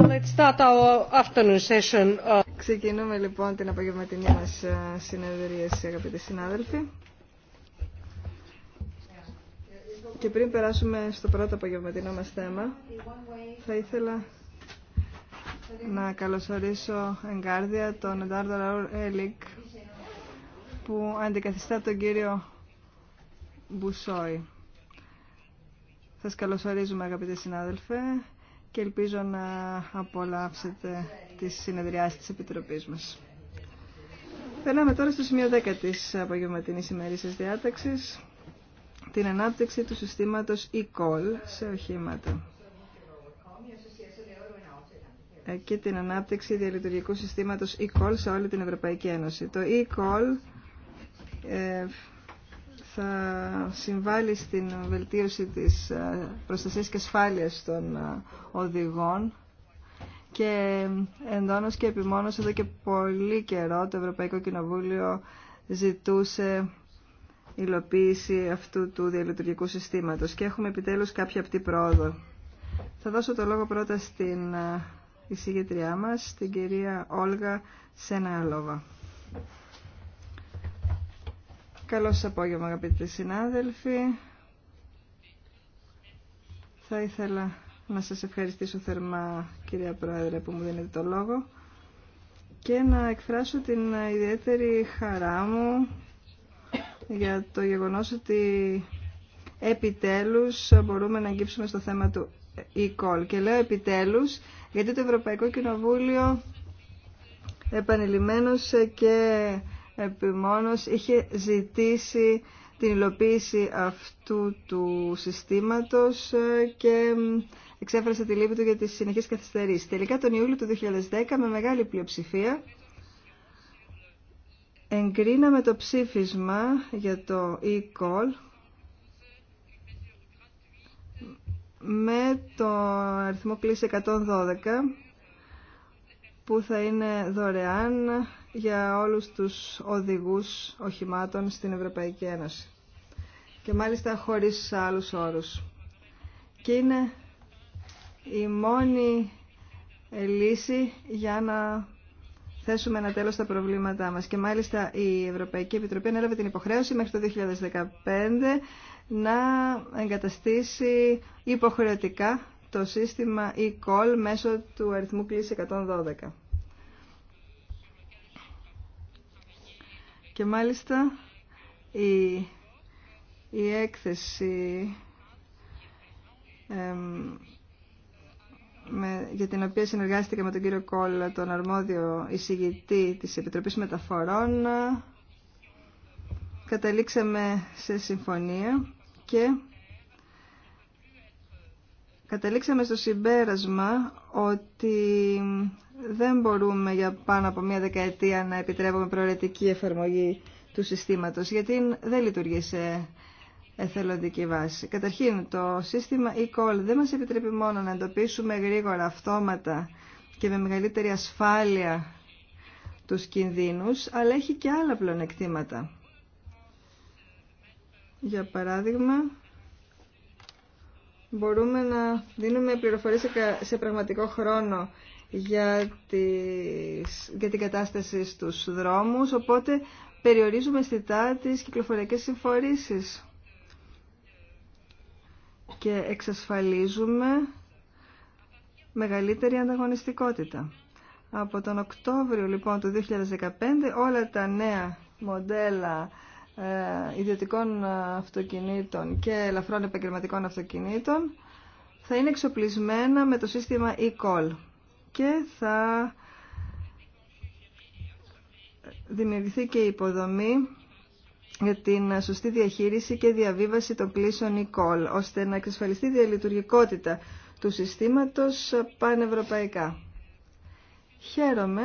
Uh, Ξεκινούμε λοιπόν την απογευματινή μας ε, συνεδρίαση, αγαπητοί συνάδελφοι. Και πριν περάσουμε στο πρώτο απογευματινό μα θέμα, θα ήθελα να καλωσορίσω εγκάρδια τον Εντάρδο Ραούρ Έλικ, που αντικαθιστά τον κύριο Μπουσόη. Σας καλωσορίζουμε αγαπητοί συνάδελφοι και ελπίζω να απολαύσετε τις συνεδριάσεις της Επιτροπής μας. Περνάμε τώρα στο σημείο 10 της απογευματινής ημερήσιας διάταξης, την ανάπτυξη του συστήματος e-call σε οχήματα ε, και την ανάπτυξη διαλειτουργικού συστήματος e-call σε όλη την Ευρωπαϊκή Ένωση. Το e-call ε, θα συμβάλλει στην βελτίωση της ε, προστασίας και ασφάλειας των ε, οδηγών και ε, εντόνως και επιμόνως εδώ και πολύ καιρό το Ευρωπαϊκό Κοινοβούλιο ζητούσε υλοποίηση αυτού του διαλειτουργικού συστήματος και έχουμε επιτέλους κάποια απτή πρόοδο. Θα δώσω το λόγο πρώτα στην εισηγητριά μας, την κυρία Όλγα Σέναλόβα. Καλώς σας απόγευμα αγαπητοί συνάδελφοι. Θα ήθελα να σας ευχαριστήσω θερμά κυρία Πρόεδρε που μου δίνετε το λόγο και να εκφράσω την ιδιαίτερη χαρά μου για το γεγονός ότι επιτέλους μπορούμε να αγγίψουμε στο θέμα του e-call. Και λέω επιτέλους γιατί το Ευρωπαϊκό Κοινοβούλιο επανειλημμένωσε και επιμόνως είχε ζητήσει την υλοποίηση αυτού του συστήματος ε, και εξέφρασε τη λύπη του για τις συνεχείς καθυστερήσεις. Τελικά τον Ιούλιο του 2010 με μεγάλη πλειοψηφία εγκρίναμε το ψήφισμα για το e-call με το αριθμό κλίση 112 που θα είναι δωρεάν για όλους τους οδηγούς οχημάτων στην Ευρωπαϊκή Ένωση και μάλιστα χωρίς άλλους όρους. Και είναι η μόνη λύση για να θέσουμε ένα τέλος στα προβλήματά μας. Και μάλιστα η Ευρωπαϊκή Επιτροπή ανέλαβε την υποχρέωση μέχρι το 2015 να εγκαταστήσει υποχρεωτικά το σύστημα e-call μέσω του αριθμού κλίση 112. Και μάλιστα η, η έκθεση με, για την οποία συνεργάστηκα με τον κύριο Κόλλα, τον αρμόδιο εισηγητή της Επιτροπής Μεταφορών, καταλήξαμε σε συμφωνία και καταλήξαμε στο συμπέρασμα ότι δεν μπορούμε για πάνω από μία δεκαετία να επιτρέπουμε προαιρετική εφαρμογή του συστήματος, γιατί δεν λειτουργεί σε εθελοντική βάση. Καταρχήν, το σύστημα e-call δεν μας επιτρέπει μόνο να εντοπίσουμε γρήγορα, αυτόματα και με μεγαλύτερη ασφάλεια τους κινδύνους, αλλά έχει και άλλα πλονεκτήματα. Για παράδειγμα, μπορούμε να δίνουμε πληροφορίες σε πραγματικό χρόνο για, τις, για την κατάσταση στους δρόμους, οπότε περιορίζουμε αισθητά τις κυκλοφοριακές συμφορήσεις και εξασφαλίζουμε μεγαλύτερη ανταγωνιστικότητα. Από τον Οκτώβριο λοιπόν του 2015 όλα τα νέα μοντέλα ε, ιδιωτικών ε, αυτοκινήτων και ελαφρών επαγγελματικών αυτοκινήτων θα είναι εξοπλισμένα με το σύστημα e-call και θα δημιουργηθεί και η υποδομή για την σωστή διαχείριση και διαβίβαση των κλήσεων e-call, ώστε να εξασφαλιστεί η διαλειτουργικότητα του συστήματος πανευρωπαϊκά. Χαίρομαι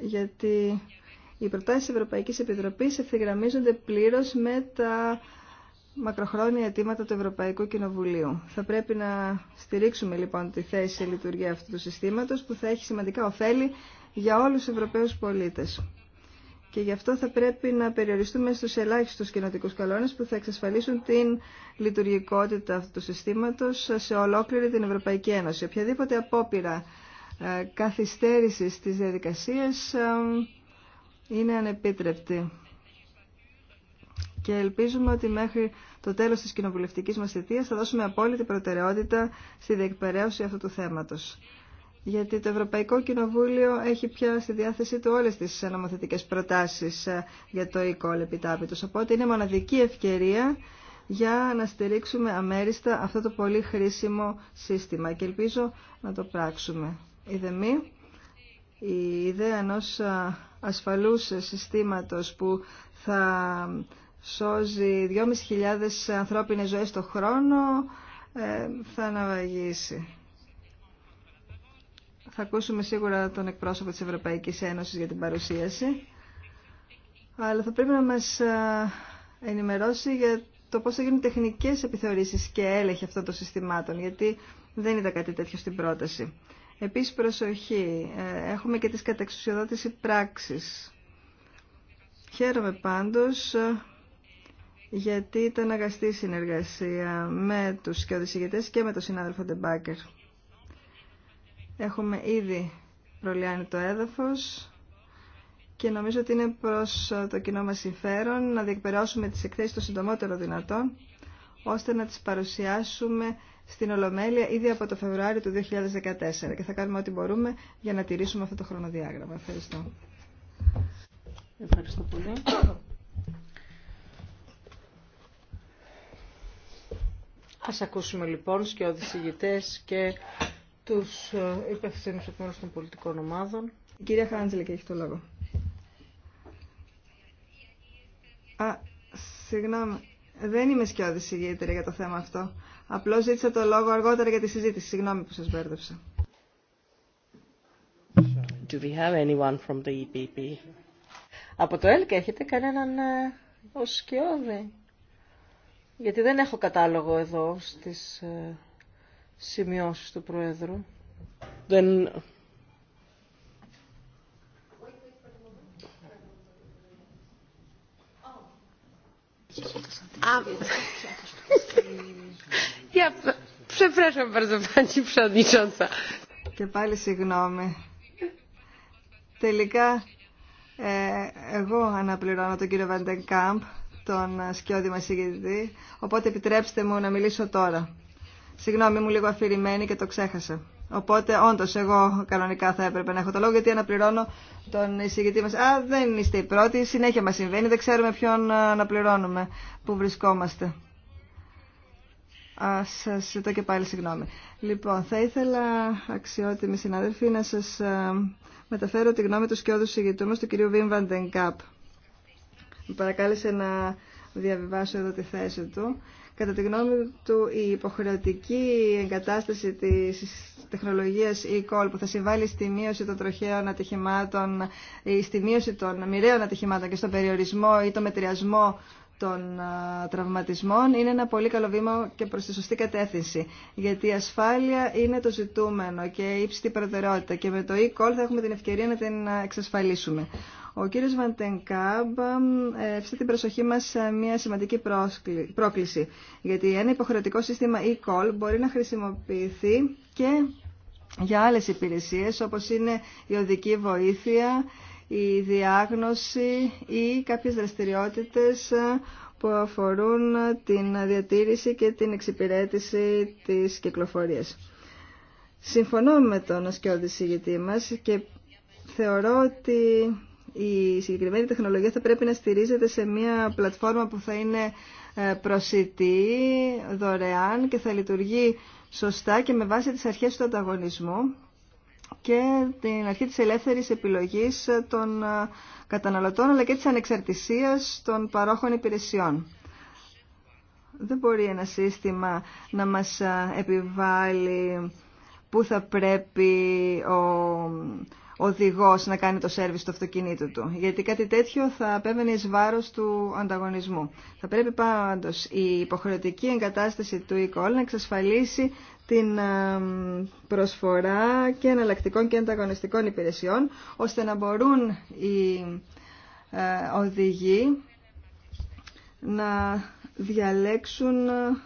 γιατί οι προτάσεις Ευρωπαϊκής Επιτροπής ευθυγραμμίζονται πλήρως με τα μακροχρόνια αιτήματα του Ευρωπαϊκού Κοινοβουλίου. Θα πρέπει να στηρίξουμε λοιπόν τη θέση σε λειτουργία αυτού του συστήματος που θα έχει σημαντικά ωφέλη για όλους τους Ευρωπαίους πολίτες. Και γι' αυτό θα πρέπει να περιοριστούμε στους ελάχιστους κοινοτικού καλώνες που θα εξασφαλίσουν την λειτουργικότητα αυτού του συστήματος σε ολόκληρη την Ευρωπαϊκή Ένωση. Οποιαδήποτε απόπειρα ε, καθυστέρησης της διαδικασίας ε, είναι ανεπίτρεπτη και ελπίζουμε ότι μέχρι το τέλος της κοινοβουλευτικής μας θητείας θα δώσουμε απόλυτη προτεραιότητα στη διεκπαιρέωση αυτού του θέματος. Γιατί το Ευρωπαϊκό Κοινοβούλιο έχει πια στη διάθεσή του όλες τις νομοθετικές προτάσεις ε, για το e-call επιτάπητος. Οπότε είναι μοναδική ευκαιρία για να στηρίξουμε αμέριστα αυτό το πολύ χρήσιμο σύστημα και ελπίζω να το πράξουμε. Η δεμή, η ιδέα ενός ασφαλούς συστήματος που θα σώζει 2.500 ανθρώπινες ζωές το χρόνο, ε, θα αναβαγίσει. Θα ακούσουμε σίγουρα τον εκπρόσωπο της Ευρωπαϊκής Ένωσης για την παρουσίαση, αλλά θα πρέπει να μας ε, ενημερώσει για το πώς θα γίνουν τεχνικές επιθεωρήσεις και έλεγχοι αυτών των συστημάτων, γιατί δεν είδα κάτι τέτοιο στην πρόταση. Επίσης προσοχή, ε, έχουμε και τις κατεξουσιοδότηση πράξης. Χαίρομαι πάντως γιατί ήταν αγαστή συνεργασία με τους και και με τον συνάδελφο Ντεμπάκερ. Έχουμε ήδη προλιάνει το έδαφος και νομίζω ότι είναι προς ε, το κοινό μας συμφέρον να διεκπαιρεώσουμε τις εκθέσεις το συντομότερο δυνατόν, ώστε να τις παρουσιάσουμε στην Ολομέλεια ήδη από το Φεβρουάριο του 2014 και θα κάνουμε ό,τι μπορούμε για να τηρήσουμε αυτό το χρονοδιάγραμμα. Ευχαριστώ. πολύ. Ας ακούσουμε λοιπόν σκιώδεις και τους ε, υπευθύνους εκ των πολιτικών ομάδων. Η κυρία Χάντζελη και έχει το λόγο. Α, συγγνώμη. Δεν είμαι σκιώδης ηγήτρια για το θέμα αυτό. Απλώς ζήτησα το λόγο αργότερα για τη συζήτηση. Συγγνώμη που σας μπέρδεψα. Do we have anyone from the EPP? Από το ΕΛΚ έχετε κανέναν ε, ως σκιώδη γιατί δεν έχω κατάλογο εδώ στις ε, σημειώσεις του Προέδρου. Δεν... Και πάλι συγγνώμη. Τελικά ε, εγώ αναπληρώνω τον κύριο Βαντεγκάμπ τον σκιώδη μας ηγητή, οπότε επιτρέψτε μου να μιλήσω τώρα. Συγγνώμη, μου λίγο αφηρημένη και το ξέχασα. Οπότε, όντω, εγώ κανονικά θα έπρεπε να έχω το λόγο, γιατί αναπληρώνω τον εισηγητή μα. Α, δεν είστε οι πρώτοι, συνέχεια μα συμβαίνει, δεν ξέρουμε ποιον αναπληρώνουμε, πού βρισκόμαστε. Α, σα ζητώ και πάλι συγγνώμη. Λοιπόν, θα ήθελα, αξιότιμοι συνάδελφοι, να σα ε, μεταφέρω τη γνώμη του σκιώδου συγγητού του κυρίου Βιμ με παρακάλεσε να διαβιβάσω εδώ τη θέση του. Κατά τη γνώμη του, η υποχρεωτική εγκατάσταση της τεχνολογίας e-call που θα συμβάλλει στη μείωση των τροχαίων ατυχημάτων ή στη μείωση των μοιραίων ατυχημάτων και στον περιορισμό ή το μετριασμό των τραυματισμών είναι ένα πολύ καλό βήμα και προς τη σωστή κατεύθυνση. Γιατί η ασφάλεια είναι το ζητούμενο και η ύψητη προτεραιότητα και με το e-call θα έχουμε την ευκαιρία να την εξασφαλίσουμε. Ο κύριος Βαντενκάμπ εύσε την προσοχή μας σε μια σημαντική πρόκληση, γιατί ένα υποχρεωτικό σύστημα e-call μπορεί να χρησιμοποιηθεί και για άλλες υπηρεσίες, όπως είναι η οδική βοήθεια, η διάγνωση ή κάποιες δραστηριότητες που αφορούν την διατήρηση και την εξυπηρέτηση της κυκλοφορίας. Συμφωνώ με τον ασκιώδη συγητή μας και θεωρώ ότι η συγκεκριμένη τεχνολογία θα πρέπει να στηρίζεται σε μια πλατφόρμα που θα είναι ε, προσιτή, δωρεάν και θα λειτουργεί σωστά και με βάση τις αρχές του ανταγωνισμού και την αρχή της ελεύθερης επιλογής των ε, καταναλωτών αλλά και της ανεξαρτησίας των παρόχων υπηρεσιών. Δεν μπορεί ένα σύστημα να μας ε, επιβάλλει που θα πρέπει ο οδηγός να κάνει το σέρβι στο αυτοκίνητο του. Γιατί κάτι τέτοιο θα απέβαινε ει βάρος του ανταγωνισμού. Θα πρέπει πάντως η υποχρεωτική εγκατάσταση του e-call να εξασφαλίσει την προσφορά και εναλλακτικών και ανταγωνιστικών υπηρεσιών, ώστε να μπορούν οι ε, οδηγοί να διαλέξουν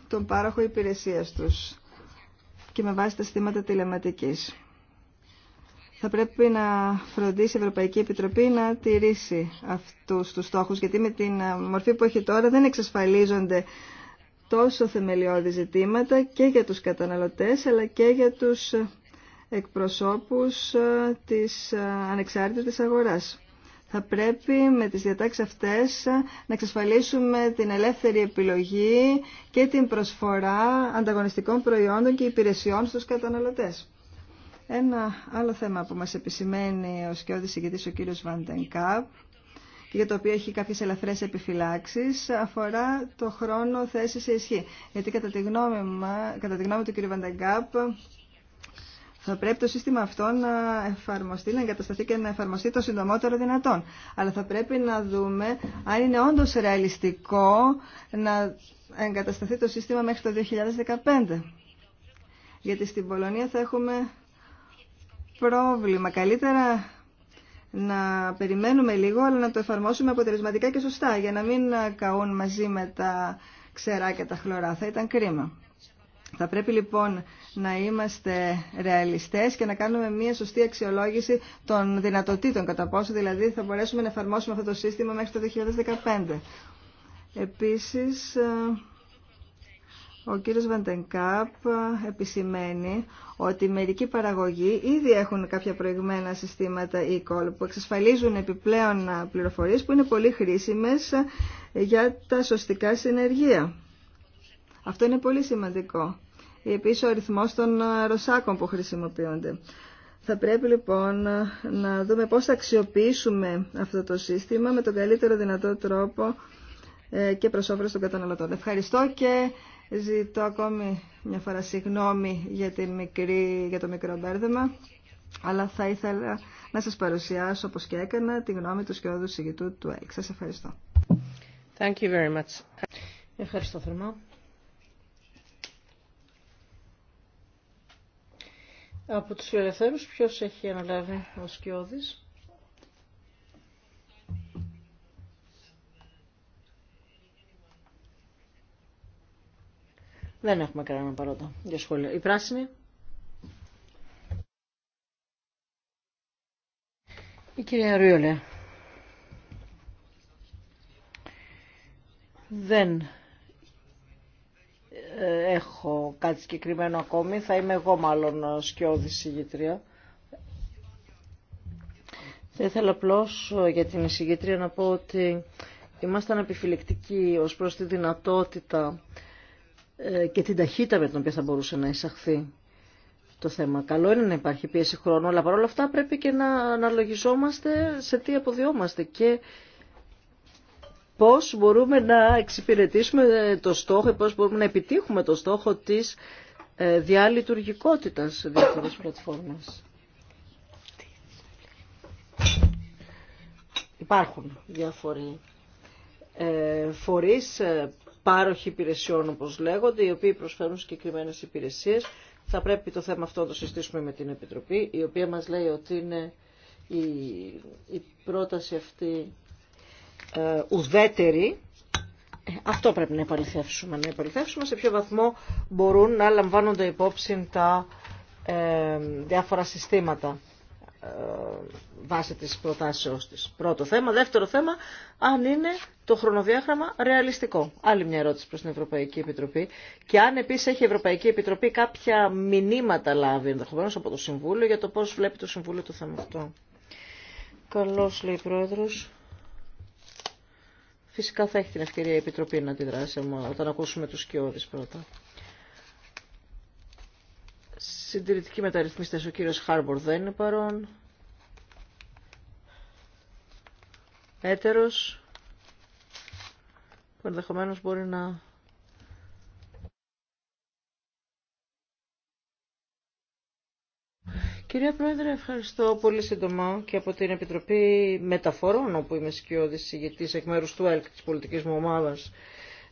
τον πάροχο υπηρεσίας τους και με βάση τα στήματα τηλεματικής θα πρέπει να φροντίσει η Ευρωπαϊκή Επιτροπή να τηρήσει αυτούς τους στόχους, γιατί με την ε, μορφή που έχει τώρα δεν εξασφαλίζονται τόσο θεμελιώδη ζητήματα και για τους καταναλωτές, αλλά και για τους ε, εκπροσώπους ε, της ανεξάρτητης αγοράς. Θα πρέπει με τις διατάξεις αυτές να εξασφαλίσουμε την ελεύθερη επιλογή και την προσφορά ανταγωνιστικών προϊόντων και υπηρεσιών στους καταναλωτές. Ένα άλλο θέμα που μας επισημαίνει ο σκιώδης ηγετής ο κύριος Βαντενκάπ και για το οποίο έχει κάποιες ελαφρές επιφυλάξεις αφορά το χρόνο θέση σε ισχύ. Γιατί κατά τη γνώμη, κατά τη γνώμη του κύριου Βαντεγκάπ θα πρέπει το σύστημα αυτό να εφαρμοστεί, να εγκατασταθεί και να εφαρμοστεί το συντομότερο δυνατόν. Αλλά θα πρέπει να δούμε αν είναι όντω ρεαλιστικό να εγκατασταθεί το σύστημα μέχρι το 2015. Γιατί στην Πολωνία θα έχουμε πρόβλημα. Καλύτερα να περιμένουμε λίγο, αλλά να το εφαρμόσουμε αποτελεσματικά και σωστά, για να μην καούν μαζί με τα ξερά και τα χλωρά. Θα ήταν κρίμα. Θα πρέπει λοιπόν να είμαστε ρεαλιστές και να κάνουμε μια σωστή αξιολόγηση των δυνατοτήτων κατά πόσο δηλαδή θα μπορέσουμε να εφαρμόσουμε αυτό το σύστημα μέχρι το 2015. Επίσης, ε, ο κύριος Βαντενκάπ επισημαίνει ότι μερικοί παραγωγοί ήδη έχουν κάποια προηγμένα συστήματα e-call που εξασφαλίζουν επιπλέον πληροφορίες που είναι πολύ χρήσιμες για τα σωστικά συνεργεία. Αυτό είναι πολύ σημαντικό. Επίσης ο αριθμός των ροσάκων που χρησιμοποιούνται. Θα πρέπει λοιπόν να δούμε πώς θα αξιοποιήσουμε αυτό το σύστημα με τον καλύτερο δυνατό τρόπο ε, και προς όφελος των καταναλωτών. Ευχαριστώ και Ζητώ ακόμη μια φορά συγγνώμη για, για το μικρό μπέρδεμα, αλλά θα ήθελα να σας παρουσιάσω, όπως και έκανα, τη γνώμη του σκιώδου συγγητού του ΑΕΚ. Σας ευχαριστώ. Thank you very much. Ευχαριστώ θερμά. Από τους φιλελευθέρους ποιος έχει αναλάβει ο Σκιώδης. Δεν έχουμε κανένα παρόντα για σχόλιο. Η πράσινη. Η κυρία Ρίολε. Δεν ε, έχω κάτι συγκεκριμένο ακόμη. Θα είμαι εγώ μάλλον σκιώδη συγγήτρια. Θα ήθελα απλώ ε, για την συγγητρία να πω ότι ήμασταν επιφυλεκτικοί ως προς τη δυνατότητα ε, και την ταχύτητα με την οποία θα μπορούσε να εισαχθεί το θέμα. Καλό είναι να υπάρχει πίεση χρόνου, αλλά παρόλα αυτά πρέπει και να αναλογιζόμαστε σε τι αποδιόμαστε και πώς μπορούμε να εξυπηρετήσουμε ε, το στόχο, πώς μπορούμε να επιτύχουμε το στόχο της ε, διαλειτουργικότητας σε διάφορες πλατφόρμες. Υπάρχουν διάφοροι φορείς πάροχοι υπηρεσιών όπως λέγονται, οι οποίοι προσφέρουν συγκεκριμένε υπηρεσίες. Θα πρέπει το θέμα αυτό να το συστήσουμε με την Επιτροπή, η οποία μας λέει ότι είναι η, η πρόταση αυτή ε, ουδέτερη. Ε, αυτό πρέπει να επαληθεύσουμε. Να επαληθεύσουμε σε ποιο βαθμό μπορούν να λαμβάνονται υπόψη τα ε, διάφορα συστήματα. Ε, βάσει της προτάσεώς της. Πρώτο θέμα. Δεύτερο θέμα, αν είναι το χρονοδιάγραμμα ρεαλιστικό. Άλλη μια ερώτηση προς την Ευρωπαϊκή Επιτροπή. Και αν επίσης έχει η Ευρωπαϊκή Επιτροπή κάποια μηνύματα λάβει ενδεχομένω από το Συμβούλιο για το πώς βλέπει το Συμβούλιο το θέμα αυτό. Καλώς λέει η Πρόεδρος. Φυσικά θα έχει την ευκαιρία η Επιτροπή να αντιδράσει όταν ακούσουμε τους σκιώδεις πρώτα. Συντηρητικοί μεταρρυθμίστες, ο κύριος Χάρμπορ δεν είναι παρόν. Έτερος, που ενδεχομένω μπορεί να... Κυρία Πρόεδρε, ευχαριστώ πολύ σύντομα και από την Επιτροπή Μεταφορών, όπου είμαι σκιώδης ηγετής εκ μέρους του ΕΛΚ της πολιτικής μου ομάδας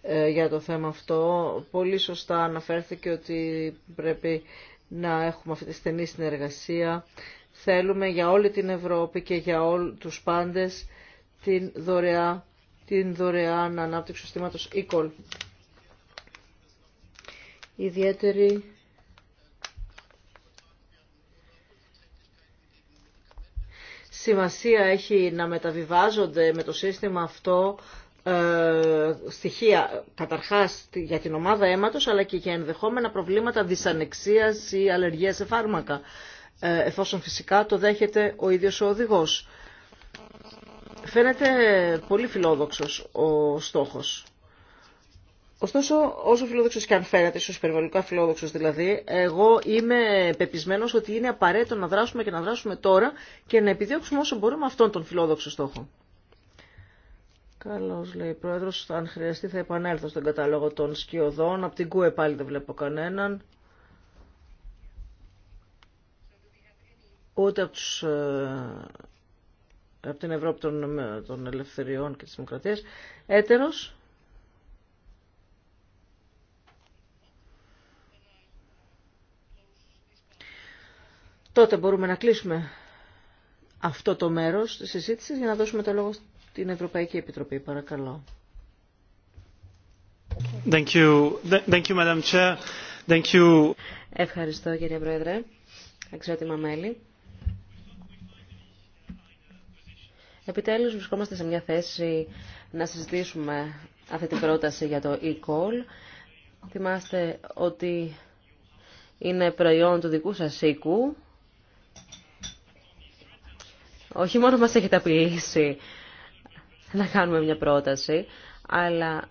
ε, για το θέμα αυτό. Πολύ σωστά αναφέρθηκε ότι πρέπει να έχουμε αυτή τη στενή συνεργασία. Θέλουμε για όλη την Ευρώπη και για όλους τους πάντες την δωρεά, την δωρεάν ανάπτυξη του συστήματος Η Ιδιαίτερη σημασία έχει να μεταβιβάζονται με το σύστημα αυτό ε, στοιχεία καταρχάς για την ομάδα αίματος αλλά και για ενδεχόμενα προβλήματα δυσανεξίας ή αλλεργίας σε φάρμακα ε, εφόσον φυσικά το δέχεται ο ίδιος ο οδηγός. Φαίνεται πολύ φιλόδοξος ο στόχος. Ωστόσο, όσο φιλόδοξος και αν φαίνεται, ίσω περιβαλλοντικά φιλόδοξο δηλαδή, εγώ είμαι πεπισμένος ότι είναι απαραίτητο να δράσουμε και να δράσουμε τώρα και να επιδιώξουμε όσο μπορούμε αυτόν τον φιλόδοξο στόχο. Καλώς λέει η Πρόεδρος. Αν χρειαστεί θα επανέλθω στον κατάλογο των σκιωδών. Από την ΚΟΕ πάλι δεν βλέπω κανέναν. Ούτε από τους ε, από την Ευρώπη των, των Ελευθεριών και της Δημοκρατίας. Έτερος. Τότε μπορούμε να κλείσουμε αυτό το μέρος της συζήτησης για να δώσουμε το λόγο την Ευρωπαϊκή Επιτροπή, παρακαλώ. Thank you. Thank you, Madam Chair. Thank you. Ευχαριστώ κύριε Πρόεδρε, αξιότιμα μέλη. Επιτέλους βρισκόμαστε σε μια θέση να συζητήσουμε αυτή την πρόταση για το e-call. Θυμάστε ότι είναι προϊόν του δικού σας οίκου. Όχι μόνο μας έχετε απειλήσει να κάνουμε μια πρόταση, αλλά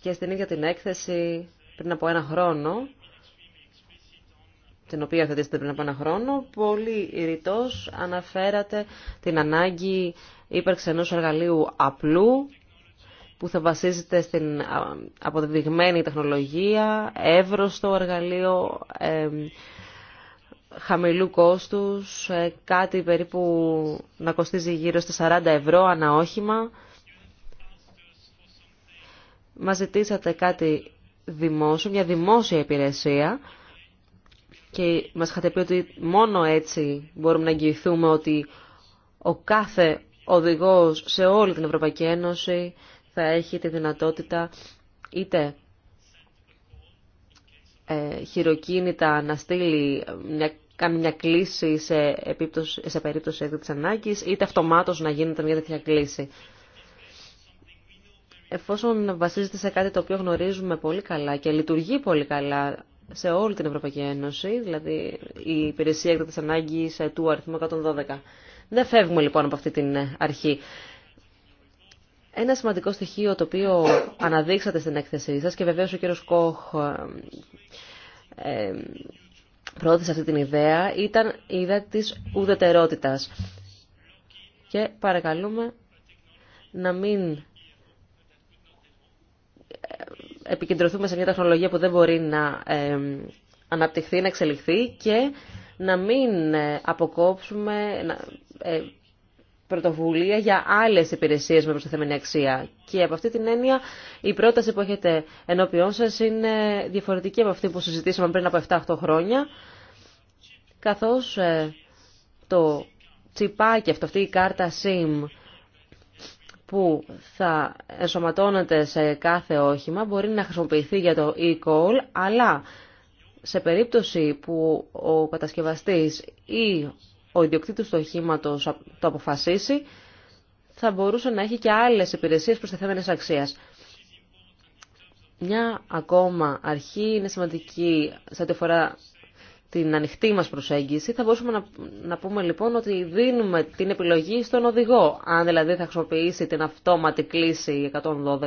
και στην ίδια την έκθεση πριν από ένα χρόνο, την οποία δείτε πριν από ένα χρόνο, πολύ ρητός αναφέρατε την ανάγκη ύπαρξη ενός εργαλείου απλού, που θα βασίζεται στην αποδεδειγμένη τεχνολογία, εύρωστο εργαλείο, χαμηλού κόστους, ε, κάτι περίπου να κοστίζει γύρω στα 40 ευρώ ανά όχημα. Μας ζητήσατε κάτι δημόσιο, μια δημόσια υπηρεσία και μας είχατε πει ότι μόνο έτσι μπορούμε να εγγυηθούμε ότι ο κάθε οδηγός σε όλη την Ευρωπαϊκή Ένωση θα έχει τη δυνατότητα είτε ε, χειροκίνητα να στείλει μια κάνει μια κλίση σε, επίπτωση, σε περίπτωση έκδοτης ανάγκης, είτε αυτομάτως να γίνεται μια τέτοια κλίση. Εφόσον βασίζεται σε κάτι το οποίο γνωρίζουμε πολύ καλά και λειτουργεί πολύ καλά σε όλη την Ευρωπαϊκή Ένωση, δηλαδή η υπηρεσία έκτακτης ανάγκης του αριθμού 112. Δεν φεύγουμε λοιπόν από αυτή την αρχή. Ένα σημαντικό στοιχείο το οποίο αναδείξατε στην έκθεσή σας και βεβαίως ο κύριος Κόχ ε, ε, πρόθεσε αυτή την ιδέα ήταν η ιδέα της ουδετερότητας. Και παρακαλούμε να μην ε, επικεντρωθούμε σε μια τεχνολογία που δεν μπορεί να ε, αναπτυχθεί, να εξελιχθεί και να μην ε, αποκόψουμε πρωτοβουλία για άλλε υπηρεσίε με προστιθέμενη αξία. Και από αυτή την έννοια η πρόταση που έχετε ενώπιόν σας είναι διαφορετική από αυτή που συζητήσαμε πριν από 7-8 χρόνια, καθώς ε, το τσιπάκι αυτό, αυτή η κάρτα SIM που θα ενσωματώνεται σε κάθε όχημα μπορεί να χρησιμοποιηθεί για το e-call, αλλά σε περίπτωση που ο κατασκευαστής ή ο ιδιοκτήτης του οχήματο το αποφασίσει, θα μπορούσε να έχει και άλλες υπηρεσίες προστιθέμενης αξίας. Μια ακόμα αρχή είναι σημαντική σε ό,τι αφορά την ανοιχτή μας προσέγγιση. Θα μπορούσαμε να, να πούμε λοιπόν ότι δίνουμε την επιλογή στον οδηγό. Αν δηλαδή θα χρησιμοποιήσει την αυτόματη κλίση 112,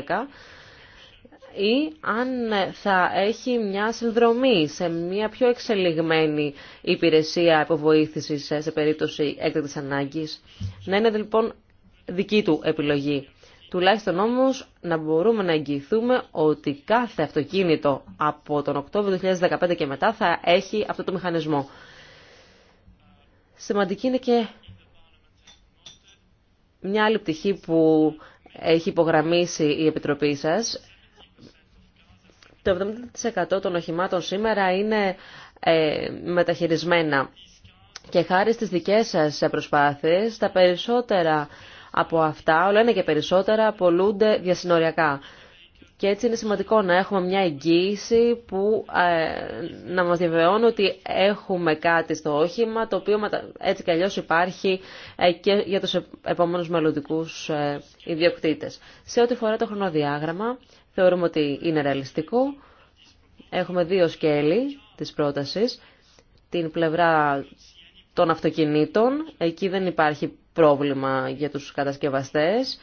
ή αν θα έχει μια συνδρομή σε μια πιο εξελιγμένη υπηρεσία υποβοήθησης σε περίπτωση έκτακτης ανάγκης. Να είναι λοιπόν δική του επιλογή. Τουλάχιστον όμως να μπορούμε να εγγυηθούμε ότι κάθε αυτοκίνητο από τον Οκτώβριο 2015 και μετά θα έχει αυτό το μηχανισμό. Σημαντική είναι και μια άλλη πτυχή που έχει υπογραμμίσει η Επιτροπή σας το 70% των οχημάτων σήμερα είναι ε, μεταχειρισμένα. Και χάρη στις δικές σας προσπάθειες, τα περισσότερα από αυτά, όλα είναι και περισσότερα, απολούνται διασυνοριακά. Και έτσι είναι σημαντικό να έχουμε μια εγγύηση που ε, να μας διαβεβαιώνει ότι έχουμε κάτι στο όχημα, το οποίο έτσι κι αλλιώς υπάρχει ε, και για τους επόμενους μελλοντικού ε, ιδιοκτήτες. Σε ό,τι φορά το χρονοδιάγραμμα, Θεωρούμε ότι είναι ρεαλιστικό. Έχουμε δύο σκέλη της πρότασης. Την πλευρά των αυτοκινήτων, εκεί δεν υπάρχει πρόβλημα για τους κατασκευαστές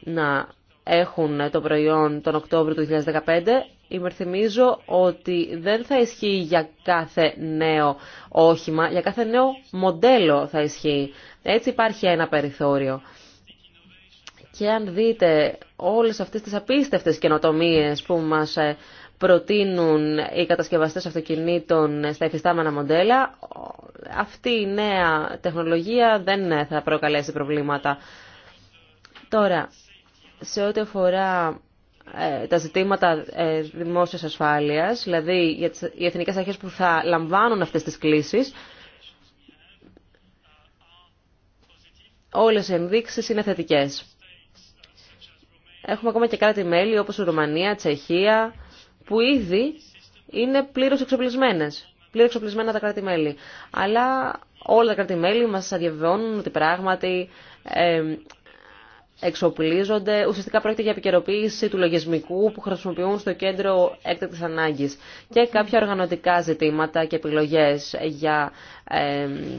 να έχουν το προϊόν τον Οκτώβριο του 2015. Υπερθυμίζω ότι δεν θα ισχύει για κάθε νέο όχημα, για κάθε νέο μοντέλο θα ισχύει. Έτσι υπάρχει ένα περιθώριο. Και αν δείτε όλες αυτές τις απίστευτες καινοτομίες που μας ε, προτείνουν οι κατασκευαστές αυτοκινήτων στα υφιστάμενα μοντέλα, αυτή η νέα τεχνολογία δεν ε, θα προκαλέσει προβλήματα. Τώρα, σε ό,τι αφορά ε, τα ζητήματα δημόσιας ασφάλειας, δηλαδή για τις, οι εθνικές αρχές που θα λαμβάνουν αυτές τις κλήσεις, όλες οι ενδείξεις είναι θετικές. Έχουμε ακόμα και κράτη-μέλη όπως η Ρουμανία, η Τσεχία, που ήδη είναι πλήρως εξοπλισμένες. Πλήρως εξοπλισμένα τα κράτη-μέλη. Αλλά όλα τα κράτη-μέλη μας αδιαβεβαιώνουν ότι πράγματι εξοπλίζονται. Ουσιαστικά πρόκειται για επικαιροποίηση του λογισμικού που χρησιμοποιούν στο κέντρο έκτακτης ανάγκης και κάποια οργανωτικά ζητήματα και επιλογές για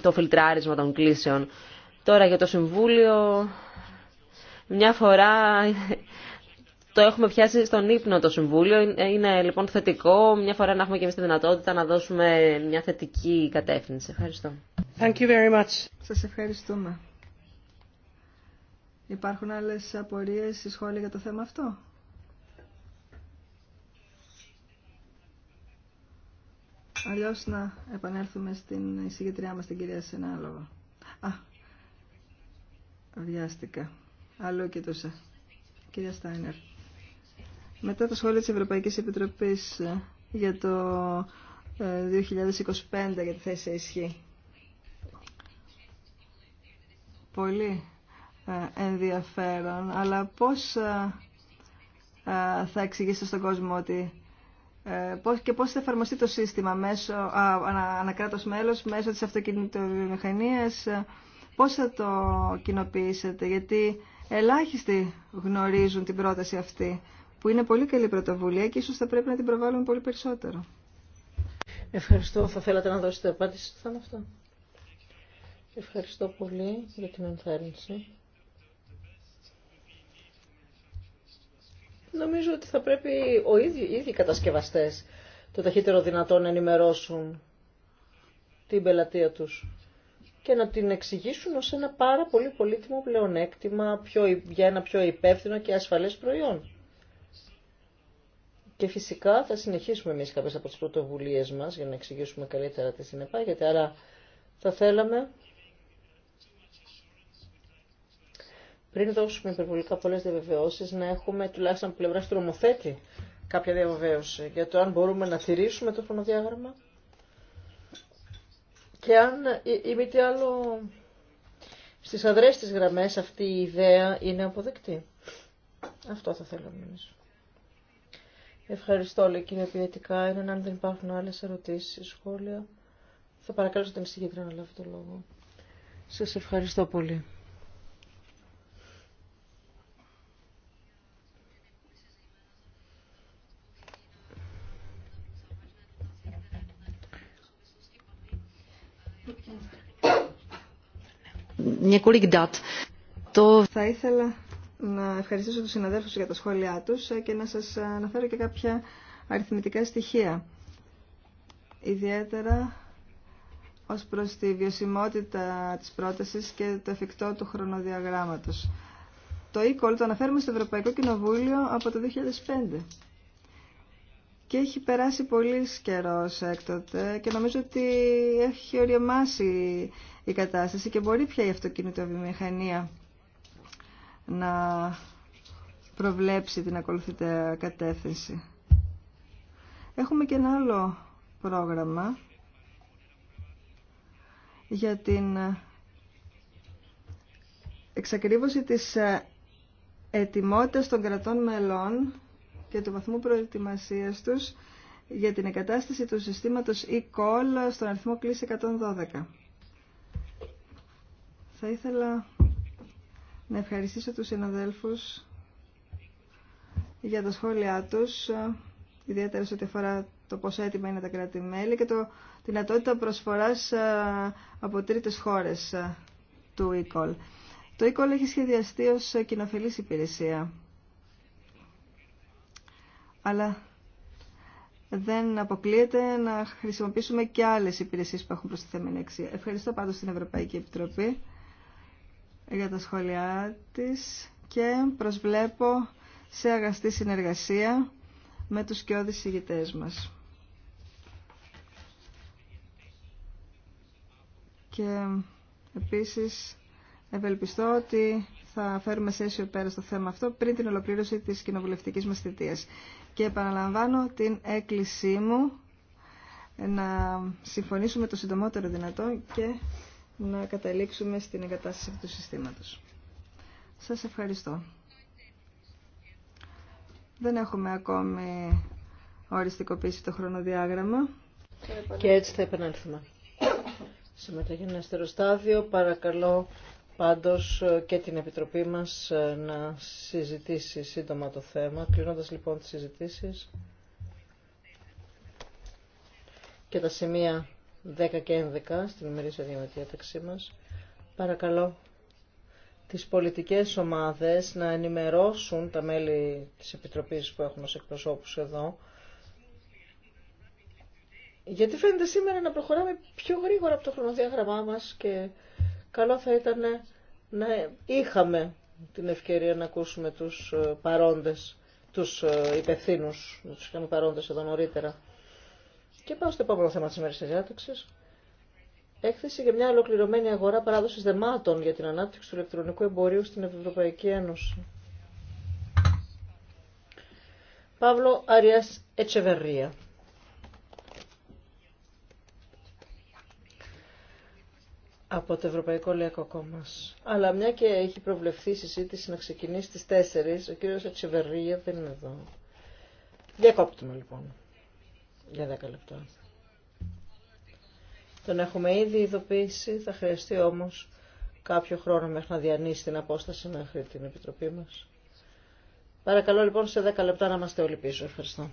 το φιλτράρισμα των κλήσεων. Τώρα για το Συμβούλιο μια φορά το έχουμε πιάσει στον ύπνο το Συμβούλιο. Είναι λοιπόν θετικό. Μια φορά να έχουμε και εμείς τη δυνατότητα να δώσουμε μια θετική κατεύθυνση. Ευχαριστώ. Thank you very much. Σας ευχαριστούμε. Υπάρχουν άλλες απορίες ή σχόλια για το θέμα αυτό. Αλλιώ να επανέλθουμε στην εισηγητριά μας, την κυρία Σενάλογα. Α, βιάστηκα αλλού κοιτούσα. Κυρία Στάινερ. Μετά το σχόλιο της Ευρωπαϊκής Επιτροπής ε, για το 2025 ε, για τη θέση ισχύ. Πολύ ε, ενδιαφέρον, αλλά πώς θα εξηγήσετε στον κόσμο ότι και πώς θα εφαρμοστεί το σύστημα μέσω, ανακράτος μέλος μέσω της αυτοκινητοβιομηχανίας, πώς θα το κοινοποιήσετε, γιατί Ελάχιστοι γνωρίζουν την πρόταση αυτή, που είναι πολύ καλή πρωτοβουλία και ίσως θα πρέπει να την προβάλλουμε πολύ περισσότερο. Ευχαριστώ. Θα θέλατε να δώσετε απάντηση θέμα αυτό. Ευχαριστώ πολύ για την ενθάρρυνση. Νομίζω ότι θα πρέπει ο ίδιο, οι ίδιοι κατασκευαστές το ταχύτερο δυνατόν να ενημερώσουν την πελατεία τους και να την εξηγήσουν ως ένα πάρα πολύ πολύτιμο πλεονέκτημα πιο, για ένα πιο υπεύθυνο και ασφαλές προϊόν. Και φυσικά θα συνεχίσουμε εμείς κάποιες από τις πρωτοβουλίες μας για να εξηγήσουμε καλύτερα τι συνεπάγεται. Άρα θα θέλαμε πριν δώσουμε υπερβολικά πολλές διαβεβαιώσεις να έχουμε τουλάχιστον πλευρά του κάποια διαβεβαίωση για το αν μπορούμε να θυρίσουμε το χρονοδιάγραμμα και αν ή ε, ε, μη τι άλλο στις αδρές της γραμμές αυτή η ιδέα είναι αποδεκτή. Αυτό θα θέλω να μιλήσω. Ευχαριστώ όλοι κύριε Πιετικά. Είναι αν δεν υπάρχουν άλλες ερωτήσεις, σχόλια. Θα παρακαλώ την συγκεκριμένη να λάβει το λόγο. Σας ευχαριστώ πολύ. několik dat. To... Θα ήθελα να ευχαριστήσω τους συναδέλφους για τα σχόλιά τους και να σας αναφέρω και κάποια αριθμητικά στοιχεία. Ιδιαίτερα ως προς τη βιωσιμότητα της πρότασης και το εφικτό του χρονοδιαγράμματος. Το e-call το αναφέρουμε στο Ευρωπαϊκό Κοινοβούλιο από το 2005. Και έχει περάσει πολύ καιρό έκτοτε και νομίζω ότι έχει οριμάσει η κατάσταση και μπορεί πια η αυτοκινητοβιομηχανία να προβλέψει την ακολουθητέα κατεύθυνση. Έχουμε και ένα άλλο πρόγραμμα για την εξακρίβωση της ετοιμότητας των κρατών μελών και του βαθμού προετοιμασίας τους για την εγκατάσταση του συστήματος e-call στον αριθμό κλίση 112. Θα ήθελα να ευχαριστήσω τους συναδέλφους για τα σχόλιά τους, ιδιαίτερα σε ό,τι αφορά το πόσο έτοιμα είναι τα κράτη-μέλη και το δυνατότητα προσφοράς ε, από τρίτες χώρες ε, του e-call. Το e-call έχει σχεδιαστεί ως κοινοφελής υπηρεσία αλλά δεν αποκλείεται να χρησιμοποιήσουμε και άλλες υπηρεσίες που έχουν προστιθέμενη αξία. Ευχαριστώ πάντως την Ευρωπαϊκή Επιτροπή για τα σχόλιά της και προσβλέπω σε αγαστή συνεργασία με τους και ηγητές μας. Και επίσης ευελπιστώ ότι θα φέρουμε σε πέρα στο θέμα αυτό πριν την ολοκλήρωση της κοινοβουλευτικής μας θητείας. Και επαναλαμβάνω την έκκλησή μου να συμφωνήσουμε το συντομότερο δυνατό και να καταλήξουμε στην εγκατάσταση του συστήματος. Σας ευχαριστώ. Δεν έχουμε ακόμη οριστικοποιήσει το χρονοδιάγραμμα. Και έτσι θα επανέλθουμε. Σε μεταγενέστερο στάδιο παρακαλώ πάντως ε, και την Επιτροπή μας ε, να συζητήσει σύντομα το θέμα. Κλείνοντας λοιπόν τις συζητήσεις και τα σημεία 10 και 11 στην ημερήσια ταξί μας, παρακαλώ τις πολιτικές ομάδες να ενημερώσουν τα μέλη της Επιτροπής που έχουν ως εκπροσώπους εδώ, γιατί φαίνεται σήμερα να προχωράμε πιο γρήγορα από το χρονοδιάγραμμά μας και καλό θα ήταν να είχαμε την ευκαιρία να ακούσουμε τους ε, παρόντες, τους ε, υπευθύνου, να τους είχαμε παρόντες εδώ νωρίτερα. Και πάω στο επόμενο θέμα της ημέρας της διάταξης. Έκθεση για μια ολοκληρωμένη αγορά παράδοσης δεμάτων για την ανάπτυξη του ηλεκτρονικού εμπορίου στην Ευρωπαϊκή Ένωση. Παύλο Αριάς Ετσεβερία. από το Ευρωπαϊκό Λαϊκό Κόμμα. Αλλά μια και έχει προβλεφθεί η συζήτηση να ξεκινήσει στις 4, ο κύριος Ατσιβερία δεν είναι εδώ. Διακόπτουμε λοιπόν για 10 λεπτά. Τον έχουμε ήδη ειδοποιήσει, θα χρειαστεί όμως κάποιο χρόνο μέχρι να διανύσει την απόσταση μέχρι την Επιτροπή μας. Παρακαλώ λοιπόν σε 10 λεπτά να είμαστε όλοι πίσω. Ευχαριστώ.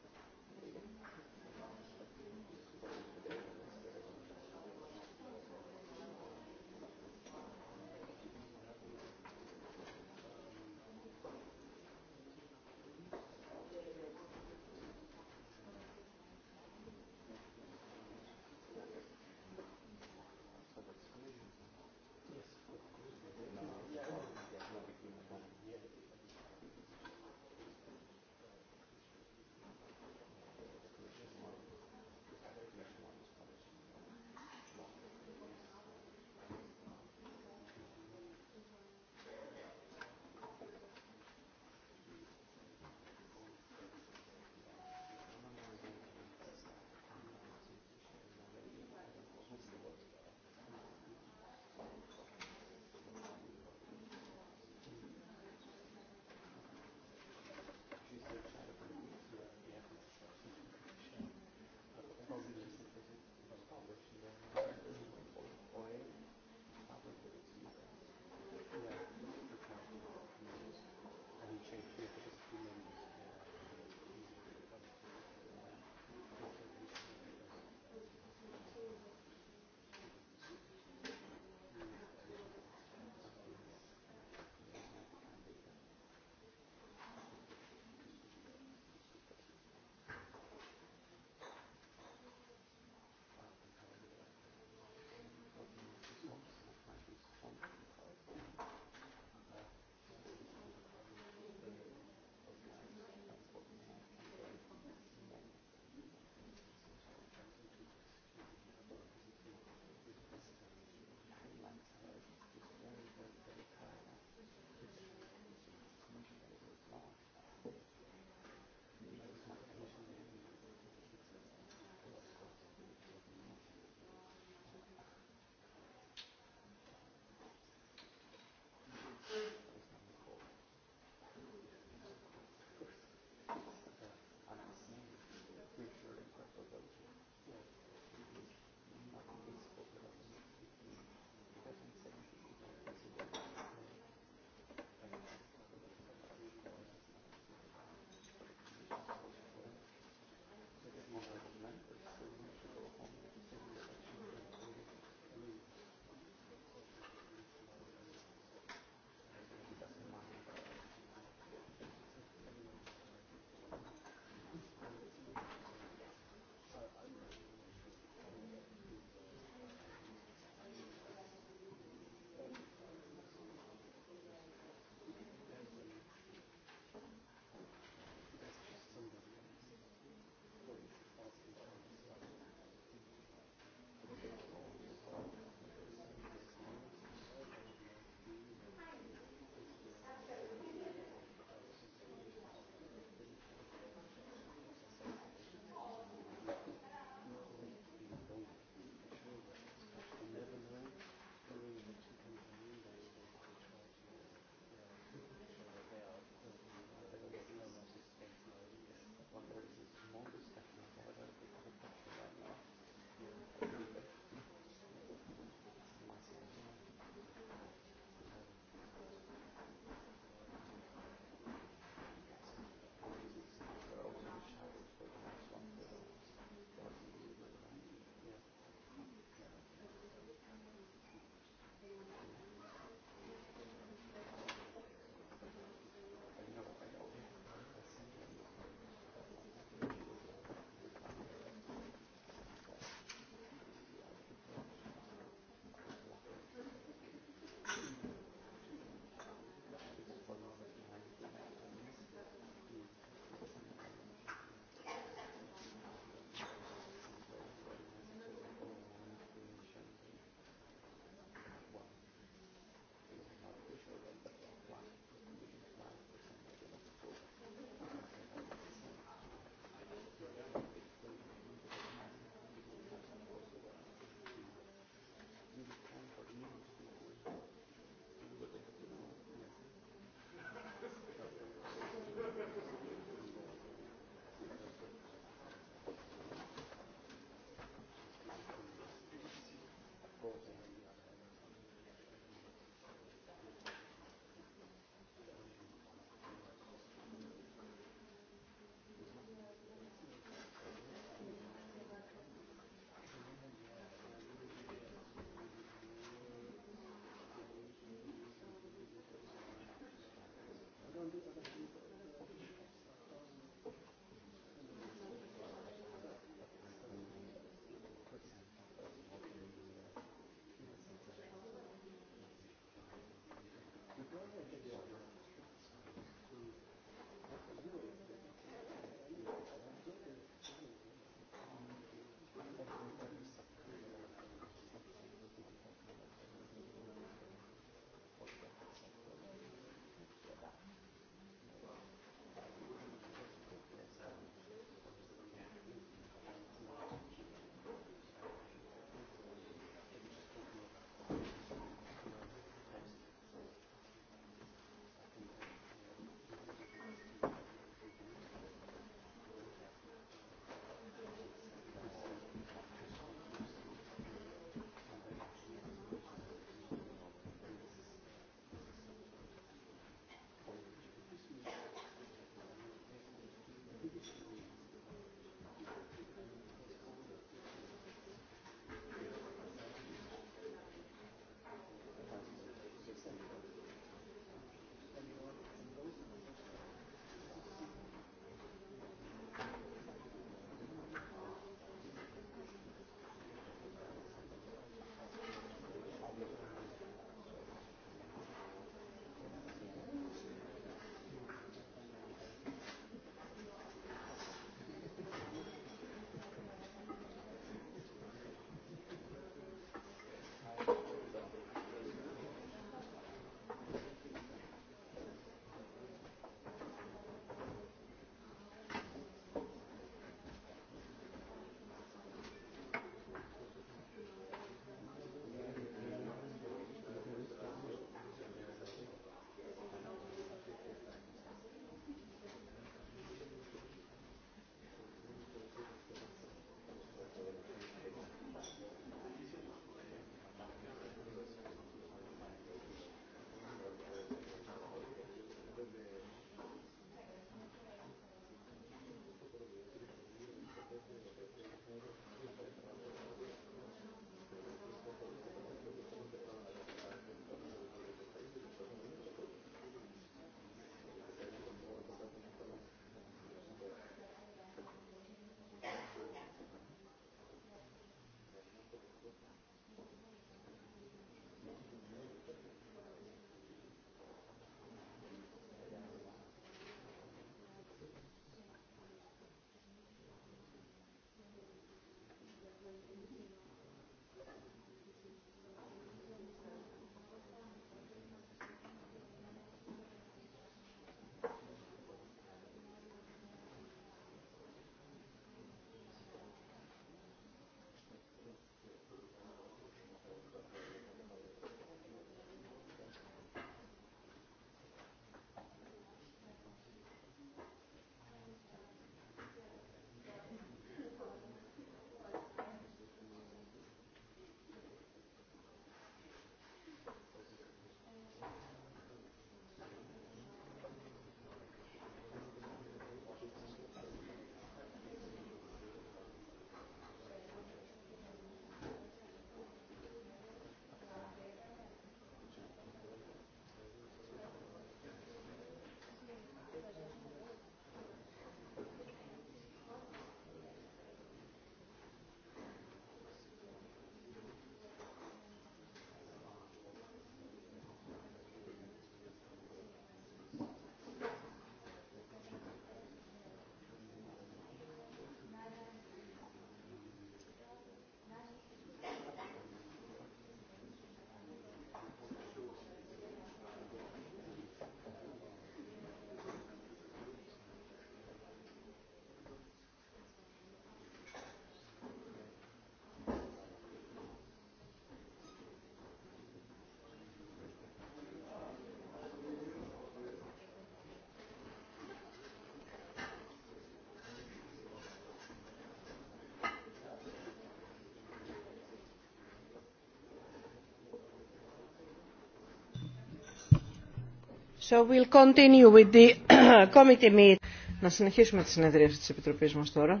Να συνεχίσουμε τη συνεδρίαση της Επιτροπής μας τώρα.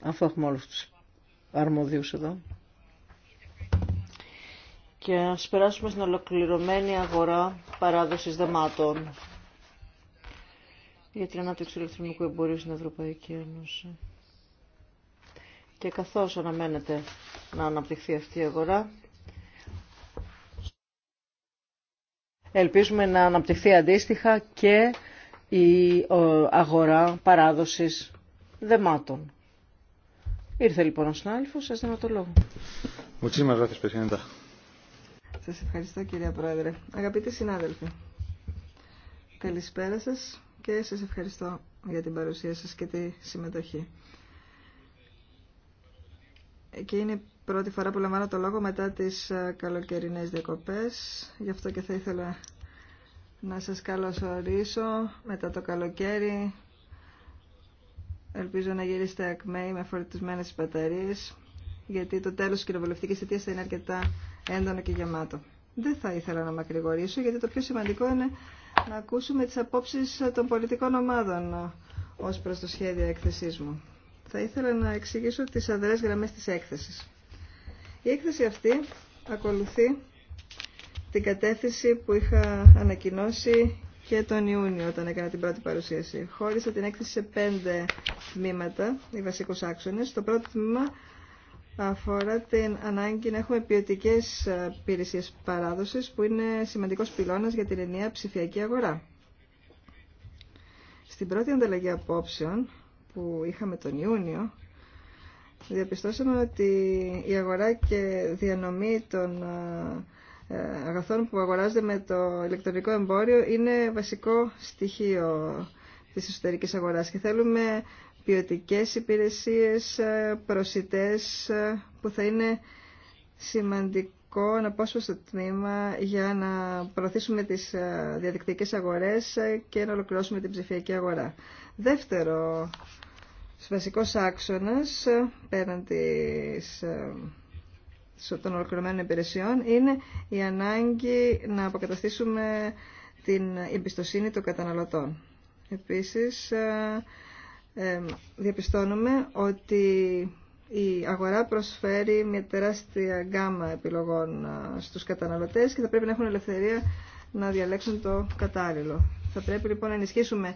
Αφού έχουμε όλους τους αρμοδίους εδώ. Και ας περάσουμε στην ολοκληρωμένη αγορά παράδοσης δεμάτων για την ανάπτυξη του ηλεκτρονικού εμπορίου στην Ευρωπαϊκή Ένωση. Και καθώς αναμένεται να αναπτυχθεί αυτή η αγορά, Ελπίζουμε να αναπτυχθεί αντίστοιχα και η αγορά παράδοσης δεμάτων. Ήρθε λοιπόν ο συνάδελφος, σας δίνω το λόγο. Σας ευχαριστώ κυρία Πρόεδρε. Αγαπητοί συνάδελφοι, καλησπέρα σας και σας ευχαριστώ για την παρουσία σας και τη συμμετοχή. Και είναι πρώτη φορά που λαμβάνω το λόγο μετά τις ε, καλοκαιρινές διακοπές. Γι' αυτό και θα ήθελα να σας καλωσορίσω μετά το καλοκαίρι. Ελπίζω να γυρίσετε ακμαίοι με φορτισμένες μπαταρίες, γιατί το τέλος της κοινοβουλευτικής θητείας θα είναι αρκετά έντονο και γεμάτο. Δεν θα ήθελα να μακρηγορήσω, γιατί το πιο σημαντικό είναι να ακούσουμε τις απόψεις των πολιτικών ομάδων ως προς το σχέδιο έκθεσής μου. Θα ήθελα να εξηγήσω τις αδρές γραμμές της έκθεσης. Η έκθεση αυτή ακολουθεί την κατεύθυνση που είχα ανακοινώσει και τον Ιούνιο όταν έκανα την πρώτη παρουσίαση. Χώρισα την έκθεση σε πέντε τμήματα, οι βασικούς άξονες. Το πρώτο τμήμα αφορά την ανάγκη να έχουμε ποιοτικέ υπηρεσίε παράδοσης, που είναι σημαντικός πυλώνας για την ενιαία ψηφιακή αγορά. Στην πρώτη ανταλλαγή απόψεων που είχαμε τον Ιούνιο, διαπιστώσαμε ότι η αγορά και διανομή των ε, αγαθών που αγοράζονται με το ηλεκτρονικό εμπόριο είναι βασικό στοιχείο της εσωτερικής αγοράς και θέλουμε ποιοτικές υπηρεσίες, ε, προσιτές ε, που θα είναι σημαντικό να στο τμήμα για να προωθήσουμε τις διαδικτυακές αγορές και να ολοκληρώσουμε την ψηφιακή αγορά. Δεύτερο βασικό άξονα ε, πέραν της, ε, των ολοκληρωμένων υπηρεσιών είναι η ανάγκη να αποκαταστήσουμε την εμπιστοσύνη των καταναλωτών. Επίσης, ε, διαπιστώνουμε ότι η αγορά προσφέρει μια τεράστια γκάμα επιλογών στους καταναλωτές και θα πρέπει να έχουν ελευθερία να διαλέξουν το κατάλληλο. Θα πρέπει λοιπόν να ενισχύσουμε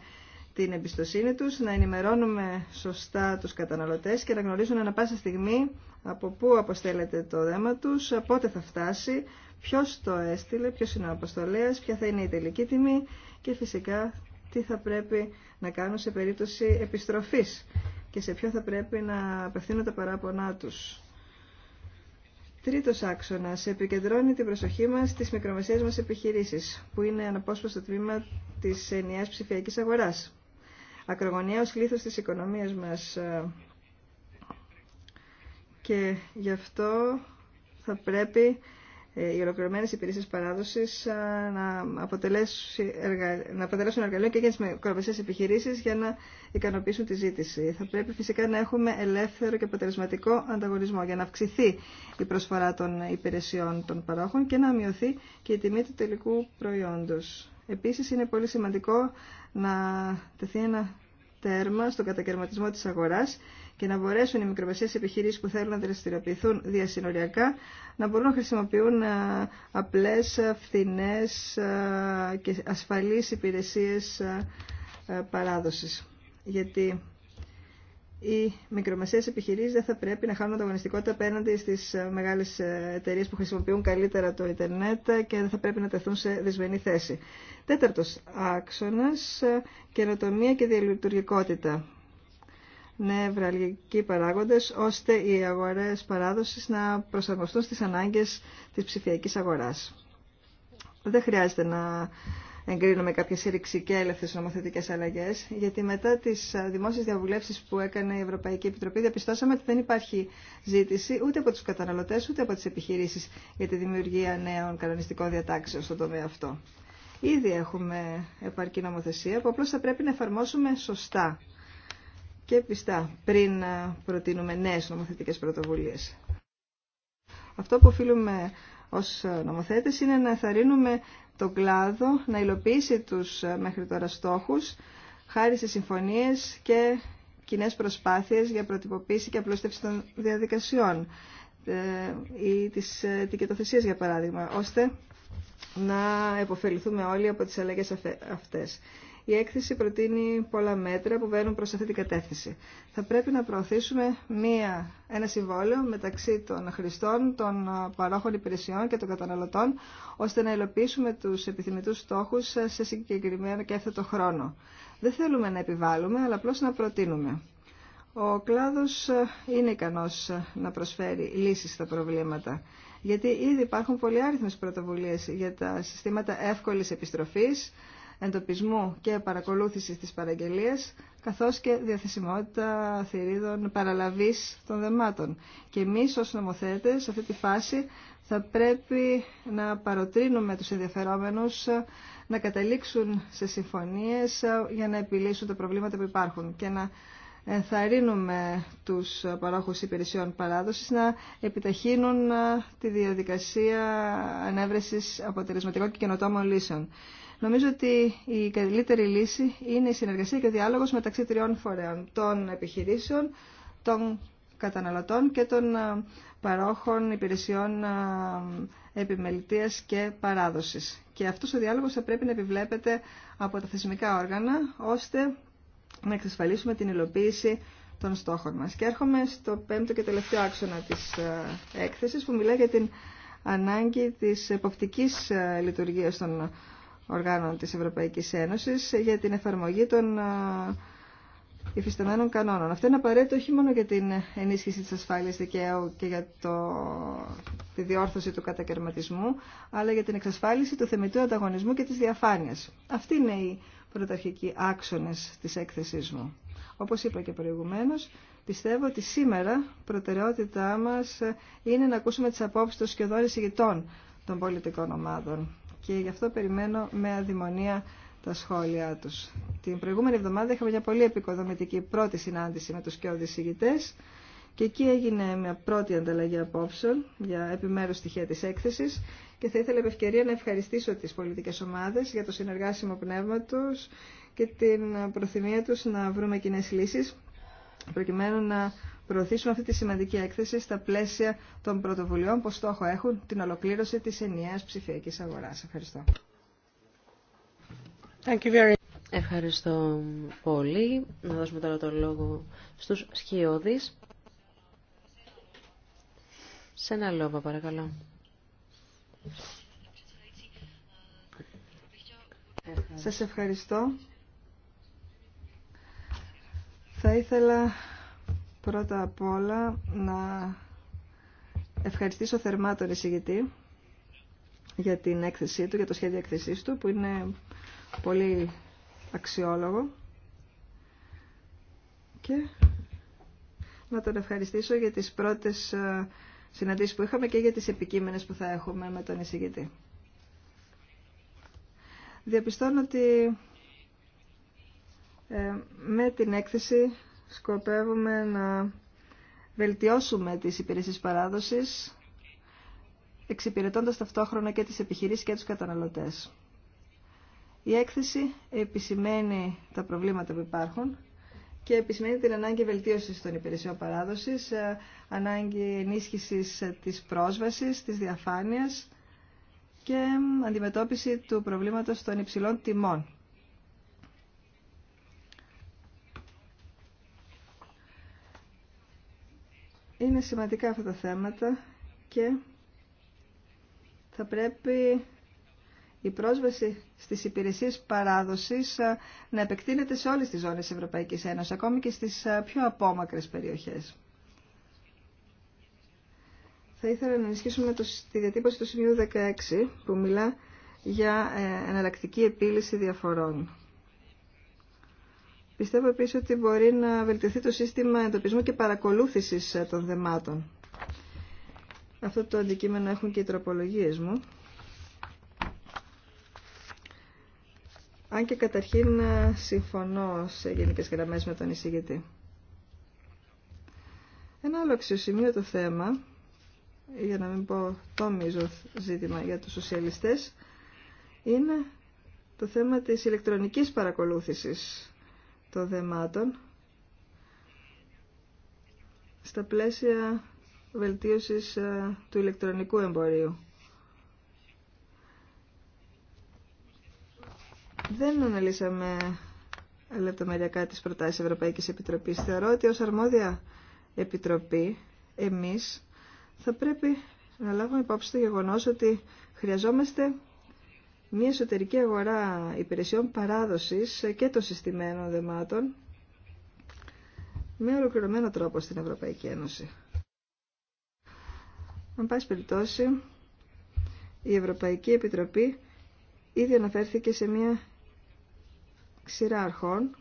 την εμπιστοσύνη τους, να ενημερώνουμε σωστά τους καταναλωτές και να γνωρίζουν ανα πάσα στιγμή από πού αποστέλλεται το δέμα τους, πότε θα φτάσει, ποιος το έστειλε, ποιος είναι ο αποστολέας, ποια θα είναι η τελική τιμή και φυσικά τι θα πρέπει να κάνουν σε περίπτωση επιστροφής και σε ποιο θα πρέπει να απευθύνουν τα παράπονά τους. Τρίτος άξονας επικεντρώνει την προσοχή μας στις μικρομεσαίες μας επιχειρήσεις, που είναι αναπόσπαστο τμήμα της ενιαίας ψηφιακής αγοράς ακρογωνιαίος λίθος της οικονομίας μας. Ε, και γι' αυτό θα πρέπει ε, οι ολοκληρωμένες υπηρεσίες παράδοσης ε, να, να αποτελέσουν εργαλείο και για τις μικροπεσίες επιχειρήσεις για να ικανοποιήσουν τη ζήτηση. Θα πρέπει φυσικά να έχουμε ελεύθερο και αποτελεσματικό ανταγωνισμό για να αυξηθεί η προσφορά των υπηρεσιών των παρόχων και να μειωθεί και η τιμή του τελικού προϊόντος. Επίσης είναι πολύ σημαντικό να τεθεί ένα τέρμα στο κατακαιρματισμό της αγοράς και να μπορέσουν οι μικρομεσαίες επιχειρήσεις που θέλουν να δραστηριοποιηθούν διασυνοριακά να μπορούν να χρησιμοποιούν ε, απλές, ε, φθηνές ε, και ασφαλείς υπηρεσίες παράδοσης. Γιατί οι μικρομεσαίε επιχειρήσει δεν θα πρέπει να χάνουν ανταγωνιστικότητα απέναντι στις ε, μεγάλες ε, εταιρείε που χρησιμοποιούν καλύτερα το ίντερνετ ε, και δεν θα πρέπει να τεθούν σε δυσμενή θέση. Τέταρτος άξονας, καινοτομία και διαλειτουργικότητα. Νευραλγικοί ναι, παράγοντε, ώστε οι αγορέ παράδοση να προσαρμοστούν στι ανάγκε τη ψηφιακή αγορά. Δεν χρειάζεται να εγκρίνουμε κάποιε ρηξικέ έλευθες νομοθετικέ αλλαγές, γιατί μετά τι ε, δημόσιες διαβουλεύσεις που έκανε η Ευρωπαϊκή Επιτροπή διαπιστώσαμε ότι δεν υπάρχει ζήτηση ούτε από του καταναλωτέ ούτε από τι επιχειρήσει για τη δημιουργία νέων κανονιστικών διατάξεων στον τομέα αυτό. Ήδη έχουμε επαρκή νομοθεσία που απλώ θα πρέπει να εφαρμόσουμε σωστά και πιστά πριν ε, προτείνουμε νέε νομοθετικέ πρωτοβουλίε. Αυτό που οφείλουμε ως ε, νομοθέτες είναι να θαρρύνουμε τον κλάδο να υλοποιήσει τους ε, μέχρι τώρα στόχους χάρη σε συμφωνίες και κοινέ προσπάθειες για προτυποποίηση και απλούστευση των διαδικασιών ε, ή της ετικετοθεσίας για παράδειγμα, ώστε να επωφεληθούμε όλοι από τις αλλαγές αυτές. Η έκθεση προτείνει πολλά μέτρα που βαίνουν προς αυτή την κατεύθυνση. Θα πρέπει να προωθήσουμε μία, ένα συμβόλαιο μεταξύ των χρηστών, των παρόχων υπηρεσιών και των καταναλωτών, ώστε να υλοποιήσουμε τους επιθυμητούς στόχους σε συγκεκριμένο και έφτατο χρόνο. Δεν θέλουμε να επιβάλλουμε, αλλά απλώς να προτείνουμε. Ο κλάδος ε, είναι ικανός ε, να προσφέρει λύσεις στα προβλήματα, γιατί ήδη υπάρχουν πολλοί άριθμες πρωτοβουλίες για τα συστήματα εύκολης επιστροφής, εντοπισμού και παρακολούθηση της παραγγελίας, καθώς και διαθεσιμότητα θηρίδων παραλαβής των δεμάτων. Και εμείς ως νομοθέτες σε αυτή τη φάση θα πρέπει να παροτρύνουμε τους ενδιαφερόμενους να καταλήξουν σε συμφωνίες για να επιλύσουν τα προβλήματα που υπάρχουν και να ενθαρρύνουμε τους παρόχους υπηρεσιών παράδοσης να επιταχύνουν τη διαδικασία ανέβρεσης αποτελεσματικών και καινοτόμων λύσεων. Νομίζω ότι η καλύτερη λύση είναι η συνεργασία και ο διάλογος μεταξύ τριών φορέων, των επιχειρήσεων, των καταναλωτών και των παρόχων υπηρεσιών επιμελητίας και παράδοσης. Και αυτός ο διάλογος θα πρέπει να επιβλέπεται από τα θεσμικά όργανα, ώστε να εξασφαλίσουμε την υλοποίηση των στόχων μας. Και έρχομαι στο πέμπτο και τελευταίο άξονα της έκθεσης που μιλάει για την ανάγκη της εποπτικής λειτουργίας των οργάνων της Ευρωπαϊκής Ένωσης για την εφαρμογή των υφισταμένων κανόνων. Αυτό είναι απαραίτητο όχι μόνο για την ενίσχυση της ασφάλειας δικαίου και για το, τη διόρθωση του κατακαιρματισμού, αλλά για την εξασφάλιση του θεμητού ανταγωνισμού και της διαφάνειας. Αυτή είναι η πρωταρχική άξονες της έκθεσής μου. Όπως είπα και προηγουμένως, πιστεύω ότι σήμερα προτεραιότητά μας είναι να ακούσουμε τις απόψεις των σχεδόν εισηγητών των πολιτικών ομάδων και γι' αυτό περιμένω με αδημονία τα σχόλιά τους. Την προηγούμενη εβδομάδα είχαμε μια πολύ επικοδομητική πρώτη συνάντηση με τους κοιόδης ηγητές και εκεί έγινε μια πρώτη ανταλλαγή απόψεων για επιμέρους στοιχεία της έκθεσης και θα ήθελα ευκαιρία να ευχαριστήσω τις πολιτικές ομάδες για το συνεργάσιμο πνεύμα τους και την προθυμία τους να βρούμε κοινέ λύσεις προκειμένου να προωθήσουν αυτή τη σημαντική έκθεση στα πλαίσια των πρωτοβουλειών που στόχο έχουν την ολοκλήρωση της ενιαίας ψηφιακής αγοράς. Ευχαριστώ. Thank you very Ευχαριστώ πολύ. Να δώσουμε τώρα το λόγο στους σκιώδεις. Σε ένα λόγο, παρακαλώ. Σας ευχαριστώ. Θα ήθελα Πρώτα απ' όλα να ευχαριστήσω θερμά τον εισηγητή για την έκθεσή του, για το σχέδιο έκθεσής του που είναι πολύ αξιόλογο και να τον ευχαριστήσω για τις πρώτες ε, συναντήσεις που είχαμε και για τις επικείμενες που θα έχουμε με τον εισηγητή. Διαπιστώνω ότι ε, με την έκθεση σκοπεύουμε να βελτιώσουμε τις υπηρεσίες παράδοσης, εξυπηρετώντας ταυτόχρονα και τις επιχειρήσεις και τους καταναλωτές. Η έκθεση επισημαίνει τα προβλήματα που υπάρχουν και επισημαίνει την ανάγκη βελτίωσης των υπηρεσιών παράδοσης, ε, ανάγκη ενίσχυσης της πρόσβασης, της διαφάνειας και ε, αντιμετώπιση του προβλήματος των υψηλών τιμών Είναι σημαντικά αυτά τα θέματα και θα πρέπει η πρόσβαση στις υπηρεσίες παράδοσης να επεκτείνεται σε όλες τις ζώνες της Ευρωπαϊκής Ένωσης, ακόμη και στις πιο απόμακρες περιοχές. Θα ήθελα να ενισχύσουμε το, τη διατύπωση του σημείου 16 που μιλά για ε, εναλλακτική επίλυση διαφορών. Πιστεύω επίσης ότι μπορεί να βελτιωθεί το σύστημα εντοπισμού και παρακολούθησης ε, των θεμάτων. Αυτό το αντικείμενο έχουν και οι τροπολογίες μου. Αν και καταρχήν ε, συμφωνώ σε γενικές γραμμές με τον εισηγητή. Ένα άλλο το θέμα, για να μην πω το ζήτημα για τους σοσιαλιστές, είναι το θέμα της ηλεκτρονικής παρακολούθησης των θεμάτων στα πλαίσια βελτίωσης ε, του ηλεκτρονικού εμπορίου. Δεν αναλύσαμε λεπτομεριακά τις προτάσεις Ευρωπαϊκής Επιτροπής. Θεωρώ ότι ως αρμόδια Επιτροπή εμείς θα πρέπει να λάβουμε υπόψη το γεγονός ότι χρειαζόμαστε μια εσωτερική αγορά υπηρεσιών παράδοσης και των συστημένων δεμάτων με ολοκληρωμένο τρόπο στην Ευρωπαϊκή Ένωση. Αν πάση περιπτώσει, η Ευρωπαϊκή Επιτροπή ήδη αναφέρθηκε σε μια ξηρά αρχών,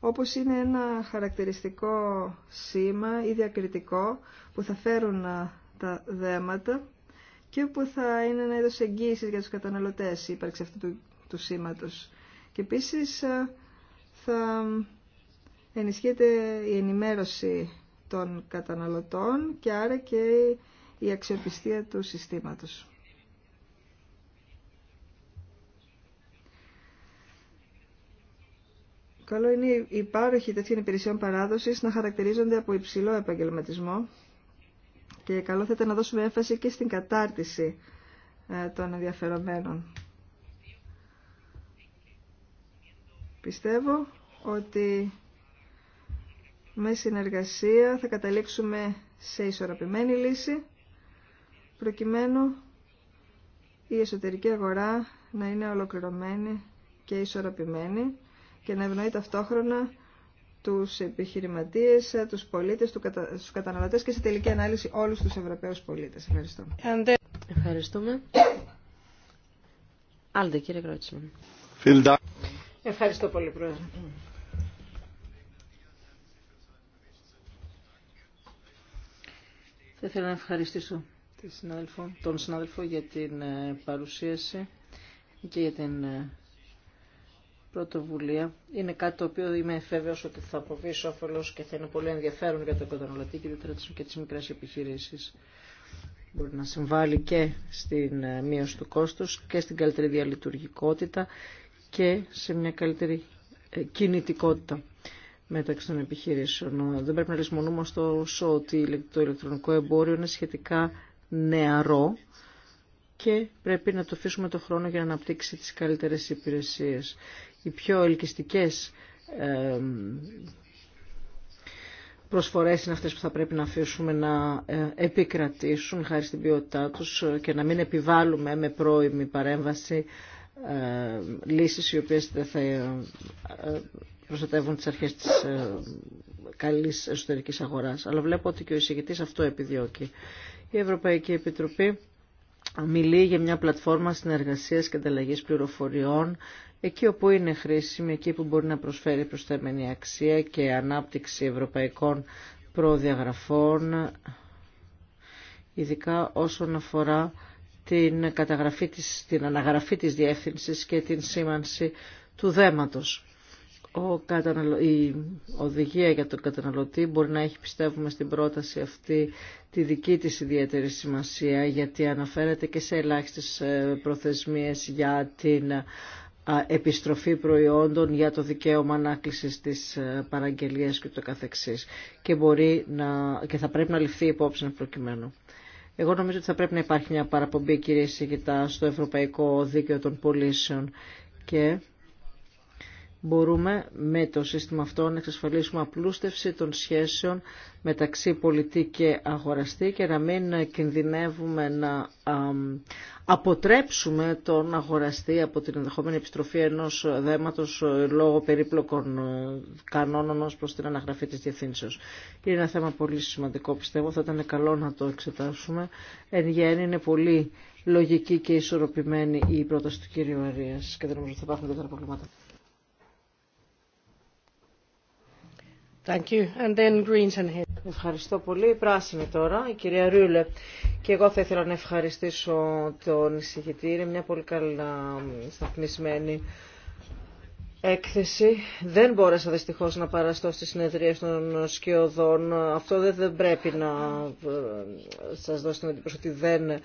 όπως είναι ένα χαρακτηριστικό σήμα ή διακριτικό που θα φέρουν τα δέματα και που θα είναι ένα είδος εγγύησης για τους καταναλωτές η ύπαρξη αυτού του, του σήματος. Και επίσης ε, θα ενισχύεται η ενημέρωση των καταναλωτών και άρα και η αξιοπιστία του συστήματος. Καλό είναι οι υπάρχει τέτοιων υπηρεσιών παράδοσης να χαρακτηρίζονται από υψηλό επαγγελματισμό και καλό θα ήταν να δώσουμε έμφαση και στην κατάρτιση ε, των ενδιαφερομένων. Πιστεύω ότι με συνεργασία θα καταλήξουμε σε ισορροπημένη λύση προκειμένου η εσωτερική αγορά να είναι ολοκληρωμένη και ισορροπημένη και να ευνοεί ταυτόχρονα τους επιχειρηματίες, ε, τους πολίτες, τους καταναλωτές και σε τελική ανάλυση όλους τους Ευρωπαίους πολίτες. Ευχαριστώ. Ευχαριστούμε. Άλντε, κύριε Κρότσιμαν. Ευχαριστώ πολύ, Πρόεδρε. Θα ήθελα να ευχαριστήσω τον συνάδελφο για την ε, παρουσίαση και για την ε, πρωτοβουλία. Είναι κάτι το οποίο είμαι εφβέβαιος ότι θα αποβεί όφελο και θα είναι πολύ ενδιαφέρον για τον καταναλωτή και και τις μικρέ επιχειρήσει Μπορεί να συμβάλλει και στην ε, μείωση του κόστου και στην καλύτερη διαλειτουργικότητα και σε μια καλύτερη ε, κινητικότητα μεταξύ των επιχειρήσεων. Δεν πρέπει να λησμονούμε ωστόσο ότι το ηλεκτρονικό εμπόριο είναι σχετικά νεαρό και πρέπει να το αφήσουμε το χρόνο για να αναπτύξει τις καλύτερες υπηρεσίες οι πιο ελκυστικές προσφορές είναι αυτές που θα πρέπει να αφήσουμε να ε, επικρατήσουν χάρη στην ποιότητά τους και να μην επιβάλλουμε με πρώιμη παρέμβαση λύσεις οι οποίες δεν θα ε, προστατεύουν τις αρχές της ε, καλής εσωτερικής αγοράς. Αλλά βλέπω ότι και ο εισηγητής αυτό επιδιώκει. Η Ευρωπαϊκή Επιτροπή μιλεί για μια πλατφόρμα συνεργασίας και ανταλλαγή πληροφοριών εκεί όπου είναι χρήσιμη, εκεί που μπορεί να προσφέρει προσθέμενη αξία και ανάπτυξη ευρωπαϊκών προδιαγραφών, ειδικά όσον αφορά την, καταγραφή της, την αναγραφή της διεύθυνσης και την σήμανση του δέματος. Ο Η οδηγία για τον καταναλωτή μπορεί να έχει πιστεύουμε στην πρόταση αυτή τη δική της ιδιαίτερη σημασία γιατί αναφέρεται και σε ελάχιστες ε, προθεσμίες για την ε, επιστροφή προϊόντων για το δικαίωμα ανάκλησης της ε, παραγγελίας και το καθεξής και, μπορεί να... και θα πρέπει να ληφθεί υπόψη προκειμένου. Εγώ νομίζω ότι θα πρέπει να υπάρχει μια παραπομπή κυρίες και στο Ευρωπαϊκό Δίκαιο των Πολίσεων και μπορούμε με το σύστημα αυτό να εξασφαλίσουμε απλούστευση των σχέσεων μεταξύ πολιτή και αγοραστή και να μην κινδυνεύουμε να αποτρέψουμε τον αγοραστή από την ενδεχόμενη επιστροφή ενός δέματος λόγω περίπλοκων ε, κανόνων ως προς την αναγραφή της διευθύνσεως. Είναι ένα θέμα πολύ σημαντικό πιστεύω, θα ήταν καλό να το εξετάσουμε. Εν γέννη είναι πολύ λογική και ισορροπημένη η πρόταση του κύριου Αρίας και δεν νομίζω ότι θα υπάρχουν τέτοια προβλήματα. Ευχαριστώ πολύ. Η πράσινη τώρα, η κυρία Ρούλε. Και εγώ θα ήθελα να ευχαριστήσω τον εισηγητή. Είναι μια πολύ καλά σταθμισμένη έκθεση. Δεν μπόρεσα δυστυχώ να παραστώ στι συνεδρίε των σκιωδών. Αυτό δεν, δεν πρέπει να ε, σα δώσω την εντύπωση ότι δεν ε,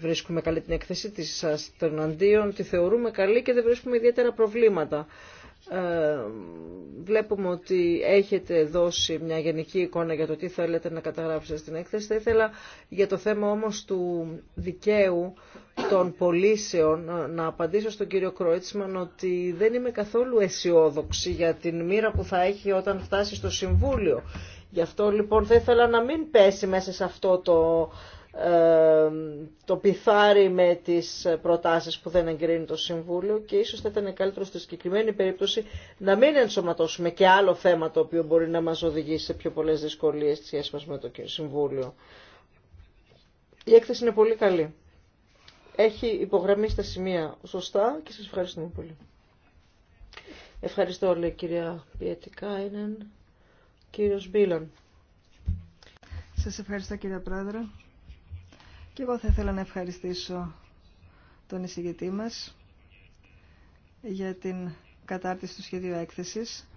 βρίσκουμε καλή την έκθεση της σας των αντίον, τη θεωρούμε καλή και δεν βρίσκουμε ιδιαίτερα προβλήματα. Ε, βλέπουμε ότι έχετε δώσει μια γενική εικόνα για το τι θέλετε να καταγράψετε στην έκθεση. Θα ήθελα για το θέμα όμως του δικαίου των πωλήσεων να απαντήσω στον κύριο Κρόιτσμαν ότι δεν είμαι καθόλου αισιόδοξη για την μοίρα που θα έχει όταν φτάσει στο Συμβούλιο. Γι' αυτό λοιπόν θα ήθελα να μην πέσει μέσα σε αυτό το το πιθάρι με τις προτάσεις που δεν εγκρίνει το Συμβούλιο και ίσως θα ήταν καλύτερο στη συγκεκριμένη περίπτωση να μην ενσωματώσουμε και άλλο θέμα το οποίο μπορεί να μας οδηγήσει σε πιο πολλές δυσκολίες στη σχέση μας με το Συμβούλιο. Η έκθεση είναι πολύ καλή. Έχει υπογραμμίσει τα σημεία σωστά και σας ευχαριστούμε πολύ. Ευχαριστώ όλη κυρία Πιετικά, είναι κύριος Μπίλαν. Σας ευχαριστώ κύριε Πρόεδρε. Και εγώ θα ήθελα να ευχαριστήσω τον εισηγητή μας για την κατάρτιση του σχεδίου έκθεσης.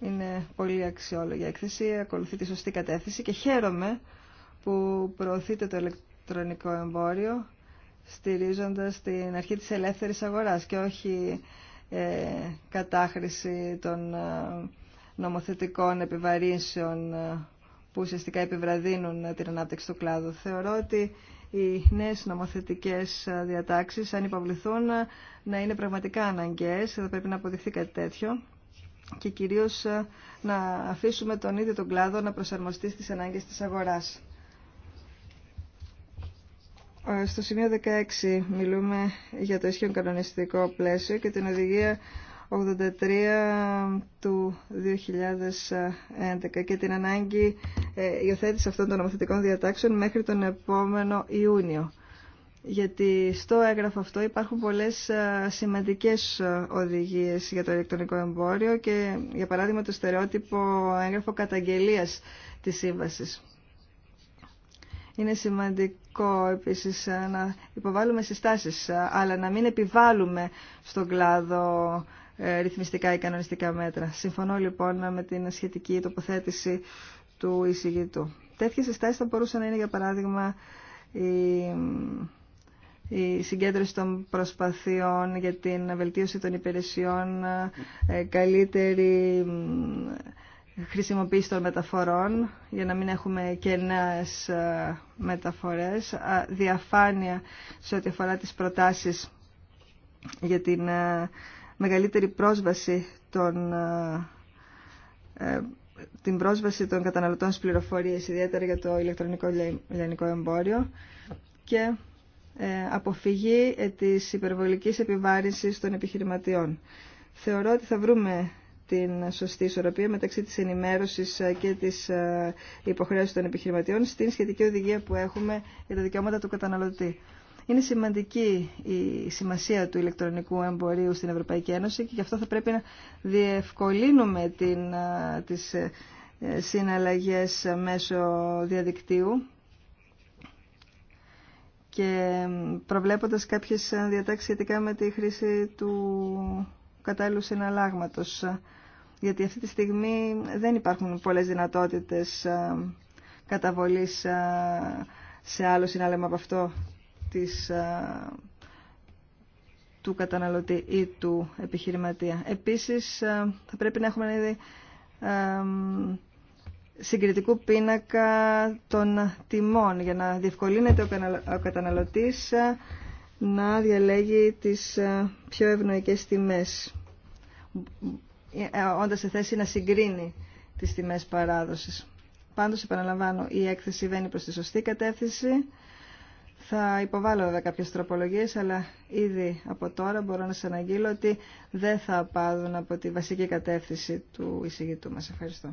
Είναι πολύ αξιόλογη έκθεση, ακολουθεί τη σωστή κατεύθυνση και χαίρομαι που προωθείτε το ηλεκτρονικό εμπόριο στηρίζοντας την αρχή της ελεύθερης αγοράς και όχι ε, κατάχρηση των ε, νομοθετικών επιβαρύνσεων ε, που ουσιαστικά επιβραδύνουν την ανάπτυξη του κλάδου. Θεωρώ ότι οι νέες νομοθετικές διατάξεις, αν υποβληθούν, να είναι πραγματικά αναγκαίες. Θα πρέπει να αποδειχθεί κάτι τέτοιο και κυρίως να αφήσουμε τον ίδιο τον κλάδο να προσαρμοστεί στις ανάγκες της αγοράς. Ε, στο σημείο 16 μιλούμε για το ισχύον κανονιστικό πλαίσιο και την οδηγία 83 του 2011 και την ανάγκη ε, υιοθέτηση αυτών των νομοθετικών διατάξεων μέχρι τον επόμενο Ιούνιο. Γιατί στο έγγραφο αυτό υπάρχουν πολλές ε, σημαντικές ε, οδηγίες για το ηλεκτρονικό εμπόριο και για παράδειγμα το στερεότυπο έγγραφο καταγγελίας της σύμβασης. Είναι σημαντικό επίσης να υποβάλουμε συστάσεις, αλλά να μην επιβάλλουμε στον κλάδο ε, ρυθμιστικά ή κανονιστικά μέτρα. Συμφωνώ λοιπόν με την σχετική τοποθέτηση του εισηγητού. Τέτοιες συστάσεις θα μπορούσαν να είναι για παράδειγμα η, η συγκέντρωση των προσπαθειών για την βελτίωση των υπηρεσιών, ε, καλύτερη χρησιμοποίηση των μεταφορών για να μην έχουμε κενές ε, μεταφορές, διαφάνεια σε ό,τι αφορά τις προτάσεις για την μεγαλύτερη πρόσβαση των, ε, ε, την πρόσβαση των καταναλωτών στις πληροφορίες, ιδιαίτερα για το ηλεκτρονικό λιανικό εμπόριο και ε, αποφυγή της υπερβολικής επιβάρυνσης των επιχειρηματιών. Θεωρώ ότι θα βρούμε την σωστή ισορροπία μεταξύ της ενημέρωσης και της υποχρέωσης των επιχειρηματιών στην σχετική οδηγία που έχουμε για τα δικαιώματα του καταναλωτή. Είναι σημαντική η σημασία του ηλεκτρονικού εμπορίου στην Ευρωπαϊκή Ένωση και γι' αυτό θα πρέπει να διευκολύνουμε την, τις ε, συναλλαγές μέσω διαδικτύου και προβλέποντας κάποιες διατάξεις σχετικά με τη χρήση του κατάλληλου συναλλάγματος. Γιατί αυτή τη στιγμή δεν υπάρχουν πολλές δυνατότητες καταβολής σε άλλο συνάλλαγμα από αυτό της, του καταναλωτή ή του επιχειρηματία. Επίσης, θα πρέπει να έχουμε ένα συγκριτικού πίνακα των τιμών για να διευκολύνεται ο καταναλωτής να διαλέγει τις πιο ευνοϊκές τιμές ε, όντας σε θέση να συγκρίνει τις τιμές παράδοσης. Πάντως, επαναλαμβάνω, η έκθεση βαίνει προς τη σωστή κατεύθυνση θα υποβάλω εδώ κάποιες τροπολογίες, αλλά ήδη από τώρα μπορώ να σας αναγγείλω ότι δεν θα απάδουν από τη βασική κατεύθυνση του εισηγητού μας. Ευχαριστώ.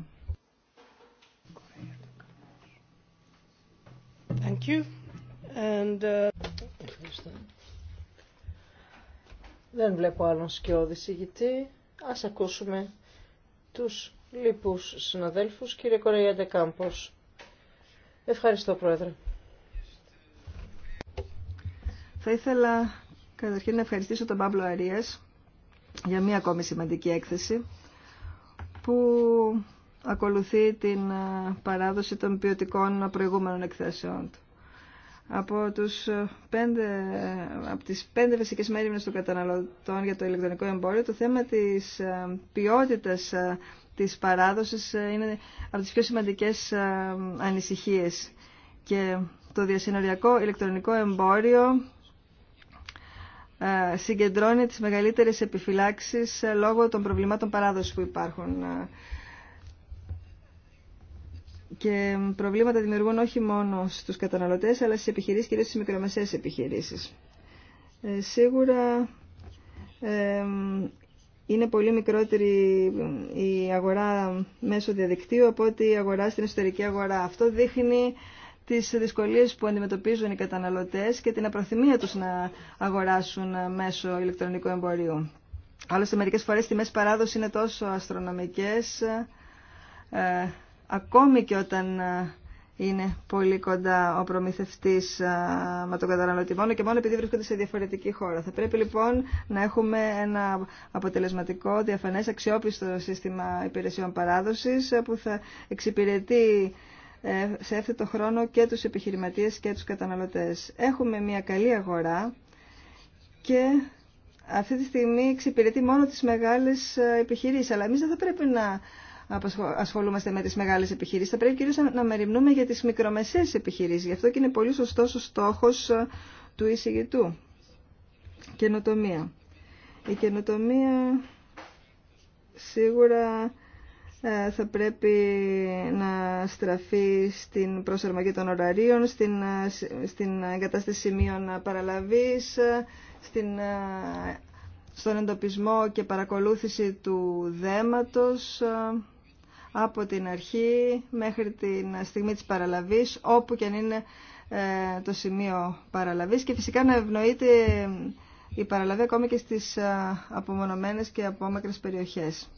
Thank you. And, uh... Δεν βλέπω άλλον σκιώδη συγητή. Ας ακούσουμε τους λοιπούς συναδέλφους. Κύριε Κορεία Κάμπος. Ευχαριστώ, Πρόεδρε. Θα ήθελα καταρχήν να ευχαριστήσω τον Παύλο Αρίας για μία ακόμη σημαντική έκθεση που ακολουθεί την παράδοση των ποιοτικών προηγούμενων εκθέσεων του. Από, τους πέντε, από τις πέντε βασικές μέρημνες των καταναλωτών για το ηλεκτρονικό εμπόριο, το θέμα της ποιότητας της παράδοσης είναι από τις πιο σημαντικές ανησυχίες. Και το διασυνοριακό ηλεκτρονικό εμπόριο ε, συγκεντρώνει τις μεγαλύτερες επιφυλάξεις ε, λόγω των προβλημάτων παράδοσης που υπάρχουν. Ε, και προβλήματα δημιουργούν όχι μόνο στους καταναλωτές, αλλά στις επιχειρήσεις, και στις μικρομεσαίες επιχειρήσεις. σίγουρα είναι πολύ μικρότερη η αγορά μέσω διαδικτύου από ότι η αγορά στην εσωτερική αγορά. Αυτό δείχνει τις δυσκολίες που αντιμετωπίζουν οι καταναλωτές και την απροθυμία τους να αγοράσουν μέσω ηλεκτρονικού εμπορίου. Άλλωστε μερικές φορές τιμές παράδοση είναι τόσο αστρονομικές ε, ακόμη και όταν ε, είναι πολύ κοντά ο προμηθευτής ε, με τον καταναλωτή μόνο και μόνο επειδή βρίσκονται σε διαφορετική χώρα. Θα πρέπει λοιπόν να έχουμε ένα αποτελεσματικό, διαφανές, αξιόπιστο σύστημα υπηρεσιών παράδοσης που θα εξυπηρετεί ε, σε το χρόνο και τους επιχειρηματίες και τους καταναλωτές. Έχουμε μια καλή αγορά και αυτή τη στιγμή εξυπηρετεί μόνο τις μεγάλες ε, επιχειρήσεις. Αλλά εμείς δεν θα πρέπει να ασχολούμαστε με τις μεγάλες επιχειρήσεις. Θα πρέπει κυρίως να μεριμνούμε για τις μικρομεσαίες επιχειρήσεις. Γι' αυτό και είναι πολύ σωστό ο στόχος ε, του εισηγητού. Καινοτομία. Η καινοτομία σίγουρα ε, θα πρέπει να στραφεί στην προσαρμογή των ωραρίων, στην, ε, στην εγκατάσταση σημείων παραλαβής, στην, ε, στον εντοπισμό και παρακολούθηση του δέματος από την αρχή μέχρι την στιγμή της παραλαβής, όπου και αν είναι το σημείο παραλαβής και φυσικά να ευνοείται η παραλαβή ακόμη και στις απομονωμένες και απόμακρες περιοχές.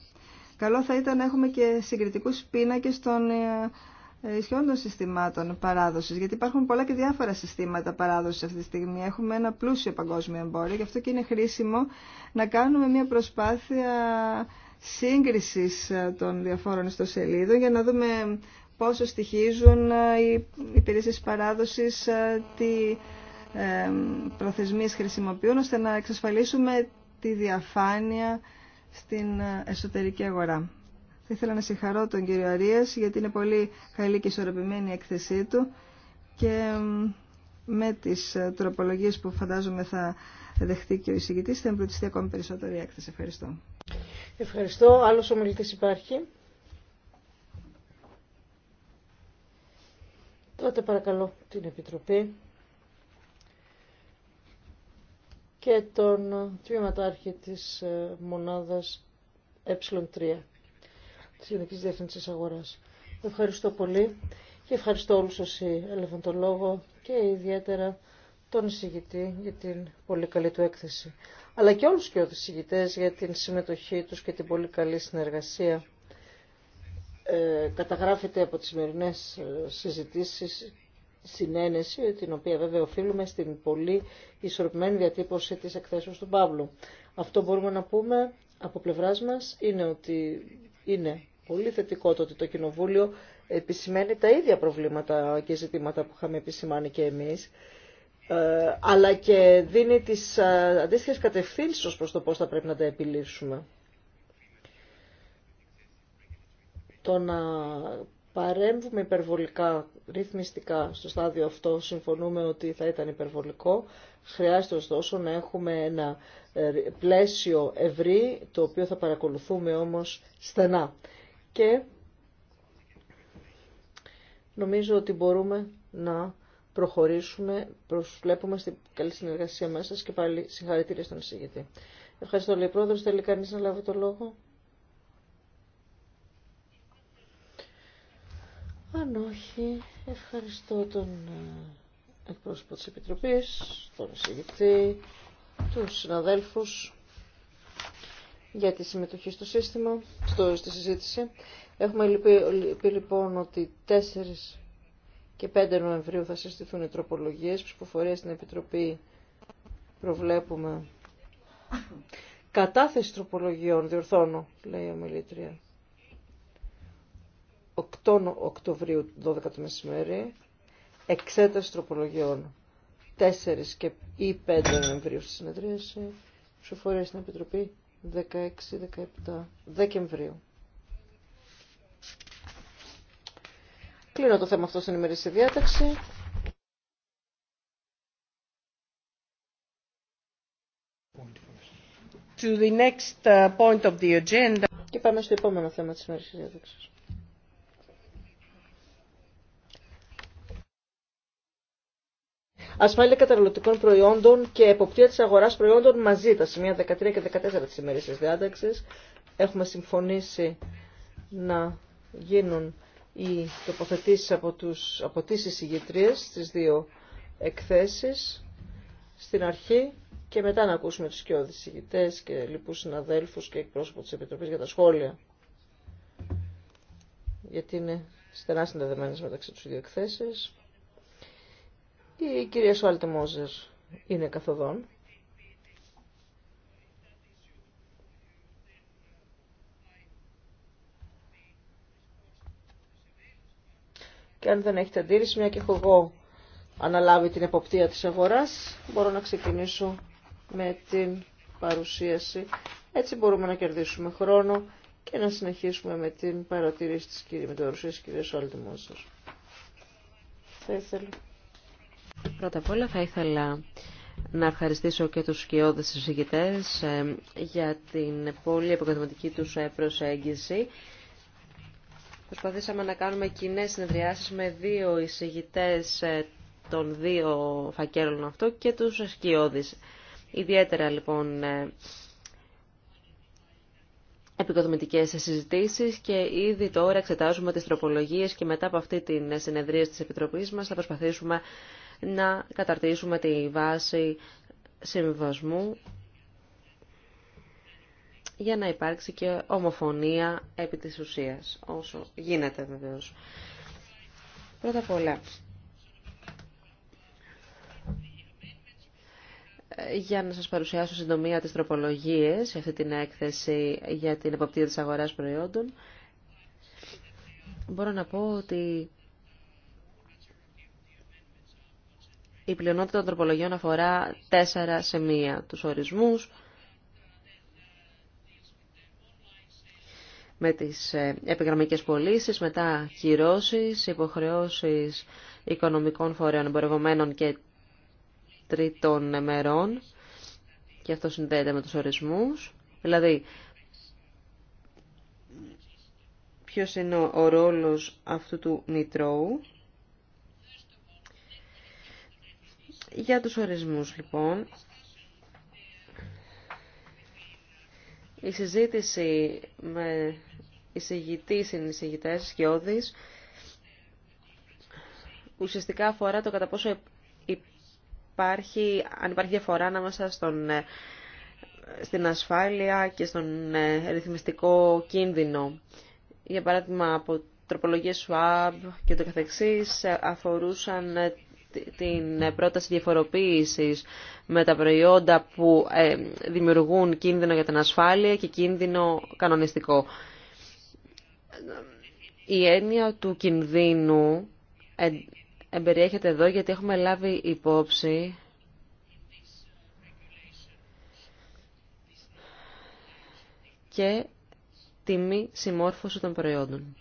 Καλό θα ήταν να έχουμε και συγκριτικούς πίνακες των ε, ε, ισχυών των συστημάτων παράδοσης, γιατί υπάρχουν πολλά και διάφορα συστήματα παράδοσης αυτή τη στιγμή. Έχουμε ένα πλούσιο παγκόσμιο εμπόριο, γι' αυτό και είναι χρήσιμο να κάνουμε μια προσπάθεια σύγκρισης ε, των διαφόρων ιστοσελίδων για να δούμε πόσο στοιχίζουν οι υπηρεσίες παράδοσης, τι προθεσμίες χρησιμοποιούν, ώστε να εξασφαλίσουμε τη διαφάνεια στην ε, εσωτερική αγορά. Θα ήθελα να συγχαρώ τον κύριο Αρίας γιατί είναι πολύ καλή και ισορροπημένη η έκθεσή του και με τις ε, τροπολογίες που φαντάζομαι θα δεχτεί και ο εισηγητής θα εμπλουτιστεί ακόμη περισσότερο η έκθεση. Ευχαριστώ. Ευχαριστώ. Άλλος ομιλητής υπάρχει. Τότε παρακαλώ την Επιτροπή. και τον τμήματάρχη της ε, μονάδας ε3 της Γενικής Διεθνής Αγοράς. Ευχαριστώ πολύ και ευχαριστώ όλους όσοι έλεγαν τον λόγο και ιδιαίτερα τον εισηγητή για την πολύ καλή του έκθεση, αλλά και όλους και τους εισηγητές για την συμμετοχή τους και την πολύ καλή συνεργασία. Ε, καταγράφεται από τις σημερινέ ε, συζητήσεις συνένεση, την οποία βέβαια οφείλουμε στην πολύ ισορροπημένη διατύπωση της εκθέσεως του Παύλου. Αυτό μπορούμε να πούμε από πλευράς μας είναι ότι είναι πολύ θετικό το ότι το Κοινοβούλιο επισημαίνει τα ίδια προβλήματα και ζητήματα που είχαμε επισημάνει και εμείς ε, αλλά και δίνει τις ε, αντίστοιχες κατευθύνσεις ως προς το πώς θα πρέπει να τα επιλύσουμε. Το να παρέμβουμε υπερβολικά ρυθμιστικά στο στάδιο αυτό, συμφωνούμε ότι θα ήταν υπερβολικό. Χρειάζεται ωστόσο να έχουμε ένα ε, πλαίσιο ευρύ, το οποίο θα παρακολουθούμε όμως στενά. Και νομίζω ότι μπορούμε να προχωρήσουμε, προσβλέπουμε στην καλή συνεργασία μέσα και πάλι συγχαρητήρια στον εισηγητή. Ευχαριστώ λέει πρόεδρος, θέλει κανείς να λάβει το λόγο. Αν όχι, ευχαριστώ τον ε, εκπρόσωπο της Επιτροπής, τον εισηγητή, τους συναδέλφους για τη συμμετοχή στο σύστημα, στο, στη συζήτηση. Έχουμε πει λοιπόν ότι 4 και 5 Νοεμβρίου θα συστηθούν οι τροπολογίες, ψηφοφορία στην Επιτροπή προβλέπουμε. Κατάθεση τροπολογιών, διορθώνω, λέει η ομιλήτρια. 8 Οκτωβρίου 12 το μεσημέρι, εξέταση τροπολογιών 4 και ή 5 Νοεμβρίου στη συνεδρίαση, ψηφοφορία στην Επιτροπή 16-17 Δεκεμβρίου. Κλείνω το θέμα αυτό στην ημερήσια διάταξη. To the next uh, point of the agenda. Και πάμε στο επόμενο θέμα της ημερήσιας διάταξης. ασφάλεια καταναλωτικών προϊόντων και εποπτεία της αγοράς προϊόντων μαζί, τα σημεία 13 και 14 της τη διάταξη. Έχουμε συμφωνήσει να γίνουν οι τοποθετήσει από, τους, από τις δύο εκθέσεις στην αρχή και μετά να ακούσουμε τους και οδησηγητές και λοιπούς συναδέλφους και εκπρόσωπο της Επιτροπής για τα σχόλια. Γιατί είναι στενά συνδεδεμένες μεταξύ τους δύο εκθέσεις η κυρία Σουάλτε Μόζερ είναι καθοδόν. Και αν δεν έχετε αντίρρηση, μια και έχω εγώ αναλάβει την εποπτεία της αγοράς, μπορώ να ξεκινήσω με την παρουσίαση. Έτσι μπορούμε να κερδίσουμε χρόνο και να συνεχίσουμε με την παρατηρήση της κυρίας, με Θα ήθελα Πρώτα απ' όλα θα ήθελα να ευχαριστήσω και τους σκιώδες συζητητές για την πολύ επικοδομητική τους ε, προσέγγιση. Προσπαθήσαμε να κάνουμε κοινέ συνεδριάσεις με δύο εισηγητές ε, των δύο φακέλων αυτό και τους σκιώδεις. Ιδιαίτερα λοιπόν ε, επικοδομητικές συζητήσεις και ήδη τώρα εξετάζουμε τις τροπολογίες και μετά από αυτή την συνεδρία της Επιτροπής μας θα προσπαθήσουμε να καταρτήσουμε τη βάση συμβασμού για να υπάρξει και ομοφωνία επί της ουσίας, όσο γίνεται βεβαίως. Πρώτα απ' όλα, για να σας παρουσιάσω συντομία τις τροπολογίες σε αυτή την έκθεση για την εποπτεία της αγοράς προϊόντων, μπορώ να πω ότι Η πλειονότητα των τροπολογιών αφορά τέσσερα σημεία. Τους ορισμούς, με τις ε, επιγραμμικές πωλήσει, μετά κυρώσεις, υποχρεώσεις οικονομικών φορέων εμπορευομένων και τρίτων μερών και αυτό συνδέεται με τους ορισμούς. Δηλαδή, ποιος είναι ο ρόλος αυτού του νητρώου Για τους ορισμούς λοιπόν, η συζήτηση με εισηγητή συνεισηγητές σκιώδης ουσιαστικά αφορά το κατά πόσο υπάρχει, αν υπάρχει διαφορά ανάμεσα στον, ε, στην ασφάλεια και στον ε, ρυθμιστικό κίνδυνο. Για παράδειγμα, από τροπολογίες SWAB και το καθεξής ε, αφορούσαν την ε, πρόταση διαφοροποίησης με τα προϊόντα που ε, δημιουργούν κίνδυνο για την ασφάλεια και κίνδυνο κανονιστικό. Η έννοια του κινδύνου ε, εμπεριέχεται εδώ γιατί έχουμε λάβει υπόψη και τιμή συμμόρφωση των προϊόντων.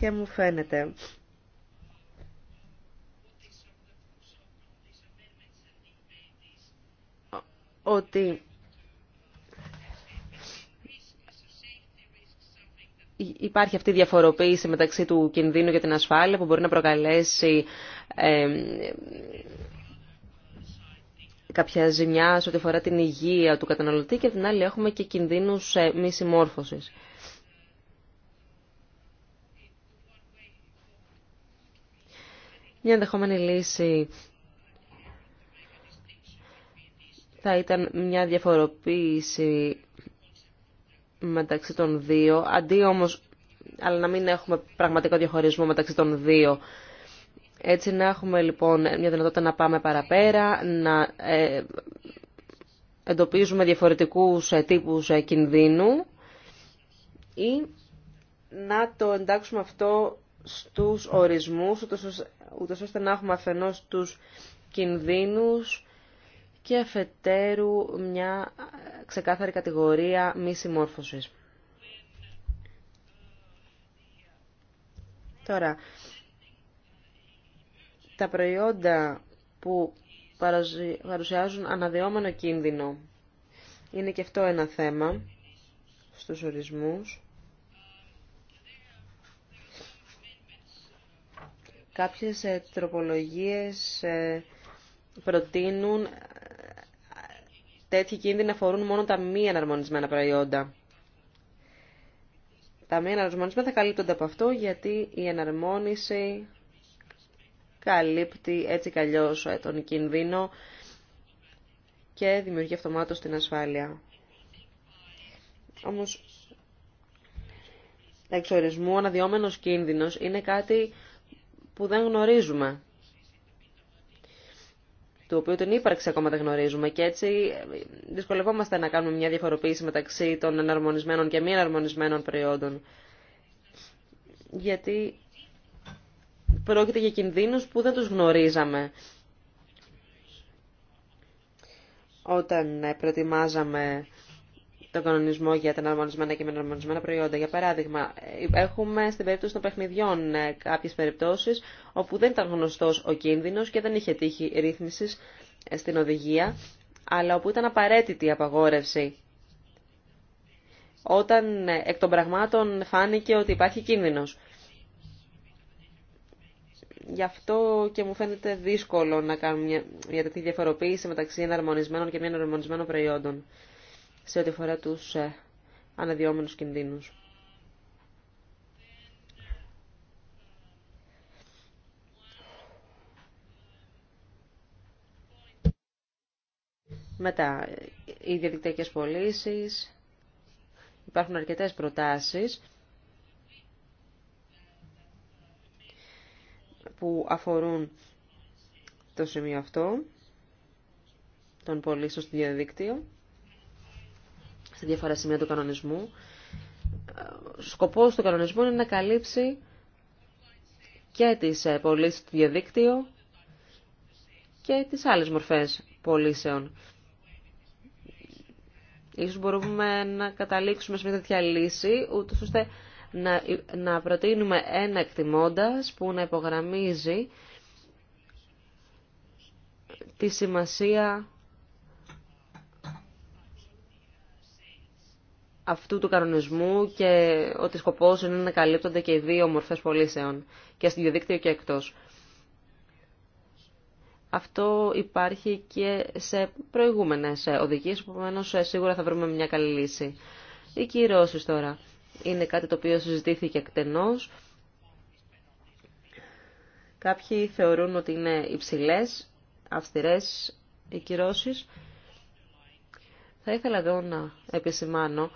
και μου φαίνεται ότι υπάρχει αυτή η διαφοροποίηση μεταξύ του κινδύνου για την ασφάλεια που μπορεί να προκαλέσει ε, κάποια ζημιά σε ό,τι αφορά την υγεία του καταναλωτή και την άλλη έχουμε και κινδύνους ε, μη συμμόρφωσης. Μια ενδεχόμενη λύση θα ήταν μια διαφοροποίηση μεταξύ των δύο, αντί όμως, αλλά να μην έχουμε πραγματικό διαχωρισμό μεταξύ των δύο έτσι να έχουμε λοιπόν μια δυνατότητα να πάμε παραπέρα, να ε, εντοπίζουμε διαφορετικούς ε, τύπους ε, κινδύνου ή να το εντάξουμε αυτό στους ορισμούς, ούτως ώστε να έχουμε αφενός τους κινδύνους και αφετέρου μια ξεκάθαρη κατηγορία μη συμμόρφωσης. Τώρα, τα προϊόντα που παρουσιάζουν αναδεόμενο κίνδυνο. Είναι και αυτό ένα θέμα στους ορισμούς. Κάποιες ε, τροπολογίες ε, προτείνουν ε, τέτοιοι κίνδυνοι αφορούν μόνο τα μη εναρμονισμένα προϊόντα. Τα μη εναρμονισμένα θα καλύπτονται από αυτό γιατί η εναρμόνιση καλύπτει έτσι καλλιώς ε, τον κινδύνο και δημιουργεί αυτομάτως την ασφάλεια. Όμως, εξορισμού, ο αναδυόμενος κίνδυνος είναι κάτι που δεν γνωρίζουμε το οποίο την ύπαρξη ακόμα δεν γνωρίζουμε και έτσι ε, δυσκολευόμαστε να κάνουμε μια διαφοροποίηση μεταξύ των εναρμονισμένων και μη εναρμονισμένων προϊόντων. Γιατί πρόκειται για κινδύνους που δεν τους γνωρίζαμε. Όταν ε, προετοιμάζαμε τον κανονισμό για τα αναρμονισμένα και αναρμονισμένα προϊόντα. Για παράδειγμα, ε, έχουμε στην περίπτωση των παιχνιδιών ε, κάποιες περιπτώσεις όπου δεν ήταν γνωστός ο κίνδυνος και δεν είχε τύχει ρύθμισης στην οδηγία, αλλά όπου ήταν απαραίτητη η απαγόρευση. Όταν εκ των πραγμάτων φάνηκε ότι υπάρχει κίνδυνος. Γι' αυτό και μου φαίνεται δύσκολο να κάνω μια, μια τέτοια διαφοροποίηση μεταξύ εναρμονισμένων και μη εναρμονισμένων προϊόντων σε ό,τι αφορά τους ε, αναδυόμενους κινδύνους. Μετά, οι διαδικτυακές πωλήσει. Υπάρχουν αρκετές προτάσεις που αφορούν το σημείο αυτό, τον πωλήσεων στο διαδίκτυο, σε διάφορα σημεία του κανονισμού. Ο σκοπός του κανονισμού είναι να καλύψει και τις ε, πωλήσει στο διαδίκτυο και τις άλλες μορφές πωλήσεων. Ίσως μπορούμε να καταλήξουμε σε μια τέτοια λύση, ούτως ώστε να, να προτείνουμε ένα εκτιμώντας που να υπογραμμίζει τη σημασία αυτού του κανονισμού και ότι σκοπός είναι να καλύπτονται και οι δύο μορφές πολίσεων, και στο διαδίκτυο και εκτός. Αυτό υπάρχει και σε προηγούμενες οδηγίες, επομένω ε, σίγουρα θα βρούμε μια καλή λύση. Οι κυρώσεις τώρα είναι κάτι το οποίο συζητήθηκε εκτενώς. Κάποιοι θεωρούν ότι είναι υψηλές, αυστηρές οι κυρώσεις. Θα ήθελα εδώ να επισημάνω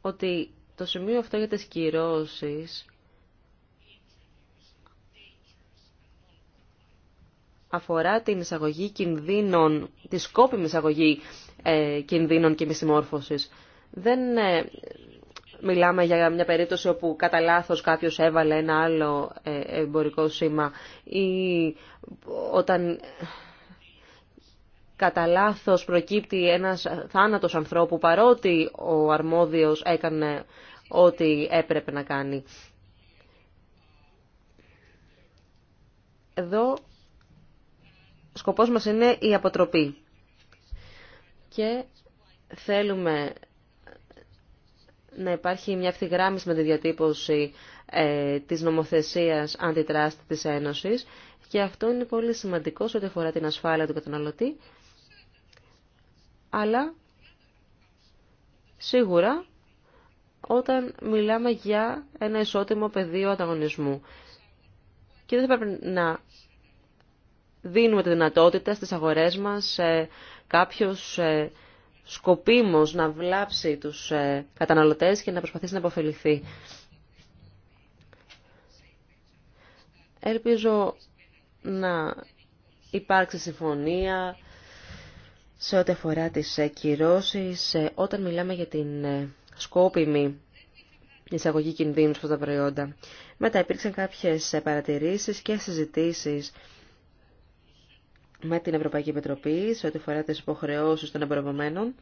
ότι το σημείο αυτό για τις κυρώσεις αφορά την εισαγωγή κινδύνων, τη σκόπιμη εισαγωγή ε, κινδύνων και μη Δεν ε, μιλάμε για μια περίπτωση όπου κατά λάθο κάποιος έβαλε ένα άλλο ε, εμπορικό σήμα ή όταν κατά λάθο προκύπτει ένας θάνατος ανθρώπου παρότι ο αρμόδιος έκανε ό,τι έπρεπε να κάνει. Εδώ σκοπός μας είναι η αποτροπή και θέλουμε να υπάρχει μια ευθυγράμμιση με τη διατύπωση ε, της νομοθεσίας αντιτράστη της Ένωσης και αυτό είναι πολύ σημαντικό σε ό,τι αφορά την ασφάλεια του καταναλωτή αλλά σίγουρα όταν μιλάμε για ένα ισότιμο πεδίο ανταγωνισμού και δεν θα πρέπει να δίνουμε τη δυνατότητα στις αγορές μας ε, κάποιος ε, σκοπίμος να βλάψει τους ε, καταναλωτές και να προσπαθήσει να αποφεληθεί. Ελπίζω να υπάρξει συμφωνία σε ό,τι αφορά τις ε, κυρώσεις, όταν μιλάμε για την σκόπιμη εισαγωγή κινδύνου από τα προϊόντα. Μετά υπήρξαν κάποιες παρατηρήσεις και συζητήσεις με την Ευρωπαϊκή Επιτροπή σε ό,τι φορά τις υποχρεώσει των εμπορευμένων.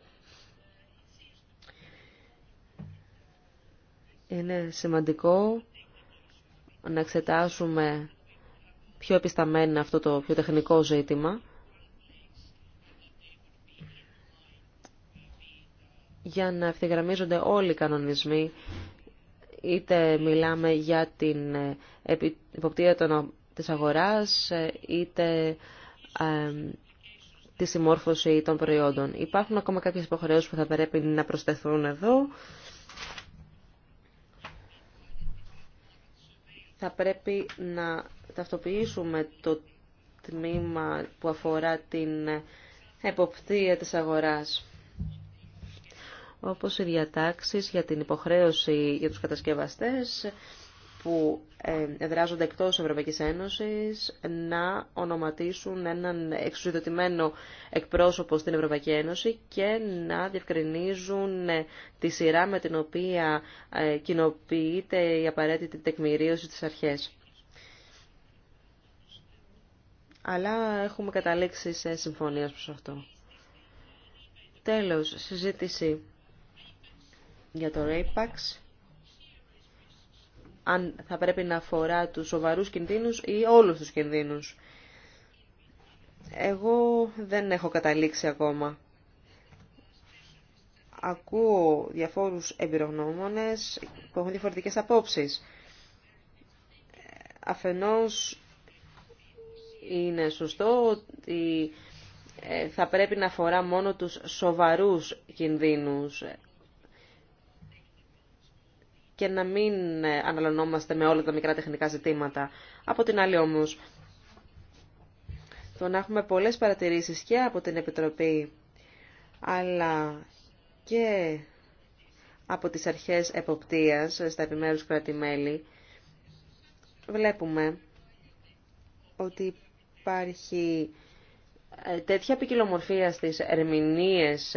Είναι σημαντικό να εξετάσουμε πιο επισταμένα αυτό το πιο τεχνικό ζήτημα για να ευθυγραμμίζονται όλοι οι κανονισμοί είτε μιλάμε για την υποπτήρια της αγοράς είτε τη συμμόρφωση των προϊόντων. Υπάρχουν ακόμα κάποιες υποχρεώσεις που θα πρέπει να προσθεθούν εδώ. Θα πρέπει να ταυτοποιήσουμε το τμήμα που αφορά την εποπτεία της αγοράς όπως οι διατάξεις για την υποχρέωση για τους κατασκευαστές που ε, εδράζονται εκτός Ευρωπαϊκής Ένωσης να ονοματίσουν έναν εξουσιοδοτημένο εκπρόσωπο στην Ευρωπαϊκή Ένωση και να διευκρινίζουν ε, τη σειρά με την οποία ε, κοινοποιείται η απαραίτητη τεκμηρίωση της αρχές. Αλλά έχουμε καταλήξει σε συμφωνία προς αυτό. Τέλος, συζήτηση για το RAPACS αν θα πρέπει να αφορά τους σοβαρούς κινδύνους ή όλους τους κινδύνους. Εγώ δεν έχω καταλήξει ακόμα. Ακούω διαφόρους εμπειρογνώμονες που έχουν διαφορετικές απόψεις. Αφενός είναι σωστό ότι ε, θα πρέπει να αφορά μόνο τους σοβαρούς κινδύνους και να μην ε, αναλωνόμαστε με όλα τα μικρά τεχνικά ζητήματα. Από την άλλη όμως, το να έχουμε πολλές παρατηρήσεις και από την Επιτροπή, αλλά και από τις αρχές εποπτείας ε, στα επιμέρους κράτη-μέλη, βλέπουμε ότι υπάρχει ε, τέτοια ποικιλομορφία στις ερμηνείες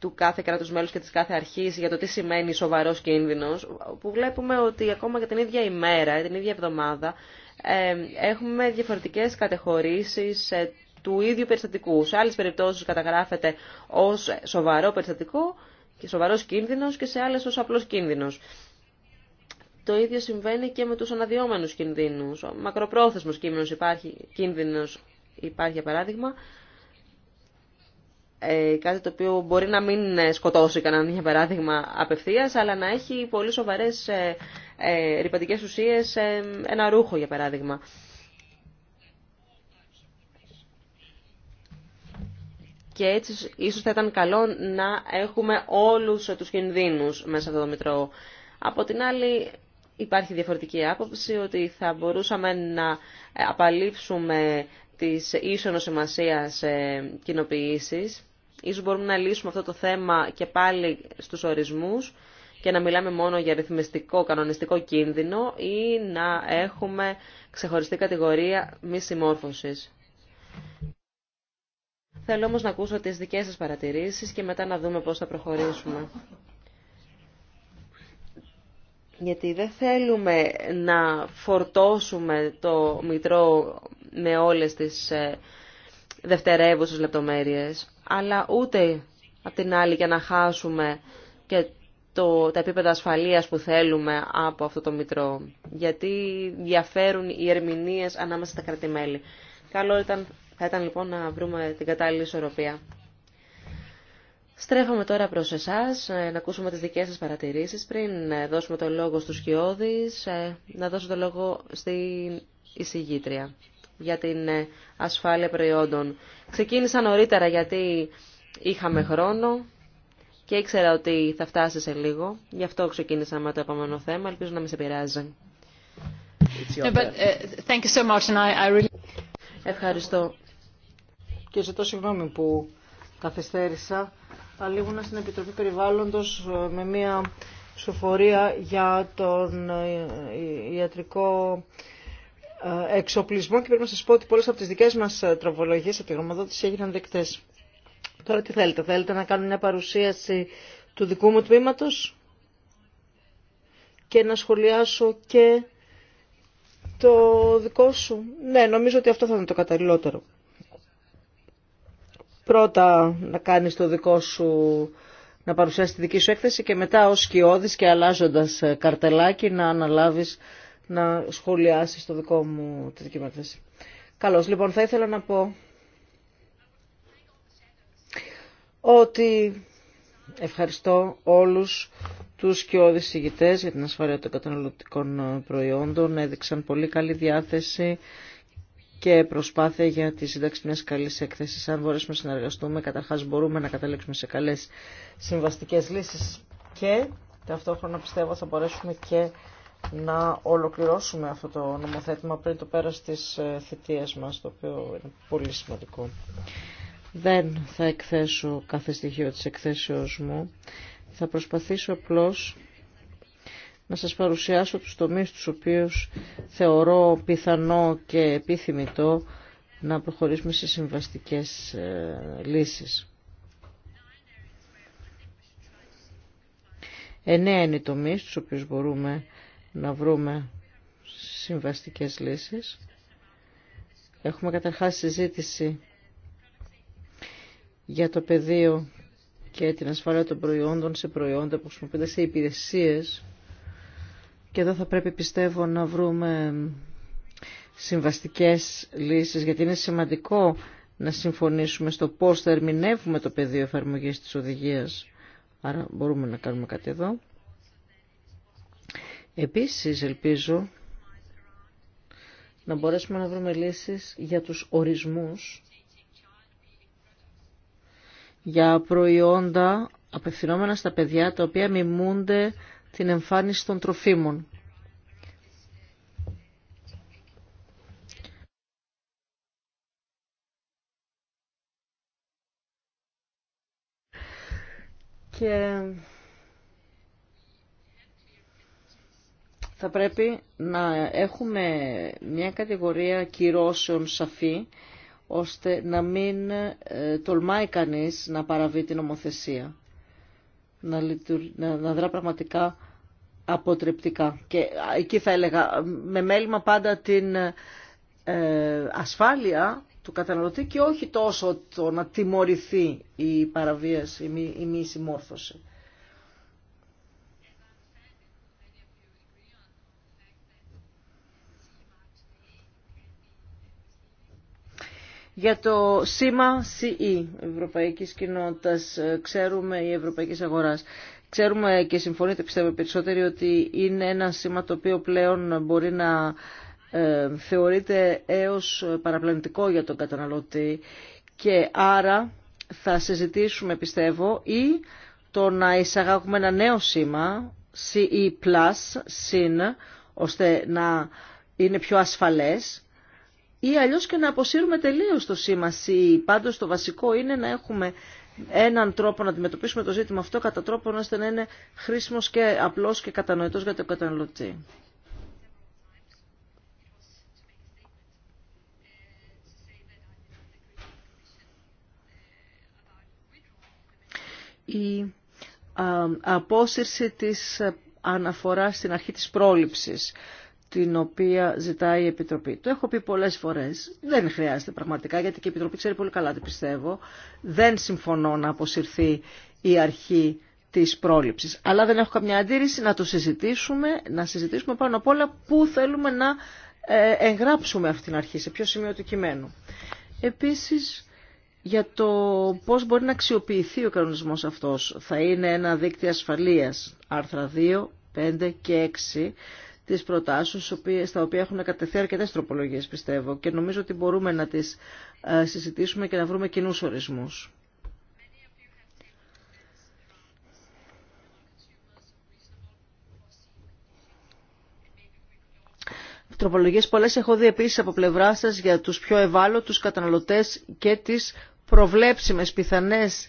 του κάθε κράτους μέλους και της κάθε αρχής για το τι σημαίνει σοβαρός κίνδυνος, που βλέπουμε ότι ακόμα και την ίδια ημέρα, την ίδια εβδομάδα, ε, έχουμε διαφορετικές κατεχωρήσεις ε, του ίδιου περιστατικού. Σε άλλες περιπτώσεις καταγράφεται ως σοβαρό περιστατικό και σοβαρός κίνδυνος και σε άλλες ως απλός κίνδυνος. Το ίδιο συμβαίνει και με τους αναδυόμενους κινδύνους. Ο μακροπρόθεσμος κίνδυνος υπάρχει, κίνδυνος υπάρχει για παράδειγμα, ε, κάτι το οποίο μπορεί να μην ε, σκοτώσει κανέναν, για παράδειγμα, απευθεία, αλλά να έχει πολύ σοβαρέ ε, ε ρηπαντικέ ουσίε ένα ρούχο, για παράδειγμα. Και έτσι ίσως θα ήταν καλό να έχουμε όλους τους κινδύνους μέσα από το Μητρό. Από την άλλη υπάρχει διαφορετική άποψη ότι θα μπορούσαμε να απαλείψουμε τις ίσονος σημασίας κοινοποιήσεις Ίσως μπορούμε να λύσουμε αυτό το θέμα και πάλι στους ορισμούς και να μιλάμε μόνο για ρυθμιστικό, κανονιστικό κίνδυνο ή να έχουμε ξεχωριστή κατηγορία μη συμμόρφωσης. Θέλω όμως να ακούσω τις δικές σας παρατηρήσεις και μετά να δούμε πώς θα προχωρήσουμε. Γιατί δεν θέλουμε να φορτώσουμε το μητρό με όλες τις ε, δευτερεύουσες λεπτομέρειες, αλλά ούτε απ' την άλλη για να χάσουμε και το, τα επίπεδα ασφαλείας που θέλουμε από αυτό το μητρό, γιατί διαφέρουν οι ερμηνείες ανάμεσα στα κρατημέλη. Καλό ήταν, θα ήταν λοιπόν να βρούμε την κατάλληλη ισορροπία. Στρέφομαι τώρα προς εσάς, ε, να ακούσουμε τις δικές σας παρατηρήσεις πριν ε, δώσουμε το λόγο στους Χιώδης, ε, να δώσω το λόγο στην εισηγήτρια για την ε, ασφάλεια προϊόντων. Ξεκίνησα νωρίτερα γιατί είχαμε χρόνο και ήξερα ότι θα φτάσει σε λίγο. Γι' αυτό ξεκίνησα με το επόμενο θέμα. Ελπίζω να μην σε πειράζει. Ευχαριστώ. Και ζητώ συγγνώμη που καθυστέρησα. θα στην Επιτροπή Περιβάλλοντος ε, με μία ψηφοφορία για τον ε, ιατρικό ε, εξοπλισμό και πρέπει να σας πω ότι πολλές από τις δικές μας ε, τροβολογίες από τη γνωμοδότηση έγιναν δεκτές. Τώρα τι θέλετε, θέλετε να κάνω μια παρουσίαση του δικού μου τμήματος και να σχολιάσω και το δικό σου. Ναι, νομίζω ότι αυτό θα είναι το καταλληλότερο. Πρώτα να κάνεις το δικό σου, να παρουσιάσεις τη δική σου έκθεση και μετά ως σκιώδης και αλλάζοντας ε, καρτελάκι να αναλάβεις να σχολιάσει το δικό μου τη δική μου έκθεση. Καλώς. Λοιπόν, θα ήθελα να πω ότι ευχαριστώ όλους τους και ηγητές για την ασφάλεια των καταναλωτικών προϊόντων. Έδειξαν πολύ καλή διάθεση και προσπάθεια για τη σύνταξη μιας καλής έκθεσης. Αν μπορέσουμε να συνεργαστούμε, καταρχάς μπορούμε να καταλήξουμε σε καλές συμβαστικές λύσεις και ταυτόχρονα πιστεύω θα μπορέσουμε και να ολοκληρώσουμε αυτό το νομοθέτημα πριν το πέρα της ε, θητείας μας, το οποίο είναι πολύ σημαντικό. Δεν θα εκθέσω κάθε στοιχείο της εκθέσεως μου. Θα προσπαθήσω απλώς να σας παρουσιάσω τους τομείς τους οποίους θεωρώ πιθανό και επιθυμητό να προχωρήσουμε σε συμβαστικές ε, λύσεις. Εννέα είναι οι τομείς τους οποίους μπορούμε να βρούμε συμβαστικές λύσεις. Έχουμε καταρχάς συζήτηση για το πεδίο και την ασφάλεια των προϊόντων σε προϊόντα που χρησιμοποιούνται σε υπηρεσίες και εδώ θα πρέπει πιστεύω να βρούμε συμβαστικές λύσεις γιατί είναι σημαντικό να συμφωνήσουμε στο πώς θα ερμηνεύουμε το πεδίο εφαρμογής της οδηγίας. Άρα μπορούμε να κάνουμε κάτι εδώ. Επίσης ελπίζω να μπορέσουμε να βρούμε λύσεις για τους ορισμούς για προϊόντα απευθυνόμενα στα παιδιά τα οποία μιμούνται την εμφάνιση των τροφίμων. Και θα πρέπει να έχουμε μια κατηγορία κυρώσεων σαφή, ώστε να μην ε, τολμάει κανείς να παραβεί την ομοθεσία, να, να, δρά πραγματικά αποτρεπτικά. Και εκεί θα έλεγα με μέλημα πάντα την ε, ασφάλεια του καταναλωτή και όχι τόσο το να τιμωρηθεί η παραβίαση, η μη, η μη συμμόρφωση. Για το σήμα CE, Ευρωπαϊκής Κοινότητας, ε, ξέρουμε η Ευρωπαϊκή Αγορά. Ξέρουμε και συμφωνείτε πιστεύω περισσότεροι ότι είναι ένα σήμα το οποίο πλέον μπορεί να ε, θεωρείται έως παραπλανητικό για τον καταναλωτή και άρα θα συζητήσουμε πιστεύω ή το να εισαγάγουμε ένα νέο σήμα CE+, συν, ώστε να είναι πιο ασφαλές ή αλλιώς και να αποσύρουμε τελείως το σήμα C. Πάντως το βασικό είναι να έχουμε έναν τρόπο να αντιμετωπίσουμε το ζήτημα αυτό κατά τρόπο ώστε να είναι χρήσιμος και απλός και κατανοητός για το καταναλωτή. Η απόσυρση της αναφοράς στην αρχή της πρόληψης την οποία ζητάει η Επιτροπή. Το έχω πει πολλές φορές, δεν χρειάζεται πραγματικά, γιατί και η Επιτροπή ξέρει πολύ καλά τι πιστεύω. Δεν συμφωνώ να αποσυρθεί η αρχή της πρόληψης. Αλλά δεν έχω καμιά αντίρρηση να το συζητήσουμε, να συζητήσουμε πάνω απ' όλα πού θέλουμε να ε, εγγράψουμε αυτήν την αρχή, σε ποιο σημείο του κειμένου. Επίσης, για το πώς μπορεί να αξιοποιηθεί ο κανονισμός αυτός. Θα είναι ένα δίκτυο ασφαλείας, άρθρα 2, 5 και 6, τις προτάσεις στα οποία έχουν κατευθεί αρκετέ τροπολογίε, πιστεύω και νομίζω ότι μπορούμε να τις ε, συζητήσουμε και να βρούμε κοινού ορισμούς. Τροπολογίες πολλές έχω δει επίσης από πλευρά σας για τους πιο ευάλωτους καταναλωτές και τις προβλέψιμες πιθανές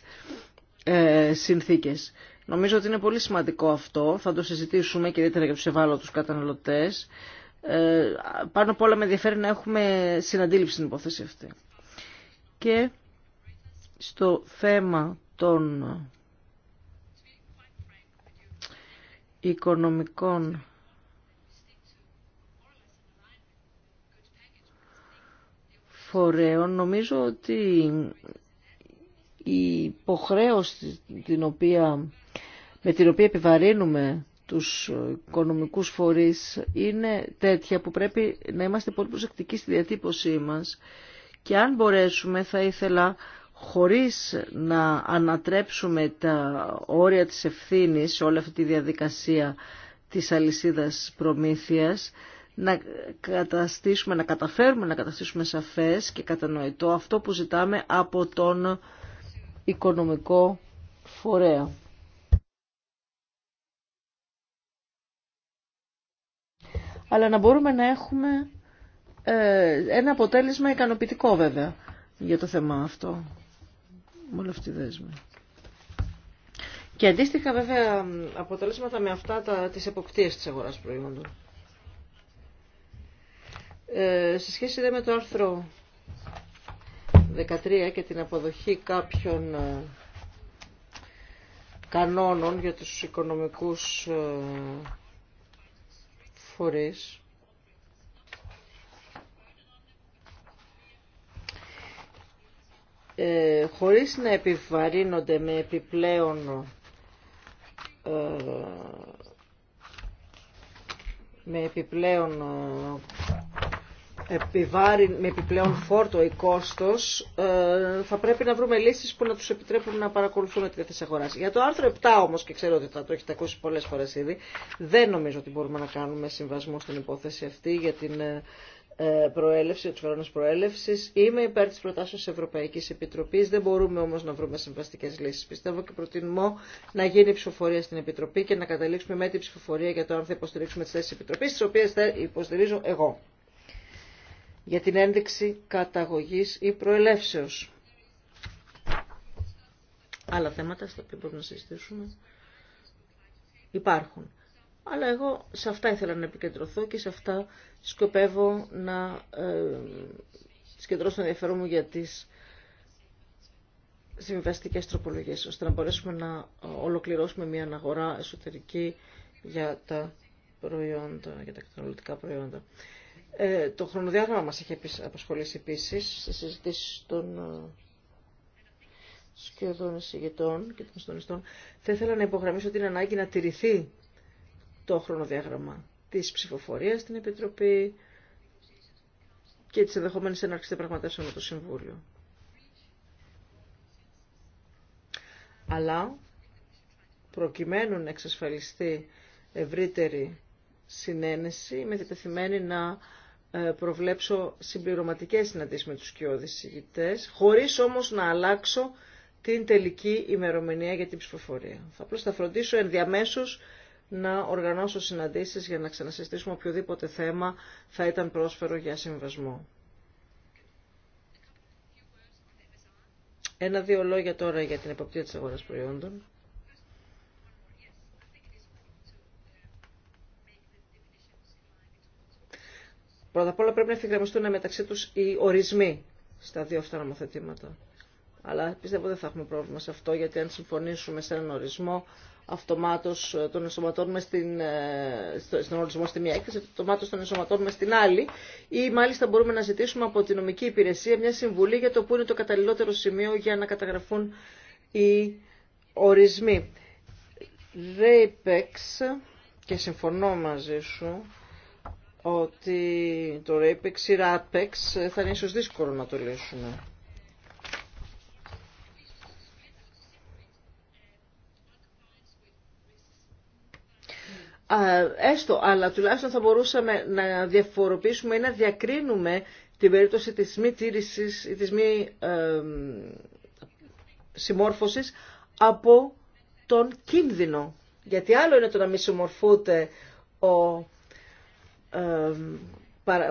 ε, συνθήκες. Νομίζω ότι είναι πολύ σημαντικό αυτό, θα το συζητήσουμε και ιδιαίτερα για τους ευάλωτους καταναλωτές. Ε, πάνω απ' όλα με ενδιαφέρει να έχουμε συναντήληψη στην υπόθεση αυτή. Και στο θέμα των οικονομικών φορέων νομίζω ότι η υποχρέωση την οποία, με την οποία επιβαρύνουμε τους οικονομικούς φορείς είναι τέτοια που πρέπει να είμαστε πολύ προσεκτικοί στη διατύπωσή μας και αν μπορέσουμε θα ήθελα χωρίς να ανατρέψουμε τα όρια της ευθύνης σε όλη αυτή τη διαδικασία της αλυσίδας προμήθειας να καταστήσουμε, να καταφέρουμε να καταστήσουμε σαφές και κατανοητό αυτό που ζητάμε από τον οικονομικό φορέα. Αλλά να μπορούμε να έχουμε ε, ένα αποτέλεσμα ικανοποιητικό βέβαια για το θέμα αυτό. Με όλη αυτή δέσμη. Και αντίστοιχα βέβαια αποτελέσματα με αυτά τα, τις εποπτείες της αγοράς προϊόντων. Ε, σε σχέση δε με το άρθρο 13 και την αποδοχή κάποιων ε, κανόνων για τους οικονομικούς ε, φορείς. Ε, χωρίς να επιβαρύνονται με επιπλέον με επιπλέον επιβάρει με επιπλέον φόρτο ή κόστος, ε, θα πρέπει να βρούμε λύσεις που να τους επιτρέπουν να παρακολουθούν τη διαθέση αγορά. Για το άρθρο 7 όμως, και ξέρω ότι θα το έχετε ακούσει πολλές φορές ήδη, δεν νομίζω ότι μπορούμε να κάνουμε συμβασμό στην υπόθεση αυτή για την ε, ε, προέλευση, του κανόνε προέλευση. Είμαι υπέρ τη προτάσεω τη Ευρωπαϊκή Επιτροπή. Δεν μπορούμε όμω να βρούμε συμβαστικέ λύσει. Πιστεύω και προτιμώ να γίνει ψηφοφορία στην Επιτροπή και να καταλήξουμε με την ψηφοφορία για το αν θα υποστηρίξουμε τι θέσει τη Επιτροπή, τι οποίε θα υποστηρίζω εγώ για την ένδειξη καταγωγής ή προελεύσεως. Άλλα θέματα στα οποία μπορούμε να συζητήσουμε υπάρχουν. Αλλά εγώ σε αυτά ήθελα να επικεντρωθώ και σε αυτά σκοπεύω να ε, συγκεντρώσω το ενδιαφέρον μου για τις συμβαστικές τροπολογίες, ώστε να μπορέσουμε να ολοκληρώσουμε μια αναγορά εσωτερική για τα προϊόντα, για τα τεχνολογικά προϊόντα. Ε, το χρονοδιάγραμμα μας έχει απασχολήσει επίσης σε συζητήσεις των ε, σχεδόν εισηγητών και των συντονιστών. Θα ήθελα να υπογραμμίσω την ανάγκη να τηρηθεί το χρονοδιάγραμμα της ψηφοφορίας στην Επιτροπή και της ενδεχόμενη έναρξης διαπραγματεύσεων με το Συμβούλιο. Αλλά προκειμένου να εξασφαλιστεί ευρύτερη συνένεση, είμαι διτεθειμένη να ε, προβλέψω συμπληρωματικές συναντήσεις με τους κοιόδης συγητές, χωρίς όμως να αλλάξω την τελική ημερομηνία για την ψηφοφορία. Θα απλώς θα φροντίσω ενδιαμέσως να οργανώσω συναντήσεις για να ξανασυστήσουμε οποιοδήποτε θέμα θα ήταν πρόσφερο για συμβασμό. Ένα-δύο λόγια τώρα για την εποπτεία της αγοράς προϊόντων. Πρώτα απ' όλα πρέπει να ευθυγραμμιστούν μεταξύ τους οι ορισμοί στα δύο αυτά νομοθετήματα. Αλλά πιστεύω δεν θα έχουμε πρόβλημα σε αυτό, γιατί αν συμφωνήσουμε σε έναν ορισμό, αυτομάτως ε, τον ενσωματώνουμε στην, ε, στον ορισμό στη μία έκθεση, αυτομάτως τον ενσωματώνουμε στην άλλη ή μάλιστα μπορούμε να ζητήσουμε από την νομική υπηρεσία μια συμβουλή για το που είναι το καταλληλότερο σημείο για να καταγραφούν οι ορισμοί. Ρέιπεξ, και συμφωνώ μαζί σου, ότι το το η Rapex θα είναι ίσως δύσκολο να το λύσουμε. Έστω, αλλά τουλάχιστον θα μπορούσαμε να διαφοροποιήσουμε ή να διακρίνουμε την περίπτωση της μη τήρησης ή της μη ε, συμμόρφωσης από τον κίνδυνο. Γιατί άλλο είναι το να μη συμμορφούνται ο ε,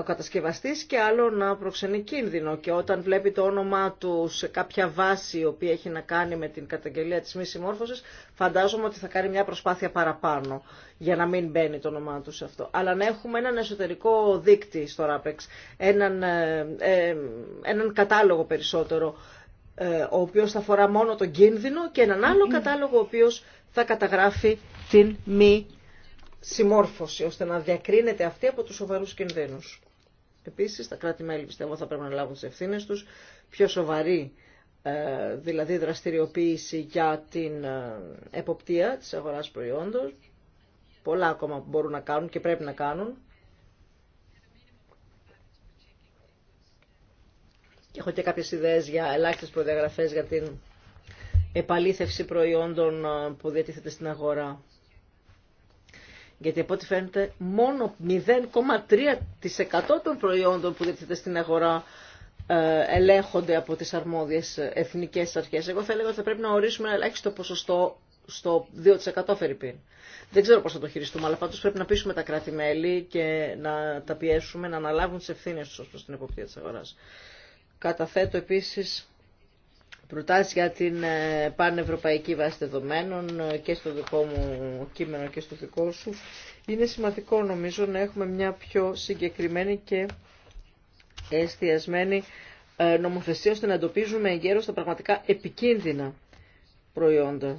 ο κατασκευαστής και άλλο να προξενεί κίνδυνο και όταν βλέπει το όνομά του σε κάποια βάση η οποία έχει να κάνει με την καταγγελία της μη συμμόρφωσης φαντάζομαι ότι θα κάνει μια προσπάθεια παραπάνω για να μην μπαίνει το όνομά του σε αυτό. Αλλά να έχουμε έναν εσωτερικό δίκτυ στο RAPEX, έναν, ε, ε, έναν κατάλογο περισσότερο ο οποίος θα αφορά μόνο τον κίνδυνο και έναν άλλο κατάλογο ο οποίος θα καταγράφει την μη συμμόρφωση, ώστε να διακρίνεται αυτή από τους σοβαρούς κινδύνους. Επίσης, τα κράτη-μέλη πιστεύω θα πρέπει να λάβουν τις ευθύνες τους, πιο σοβαρή ε, δηλαδή δραστηριοποίηση για την ε, εποπτεία της αγοράς προϊόντων. Πολλά ακόμα μπορούν να κάνουν και πρέπει να κάνουν. έχω και κάποιες ιδέες για ελάχιστες προδιαγραφές για την επαλήθευση προϊόντων ε, που διατίθεται στην αγορά. Γιατί από ό,τι φαίνεται μόνο 0,3% των προϊόντων που δείχνεται στην αγορά ε, ελέγχονται από τις αρμόδιες εθνικές αρχές. Εγώ θα έλεγα ότι θα πρέπει να ορίσουμε ένα ελάχιστο ποσοστό στο 2% φερρυπίν. Δεν ξέρω πώς θα το χειριστούμε, αλλά πάντως πρέπει να πείσουμε τα κράτη-μέλη και να τα πιέσουμε να αναλάβουν τις ευθύνες τους προς την εποπτεία της αγοράς. Καταθέτω επίσης Προτάσει για την ε, πανευρωπαϊκή βάση δεδομένων ε, και στο δικό μου κείμενο και στο δικό σου. Είναι σημαντικό νομίζω να έχουμε μια πιο συγκεκριμένη και εστιασμένη ε, νομοθεσία ώστε να εντοπίζουμε γέρο τα πραγματικά επικίνδυνα προϊόντα.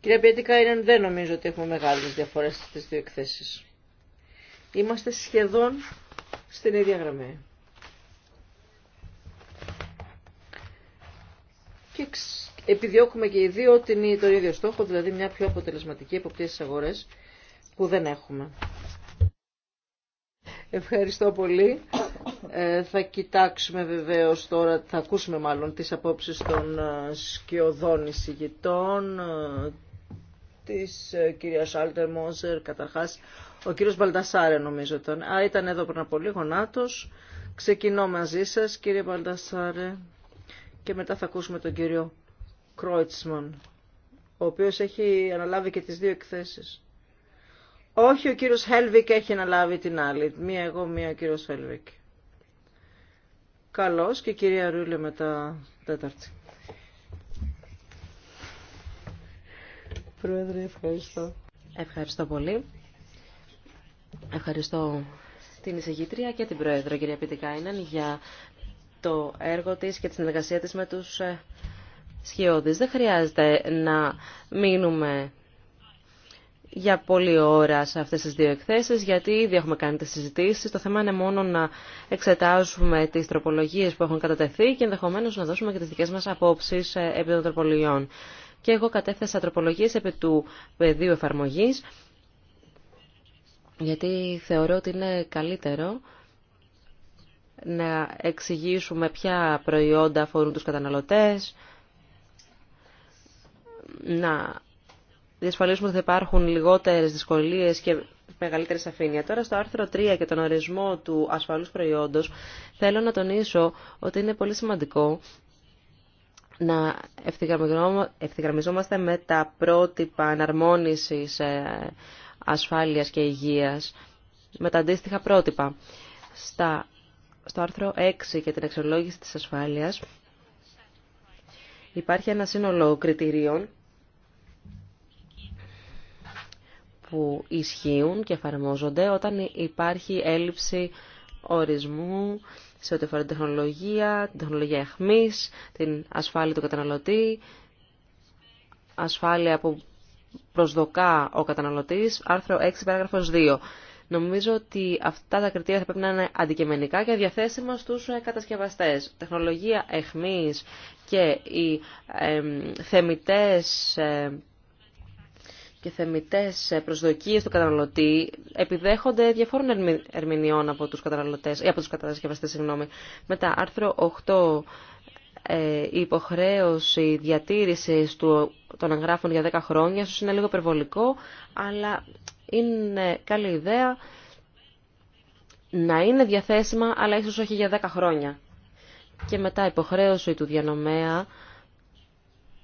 Κυρία Πιέτικα, δεν νομίζω ότι έχουμε μεγάλες διαφορές στις δύο εκθέσεις. Είμαστε σχεδόν στην ίδια γραμμή. Και επιδιώκουμε και οι δύο την, τον ίδιο στόχο, δηλαδή μια πιο αποτελεσματική εποπτεία στις αγορές που δεν έχουμε. Ευχαριστώ πολύ. Ε, θα κοιτάξουμε βεβαίως τώρα, θα ακούσουμε μάλλον τις απόψεις των ε, σκιωδών εισηγητών, ε, της ε, κυρίας Άλτερ Μόζερ, καταρχάς ο κύριος Μπαλτασάρε νομίζω ήταν. Α, ήταν εδώ πριν από λίγο, νάτος. Ξεκινώ μαζί σας, κύριε Μπαλτασάρε. Και μετά θα ακούσουμε τον κύριο Κρόιτσμαν, ο οποίος έχει αναλάβει και τις δύο εκθέσεις. Όχι, ο κύριος Χέλβικ έχει αναλάβει την άλλη. Μία εγώ, μία ο κύριος Χέλβικ. Καλώς και κυρία Ρούλε μετά τέταρτη. Πρόεδρε, ευχαριστώ. Ευχαριστώ πολύ. Ευχαριστώ την εισηγήτρια και την Πρόεδρο, κυρία Πιτικάιναν, για το έργο της και τη συνεργασία της με τους ε, σκιώδεις. Δεν χρειάζεται να μείνουμε για πολλή ώρα σε αυτές τις δύο εκθέσεις, γιατί ήδη έχουμε κάνει τις συζητήσεις. Το θέμα είναι μόνο να εξετάσουμε τις τροπολογίες που έχουν κατατεθεί και ενδεχομένως να δώσουμε και τις δικές μας απόψεις ε, επί των τροπολογιών. Και εγώ κατέθεσα τροπολογίες επί του πεδίου εφαρμογής γιατί θεωρώ ότι είναι καλύτερο να εξηγήσουμε ποια προϊόντα αφορούν τους καταναλωτές, να διασφαλίσουμε ότι θα υπάρχουν λιγότερες δυσκολίες και μεγαλύτερη σαφήνεια. Τώρα στο άρθρο 3 και τον ορισμό του ασφαλούς προϊόντος θέλω να τονίσω ότι είναι πολύ σημαντικό να ευθυγραμμιζόμαστε με τα πρότυπα εναρμόνισης ε, ασφάλειας και υγείας με τα αντίστοιχα πρότυπα. Στα, στο άρθρο 6 για την αξιολόγηση της ασφάλειας υπάρχει ένα σύνολο κριτηρίων που ισχύουν και εφαρμόζονται όταν υπάρχει έλλειψη ορισμού σε ό,τι αφορά την τεχνολογία, την τεχνολογία εχμής, την ασφάλεια του καταναλωτή, ασφάλεια που προσδοκά ο καταναλωτής, άρθρο 6, παράγραφος 2. Νομίζω ότι αυτά τα κριτήρια θα πρέπει να είναι αντικειμενικά και διαθέσιμα στους ε, κατασκευαστές. Τεχνολογία εχμής και οι ε, θεμητές και θεμητές ε, προσδοκίες του καταναλωτή επιδέχονται διαφόρων ερμηνεών από τους καταναλωτές, ή ε, από τους κατασκευαστές, συγγνώμη. Μετά, άρθρο 8, ε, η υποχρέωση διατήρησης των εγγράφων για 10 χρόνια, ίσως είναι λίγο περιβολικό, αλλά είναι καλή ιδέα να είναι διαθέσιμα, αλλά ίσως όχι για 10 χρόνια. Και μετά η υποχρέωση του διανομέα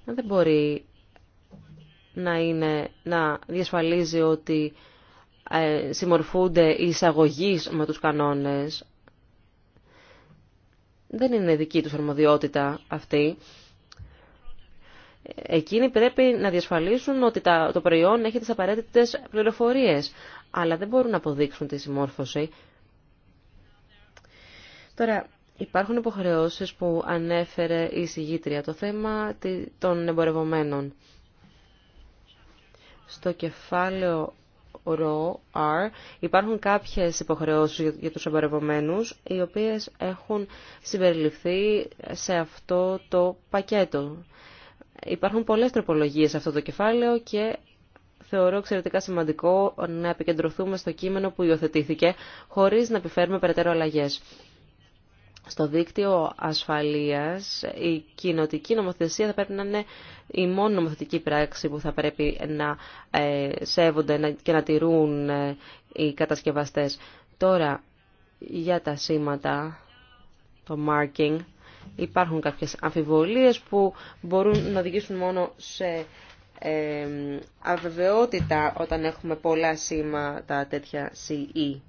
δεν μπορεί να, είναι, να διασφαλίζει ότι ε, συμμορφούνται οι εισαγωγείς με τους κανόνες δεν είναι δική τους αρμοδιότητα αυτή. Εκείνοι πρέπει να διασφαλίσουν ότι το προϊόν έχει τις απαραίτητες πληροφορίες, αλλά δεν μπορούν να αποδείξουν τη συμμόρφωση. Τώρα, υπάρχουν υποχρεώσεις που ανέφερε η συγγήτρια, το θέμα των εμπορευομένων. Στο κεφάλαιο υπάρχουν κάποιες υποχρεώσεις για τους εμπορευομένους οι οποίες έχουν συμπεριληφθεί σε αυτό το πακέτο. Υπάρχουν πολλές τροπολογίες σε αυτό το κεφάλαιο και θεωρώ εξαιρετικά σημαντικό να επικεντρωθούμε στο κείμενο που υιοθετήθηκε χωρίς να επιφέρουμε περαιτέρω αλλαγές στο δίκτυο ασφαλείας η κοινοτική νομοθεσία θα πρέπει να είναι η μόνη νομοθετική πράξη που θα πρέπει να ε, σέβονται και να τηρούν ε, οι κατασκευαστές. Τώρα, για τα σήματα, το marking, υπάρχουν κάποιες αμφιβολίες που μπορούν να οδηγήσουν μόνο σε ε, αβεβαιότητα όταν έχουμε πολλά σήματα τέτοια CE+.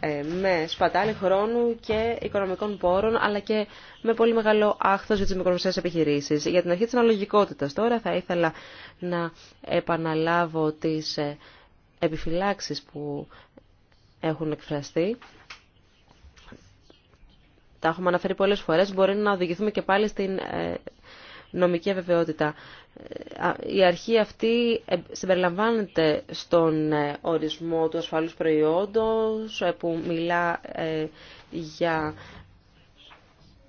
Ε, με σπατάλη χρόνου και οικονομικών πόρων, αλλά και με πολύ μεγάλο άχθος για τις μικρομεσαίες επιχειρήσεις. Για την αρχή της αναλογικότητας τώρα θα ήθελα να επαναλάβω τις ε, επιφυλάξεις που έχουν εκφραστεί. Τα έχουμε αναφέρει πολλές φορές, μπορεί να οδηγηθούμε και πάλι στην ε, νομική αβεβαιότητα. Ε, η αρχή αυτή ε, συμπεριλαμβάνεται στον ε, ορισμό του ασφαλούς προϊόντος που μιλά για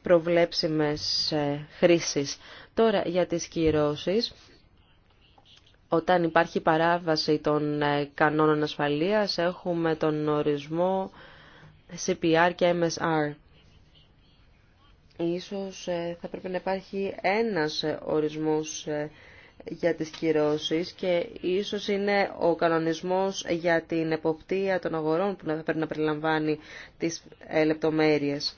προβλέψιμες χρήσεις. Τώρα για τις κυρώσεις όταν υπάρχει παράβαση των κανόνων ασφαλείας έχουμε τον ορισμό CPR και MSR. Ίσως ε, θα πρέπει να υπάρχει ένας ε, ορισμός ε, για τις κυρώσεις και ίσως είναι ο κανονισμός για την εποπτεία των αγορών που θα πρέπει να περιλαμβάνει τις λεπτομέρειες.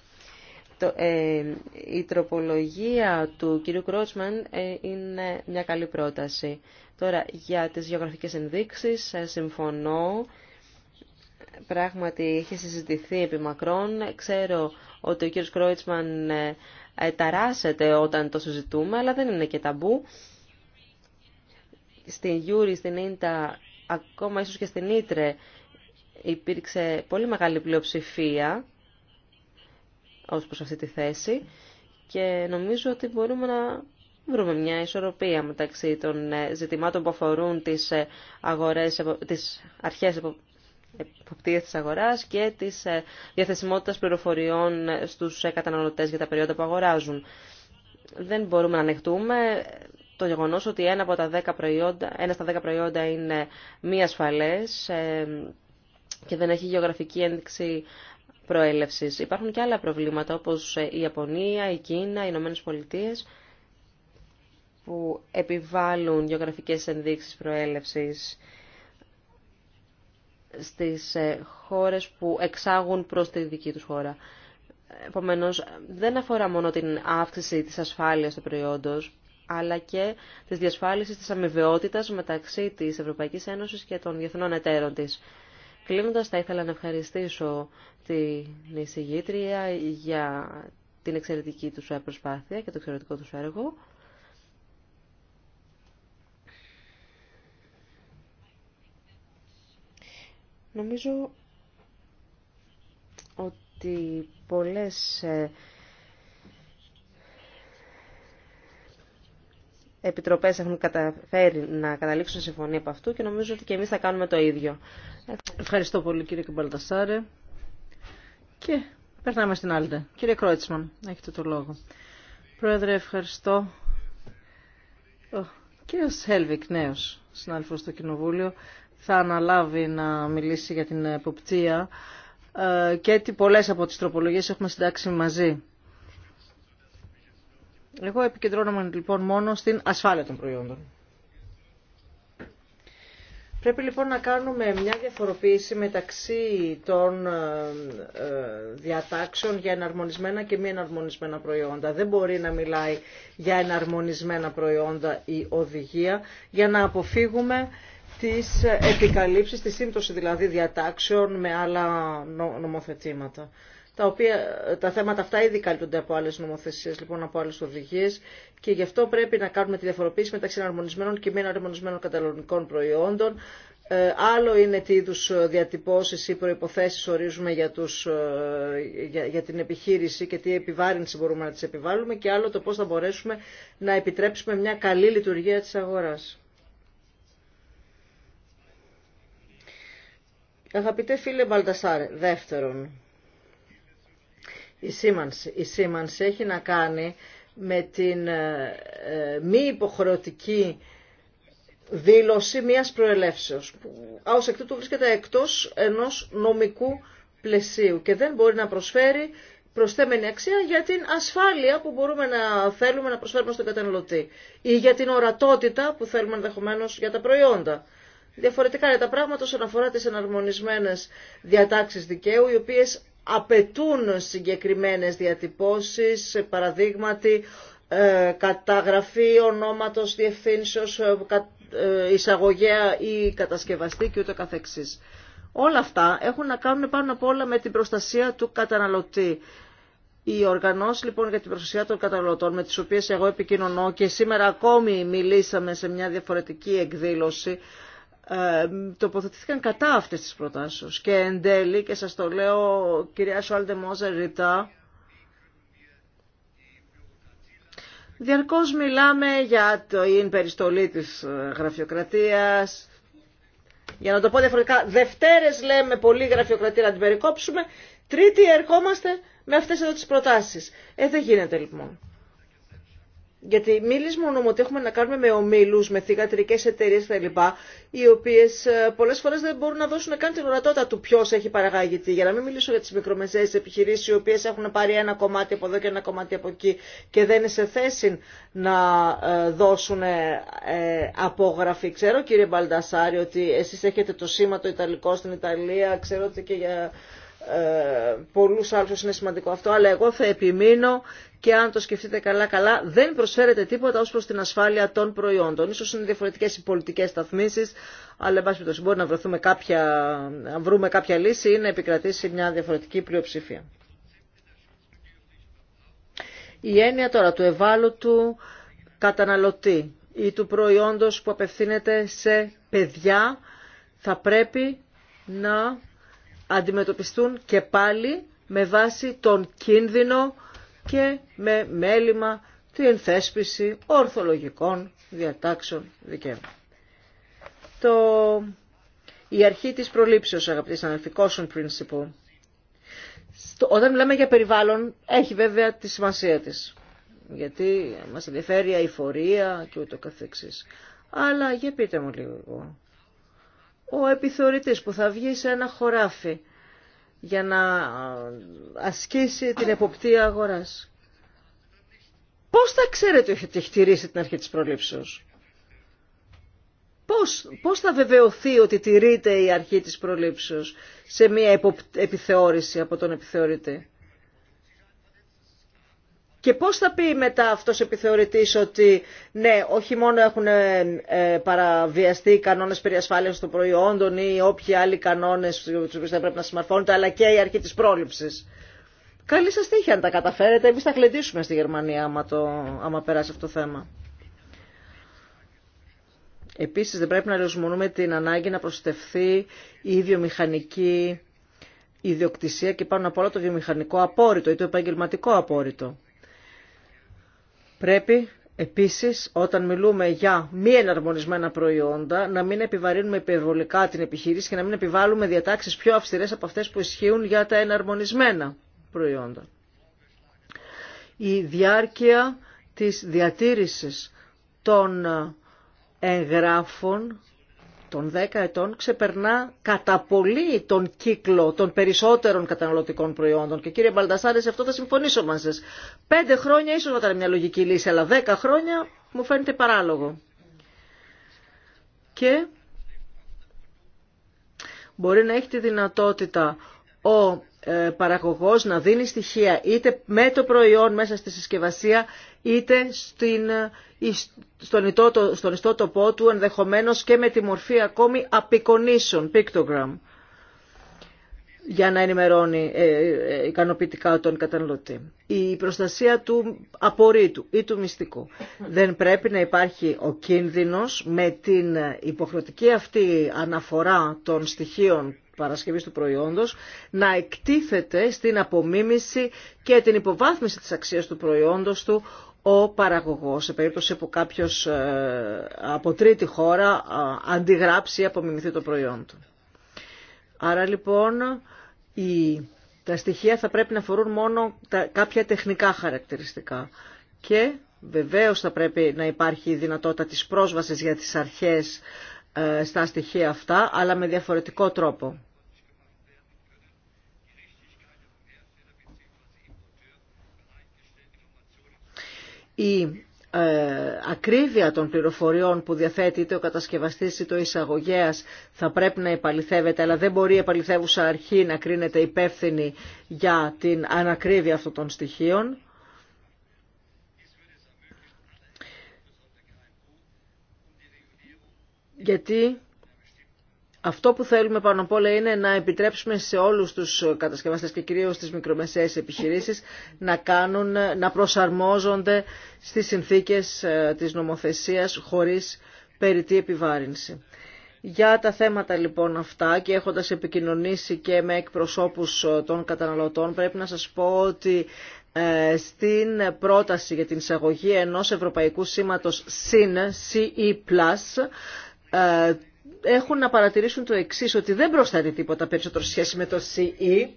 η τροπολογία του κ. Κρότσμαν είναι μια καλή πρόταση. Τώρα, για τις γεωγραφικές ενδείξεις, συμφωνώ πράγματι είχε συζητηθεί επί μακρόν. Ξέρω ότι ο κύριος Κρόιτσμαν ε, ε, ταράσεται όταν το συζητούμε, αλλά δεν είναι και ταμπού. Στην Γιούρη, στην Ίντα, ακόμα ίσως και στην Ήτρε υπήρξε πολύ μεγάλη πλειοψηφία ως προς αυτή τη θέση και νομίζω ότι μπορούμε να βρούμε μια ισορροπία μεταξύ των ε, ζητημάτων που αφορούν τις, αγορές, τις αρχές εποπτείας της αγοράς και της ε, διαθεσιμότητας πληροφοριών στους ε, καταναλωτές για τα περίοδα που αγοράζουν. Δεν μπορούμε να ανεχτούμε το γεγονός ότι ένα, από τα 10 προϊόντα, ένα στα 10 προϊόντα είναι μη ασφαλές ε, και δεν έχει γεωγραφική ένδειξη προέλευσης. Υπάρχουν και άλλα προβλήματα όπως η Ιαπωνία, η Κίνα, οι Ηνωμένε Πολιτείε που επιβάλλουν γεωγραφικές ενδείξεις προέλευσης στις ε, χώρες που εξάγουν προς τη δική τους χώρα. Επομένως, δεν αφορά μόνο την αύξηση της ασφάλειας του προϊόντος, αλλά και της διασφάλισης της αμοιβαιότητας μεταξύ της Ευρωπαϊκής Ένωσης και των διεθνών εταίρων της. Κλείνοντας, θα ήθελα να ευχαριστήσω την εισηγήτρια για την εξαιρετική του προσπάθεια και το εξαιρετικό του έργο. Νομίζω ότι πολλές ε, επιτροπές έχουν καταφέρει να καταλήξουν συμφωνία από αυτού και νομίζω ότι και εμείς θα κάνουμε το ίδιο. Ευχαριστώ πολύ κύριε Καμπαλτασάρε. Και περνάμε στην άλλη. Κύριε Κρόιτσμαν, έχετε το λόγο. Πρόεδρε, ευχαριστώ. Ο κύριος Χέλβικ, νέος συνάδελφος στο Κοινοβούλιο, θα αναλάβει να μιλήσει για την εποπτεία ε, και τι πολλές από τις τροπολογίες έχουμε συντάξει μαζί. Εγώ επικεντρώνομαι λοιπόν μόνο στην ασφάλεια των προϊόντων. Πρέπει λοιπόν να κάνουμε μια διαφοροποίηση μεταξύ των ε, ε, διατάξεων για εναρμονισμένα και μη εναρμονισμένα προϊόντα. Δεν μπορεί να μιλάει για εναρμονισμένα προϊόντα η οδηγία για να αποφύγουμε τις επικαλύψεις, τη σύμπτωση δηλαδή διατάξεων με άλλα νομοθετήματα. Τα, οποία, τα θέματα αυτά ήδη καλύπτονται από άλλες νομοθεσίες, λοιπόν από άλλες οδηγίες και γι' αυτό πρέπει να κάνουμε τη διαφοροποίηση μεταξύ εναρμονισμένων και μη εναρμονισμένων καταναλωτικών προϊόντων. Ε, άλλο είναι τι είδου διατυπώσεις ή προϋποθέσεις ορίζουμε για, τους, ε, για, για την επιχείρηση και τι επιβάρυνση μπορούμε να τις επιβάλλουμε και άλλο το πώς θα μπορέσουμε να επιτρέψουμε μια καλή λειτουργία τη αγορά. Αγαπητέ φίλε Μπαλτασάρε, δεύτερον, η σήμανση. Η σήμανση έχει να κάνει με την ε, ε, μη υποχρεωτική δήλωση μιας προελεύσεως, που ως εκ τούτου βρίσκεται εκτός ενός νομικού πλαισίου και δεν μπορεί να προσφέρει προσθέμενη αξία για την ασφάλεια που μπορούμε να θέλουμε να προσφέρουμε στον καταναλωτή ή για την ορατότητα που θέλουμε ενδεχομένω για τα προϊόντα διαφορετικά είναι τα πράγματα όσον αφορά τις εναρμονισμένες διατάξεις δικαίου, οι οποίες απαιτούν συγκεκριμένες διατυπώσεις, παραδείγματι ε, καταγραφή ονόματος διευθύνσεως, ε, ε, εισαγωγέα ή κατασκευαστή και ούτε καθεξής. Όλα αυτά έχουν να κάνουν πάνω απ' όλα με την προστασία του καταναλωτή. Οι οργανώσει λοιπόν για την προστασία των καταναλωτών με τις οποίες εγώ επικοινωνώ και σήμερα ακόμη μιλήσαμε σε μια διαφορετική εκδήλωση ε, τοποθετήθηκαν κατά αυτές τις προτάσεις. Και εν τέλει, και σας το λέω κυρία Σουάλτε Μόζερ ρητά, διαρκώς μιλάμε για την περιστολή της ε, γραφειοκρατίας, για να το πω διαφορετικά, Δευτέρες λέμε πολύ γραφειοκρατία να την περικόψουμε, Τρίτη ερχόμαστε με αυτές εδώ τις προτάσεις. Ε, δεν γίνεται λοιπόν. Γιατί μη μόνο ότι έχουμε να κάνουμε με ομίλους, με θηγατρικέ εταιρείε κτλ. οι οποίες ε, πολλές φορές δεν μπορούν να δώσουν καν την ορατότητα του ποιο έχει παραγάγει τι. Για να μην μιλήσω για τις μικρομεσαίε επιχειρήσεις, οι οποίες έχουν πάρει ένα κομμάτι από εδώ και ένα κομμάτι από εκεί και δεν είναι σε θέση να ε, δώσουν ε, απόγραφη. Ξέρω κύριε Μπαλντασάρη ότι εσείς έχετε το σήμα το Ιταλικό στην Ιταλία, ξέρω ότι και για ε, πολλούς άλλους είναι σημαντικό αυτό, αλλά εγώ θα επιμείνω και αν το σκεφτείτε καλά-καλά δεν προσφέρεται τίποτα ως προς την ασφάλεια των προϊόντων. Ίσως είναι διαφορετικές οι πολιτικές σταθμίσεις, αλλά εν πάση μπορεί να, βρεθούμε κάποια, να βρούμε κάποια λύση ή να επικρατήσει μια διαφορετική πλειοψηφία. Η έννοια τώρα του ευάλωτου καταναλωτή ή του προϊόντος που απευθύνεται σε παιδιά θα πρέπει να αντιμετωπιστούν και πάλι με βάση τον κίνδυνο και με μέλημα την θέσπιση ορθολογικών διατάξεων δικαίου. Το... Η αρχή της προλήψεως, αγαπητοί συναδελφοί, caution principle. Στο... Όταν μιλάμε για περιβάλλον, έχει βέβαια τη σημασία της. Γιατί μας ενδιαφέρει η αηφορία και ούτω καθεξής. Αλλά για πείτε μου λίγο ο επιθεωρητής που θα βγει σε ένα χωράφι για να ασκήσει την εποπτεία αγοράς. Πώς θα ξέρετε ότι έχει τηρήσει την αρχή της προλήψεως. Πώς, πώς θα βεβαιωθεί ότι τηρείται η αρχή της προλήψεως σε μια επιθεώρηση από τον επιθεωρητή. Και πώς θα πει μετά αυτός επιθεωρητής ότι ναι, όχι μόνο έχουν ε, ε, παραβιαστεί οι κανόνες περί ασφάλειας των προϊόντων ή όποιοι άλλοι κανόνες του οποίους θα πρέπει να συμμαρφώνεται, αλλά και η αρχή της πρόληψης. Καλή σας τύχη αν τα καταφέρετε. Εμείς θα κλεντήσουμε στη Γερμανία άμα, το, άμα περάσει αυτό το θέμα. Επίσης δεν πρέπει να ρεοσμονούμε την ανάγκη να προστευθεί η βιομηχανική ιδιοκτησία και πάνω απ' όλα το βιομηχανικό απόρριτο ή το επαγγελματικό απόρριτο. Πρέπει επίσης όταν μιλούμε για μη εναρμονισμένα προϊόντα να μην επιβαρύνουμε υπερβολικά την επιχείρηση και να μην επιβάλλουμε διατάξεις πιο αυστηρές από αυτές που ισχύουν για τα εναρμονισμένα προϊόντα. Η διάρκεια της διατήρησης των εγγράφων των 10 ετών ξεπερνά κατά πολύ τον κύκλο των περισσότερων καταναλωτικών προϊόντων. Και κύριε Μπαλτασάρη, σε αυτό θα συμφωνήσω μαζί σα. Πέντε χρόνια ίσω να ήταν μια λογική λύση, αλλά δέκα χρόνια μου φαίνεται παράλογο. Και μπορεί να έχει τη δυνατότητα ο ε, παραγωγός να δίνει στοιχεία είτε με το προϊόν μέσα στη συσκευασία είτε στην στον, ιστό στον του ενδεχομένως και με τη μορφή ακόμη απεικονίσεων, pictogram, για να ενημερώνει ε, ε, ικανοποιητικά τον καταναλωτή. Η προστασία του απορρίτου ή του μυστικού. Δεν πρέπει να υπάρχει ο κίνδυνος με την υποχρεωτική αυτή αναφορά των στοιχείων παρασκευής του προϊόντος να εκτίθεται στην απομίμηση και την υποβάθμιση της αξίας του προϊόντος του ο παραγωγός σε περίπτωση που κάποιος ε, από τρίτη χώρα αντιγράψει ή απομιμηθεί το προϊόν του. Άρα λοιπόν η, τα στοιχεία θα πρέπει να αφορούν μόνο τα, κάποια τεχνικά χαρακτηριστικά και βεβαίως θα πρέπει να υπάρχει η δυνατότητα της πρόσβασης για τις αρχές ε, στα στοιχεία αυτά αλλά με διαφορετικό τρόπο. η ε, ακρίβεια των πληροφοριών που διαθέτει είτε ο κατασκευαστής είτε ο εισαγωγέας θα πρέπει να επαληθεύεται αλλά δεν μπορεί η επαληθεύουσα αρχή να κρίνεται υπεύθυνη για την ανακρίβεια αυτών των στοιχείων. Γιατί αυτό που θέλουμε πάνω απ' όλα είναι να επιτρέψουμε σε όλους τους κατασκευαστές και κυρίως στις μικρομεσαίες επιχειρήσεις να, κάνουν, να προσαρμόζονται στις συνθήκες ε, της νομοθεσίας χωρίς περιττή επιβάρυνση. Για τα θέματα λοιπόν αυτά και έχοντας επικοινωνήσει και με εκπροσώπους ε, των καταναλωτών πρέπει να σας πω ότι ε, στην πρόταση για την εισαγωγή ενός ευρωπαϊκού σήματος SIN, CE+, έχουν να παρατηρήσουν το εξή, ότι δεν προσθέτει τίποτα περισσότερο σχέση με το CE.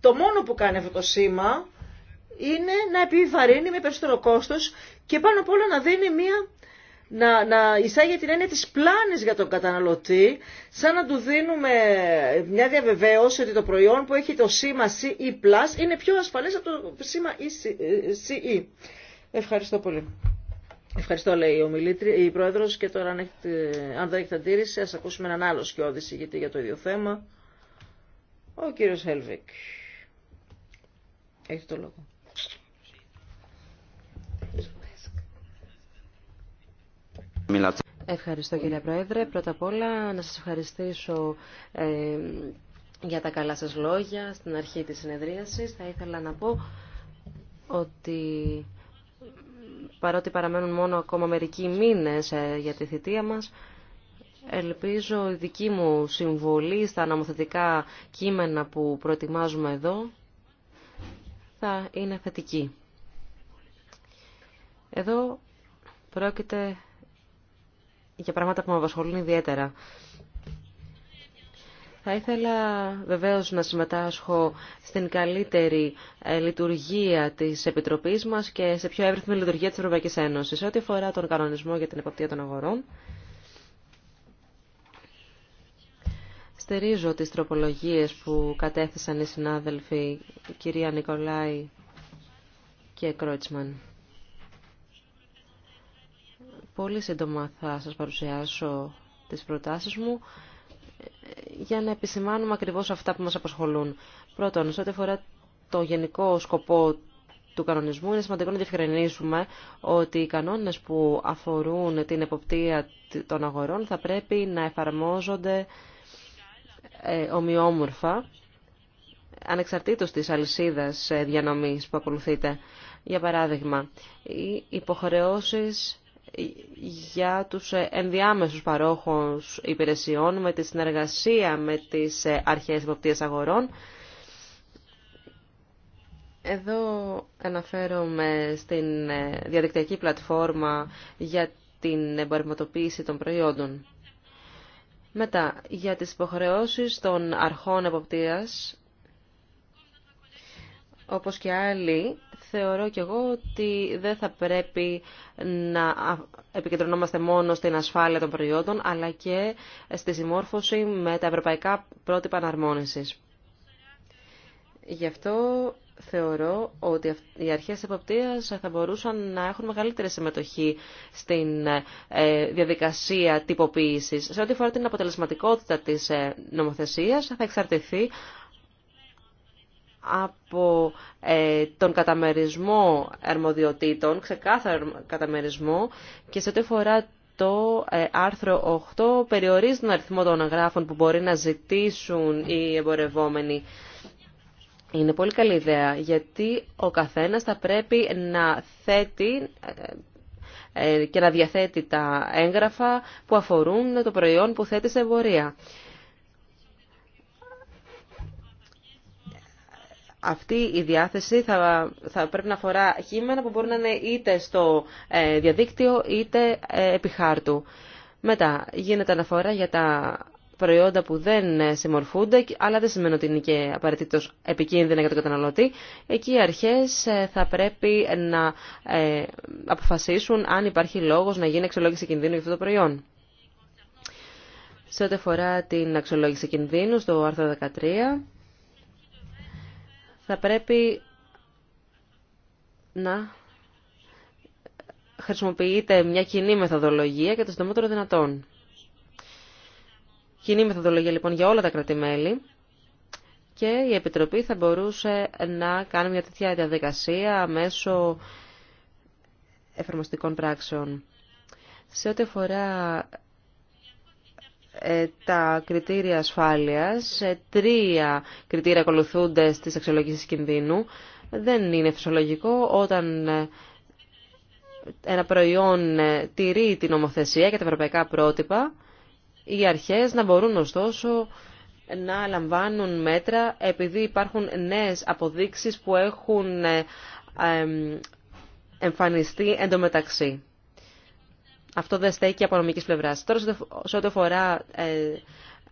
Το μόνο που κάνει αυτό το σήμα είναι να επιβαρύνει με περισσότερο κόστος και πάνω απ' όλα να δίνει μία να, να εισάγει την έννοια της πλάνης για τον καταναλωτή, σαν να του δίνουμε μια διαβεβαίωση ότι το προϊόν που έχει το σήμα CE+, είναι πιο ασφαλές από το σήμα CE. Ε, e. Ευχαριστώ πολύ. Ευχαριστώ, λέει ο η πρόεδρο. Και τώρα, αν, δεν έχετε αντίρρηση, α ακούσουμε έναν άλλο σκιώδη για το ίδιο θέμα. Ο κύριο Χέλβικ. Έχει το λόγο. Ευχαριστώ κύριε Πρόεδρε. Πρώτα απ' όλα να σας ευχαριστήσω ε, για τα καλά σας λόγια στην αρχή της συνεδρίασης. Θα ήθελα να πω ότι παρότι παραμένουν μόνο ακόμα μερικοί μήνες ε, για τη θητεία μας, ελπίζω η δική μου συμβολή στα νομοθετικά κείμενα που προετοιμάζουμε εδώ θα είναι θετική. Εδώ πρόκειται για πράγματα που με απασχολούν ιδιαίτερα. Θα ήθελα βεβαίως να συμμετάσχω στην καλύτερη ε, λειτουργία της Επιτροπής μας και σε πιο εύρυθμη λειτουργία της Ευρωπαϊκής Ένωσης. Σε ό,τι αφορά τον κανονισμό για την εποπτεία των αγορών, στηρίζω τις τροπολογίες που κατέθεσαν οι συνάδελφοι κυρία Νικολάη και Κρότσμαν. Πολύ σύντομα θα σας παρουσιάσω τις προτάσεις μου για να επισημάνουμε ακριβώς αυτά που μας απασχολούν. Πρώτον, σε ό,τι αφορά το γενικό σκοπό του κανονισμού, είναι σημαντικό να διευκρινίσουμε ότι οι κανόνες που αφορούν την εποπτεία των αγορών θα πρέπει να εφαρμόζονται ε, ομοιόμορφα, ανεξαρτήτως της αλυσίδας ε, διανομής που ακολουθείτε. Για παράδειγμα, οι υποχρεώσεις για τους ενδιάμεσους παρόχους υπηρεσιών με τη συνεργασία με τις αρχές υποπτήρες αγορών. Εδώ αναφέρομαι στην διαδικτυακή πλατφόρμα για την εμπορευματοποίηση των προϊόντων. Μετά, για τις υποχρεώσεις των αρχών εποπτείας, όπως και άλλοι θεωρώ και εγώ ότι δεν θα πρέπει να επικεντρωνόμαστε μόνο στην ασφάλεια των προϊόντων, αλλά και στη συμμόρφωση με τα ευρωπαϊκά πρότυπα αναρμόνισης. Γι' αυτό θεωρώ ότι οι αρχές εποπτείας θα μπορούσαν να έχουν μεγαλύτερη συμμετοχή στην ε, διαδικασία τυποποίησης. Σε ό,τι αφορά την αποτελεσματικότητα της ε, νομοθεσίας θα εξαρτηθεί από ε, τον καταμερισμό αρμοδιοτήτων, ξεκάθαρο καταμερισμό και σε ό,τι αφορά το ε, άρθρο 8 περιορίζει τον αριθμό των αγράφων που μπορεί να ζητήσουν οι εμπορευόμενοι. Είναι πολύ καλή ιδέα, γιατί ο καθένας θα πρέπει να θέτει ε, και να διαθέτει τα έγγραφα που αφορούν το προϊόν που θέτει σε εμπορία. αυτή η διάθεση θα, θα πρέπει να αφορά χείμενα που μπορεί να είναι είτε στο ε, διαδίκτυο είτε ε, επί χάρτου. Μετά γίνεται αναφορά για τα προϊόντα που δεν ε, συμμορφούνται, αλλά δεν σημαίνει ότι είναι και απαραίτητο επικίνδυνα για τον καταναλωτή. Εκεί οι αρχές θα πρέπει να αποφασίσουν αν υπάρχει λόγος να γίνει αξιολόγηση κινδύνου για αυτό το προϊόν. Σε ό,τι αφορά την αξιολόγηση κινδύνου στο άρθρο 13 θα πρέπει να χρησιμοποιείται μια κοινή μεθοδολογία για το συντομότερο δυνατόν. Κοινή μεθοδολογία λοιπόν για όλα τα κρατημέλη και η Επιτροπή θα μπορούσε να κάνει μια τέτοια διαδικασία μέσω εφαρμοστικών πράξεων. Σε ό,τι αφορά ε, τα κριτήρια ασφάλειας, ε, τρία κριτήρια ακολουθούνται στις αξιολογήσεις κινδύνου. Δεν είναι φυσιολογικό όταν ε, ένα προϊόν τηρεί την ομοθεσία και τα ευρωπαϊκά πρότυπα, οι αρχές να μπορούν ωστόσο να λαμβάνουν μέτρα επειδή υπάρχουν νέες αποδείξεις που έχουν εμφανιστεί εντωμεταξύ. Αυτό δεν στέκει από νομικής πλευράς. Τώρα, σε ό,τι αφορά ε,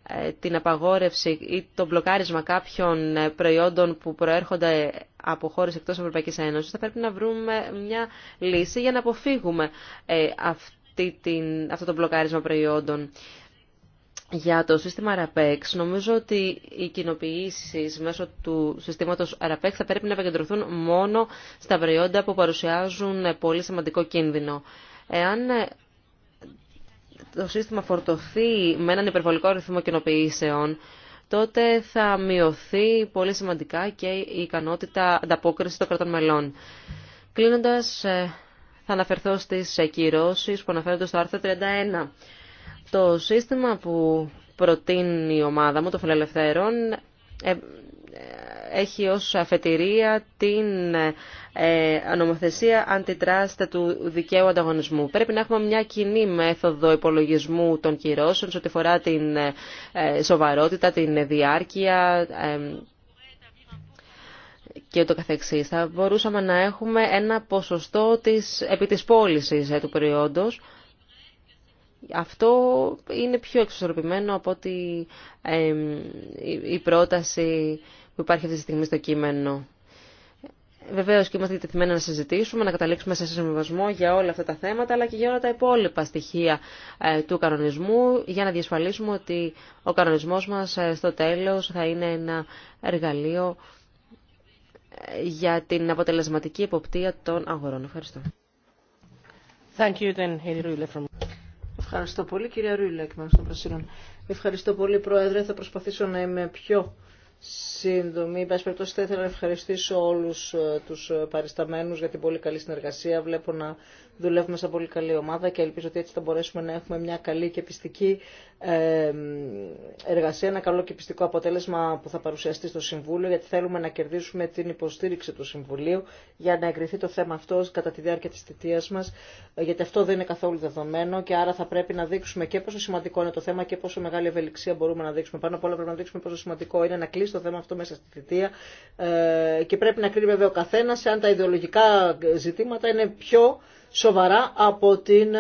ε, την απαγόρευση ή το μπλοκάρισμα κάποιων ε, προϊόντων που προέρχονται από χώρες εκτός Ευρωπαϊκής Ένωσης, θα πρέπει να βρούμε μια λύση για να αποφύγουμε αυτή την, αυτό το μπλοκάρισμα προϊόντων. Για το σύστημα RAPEX, νομίζω ότι οι κοινοποιήσει μέσω του συστήματο RAPEX θα πρέπει να επικεντρωθούν μόνο στα προϊόντα που παρουσιάζουν πολύ σημαντικό κίνδυνο. Εάν το σύστημα φορτωθεί με έναν υπερβολικό ρυθμό κοινοποιήσεων, τότε θα μειωθεί πολύ σημαντικά και η ικανότητα ανταπόκριση των κρατών μελών. Κλείνοντας, ε, θα αναφερθώ στις κυρώσεις που αναφέρονται στο άρθρο 31. Το σύστημα που προτείνει η ομάδα μου, το Φιλελευθέρων, ε, ε, έχει ως αφετηρία την ε, νομοθεσία αντιτράστα του δικαίου ανταγωνισμού. Πρέπει να έχουμε μια κοινή μέθοδο υπολογισμού των κυρώσεων σε ό,τι φορά την ε, σοβαρότητα, την διάρκεια ε, και το καθεξής. Θα μπορούσαμε να έχουμε ένα ποσοστό της, επί της πώλησης του προϊόντος αυτό είναι πιο εξισορροπημένο από ότι η πρόταση που υπάρχει αυτή τη στιγμή στο κείμενο. Βεβαίω και είμαστε διατεθειμένοι να συζητήσουμε, να καταλήξουμε σε συμβιβασμό για όλα αυτά τα θέματα, αλλά και για όλα τα υπόλοιπα στοιχεία ε, του κανονισμού, για να διασφαλίσουμε ότι ο κανονισμό μα ε, στο τέλο θα είναι ένα εργαλείο ε, για την αποτελεσματική εποπτεία των αγορών. Ευχαριστώ. Thank you, then, Ευχαριστώ πολύ κυρία Ρούιλα εκ μέρους των Πρασίνων. Ευχαριστώ πολύ Πρόεδρε. Θα προσπαθήσω να είμαι πιο σύντομη. Εν περιπτώσει θα ήθελα να ευχαριστήσω όλους ε, τους ε, παρισταμένου για την πολύ καλή συνεργασία. Βλέπω να δουλεύουμε σαν πολύ καλή ομάδα και ελπίζω ότι έτσι θα μπορέσουμε να έχουμε μια καλή και πιστική εργασία, ένα καλό και πιστικό αποτέλεσμα που θα παρουσιαστεί στο Συμβούλιο, γιατί θέλουμε να κερδίσουμε την υποστήριξη του Συμβουλίου για να εγκριθεί το θέμα αυτό κατά τη διάρκεια τη θητεία μα, γιατί αυτό δεν είναι καθόλου δεδομένο και άρα θα πρέπει να δείξουμε και πόσο σημαντικό είναι το θέμα και πόσο μεγάλη ευελιξία μπορούμε να δείξουμε. Πάνω απ' όλα πρέπει να δείξουμε πόσο σημαντικό είναι να κλείσει το θέμα αυτό μέσα στη θητεία ε, και πρέπει να κρίνει ο καθένα αν τα ιδεολογικά ζητήματα είναι πιο σοβαρά από την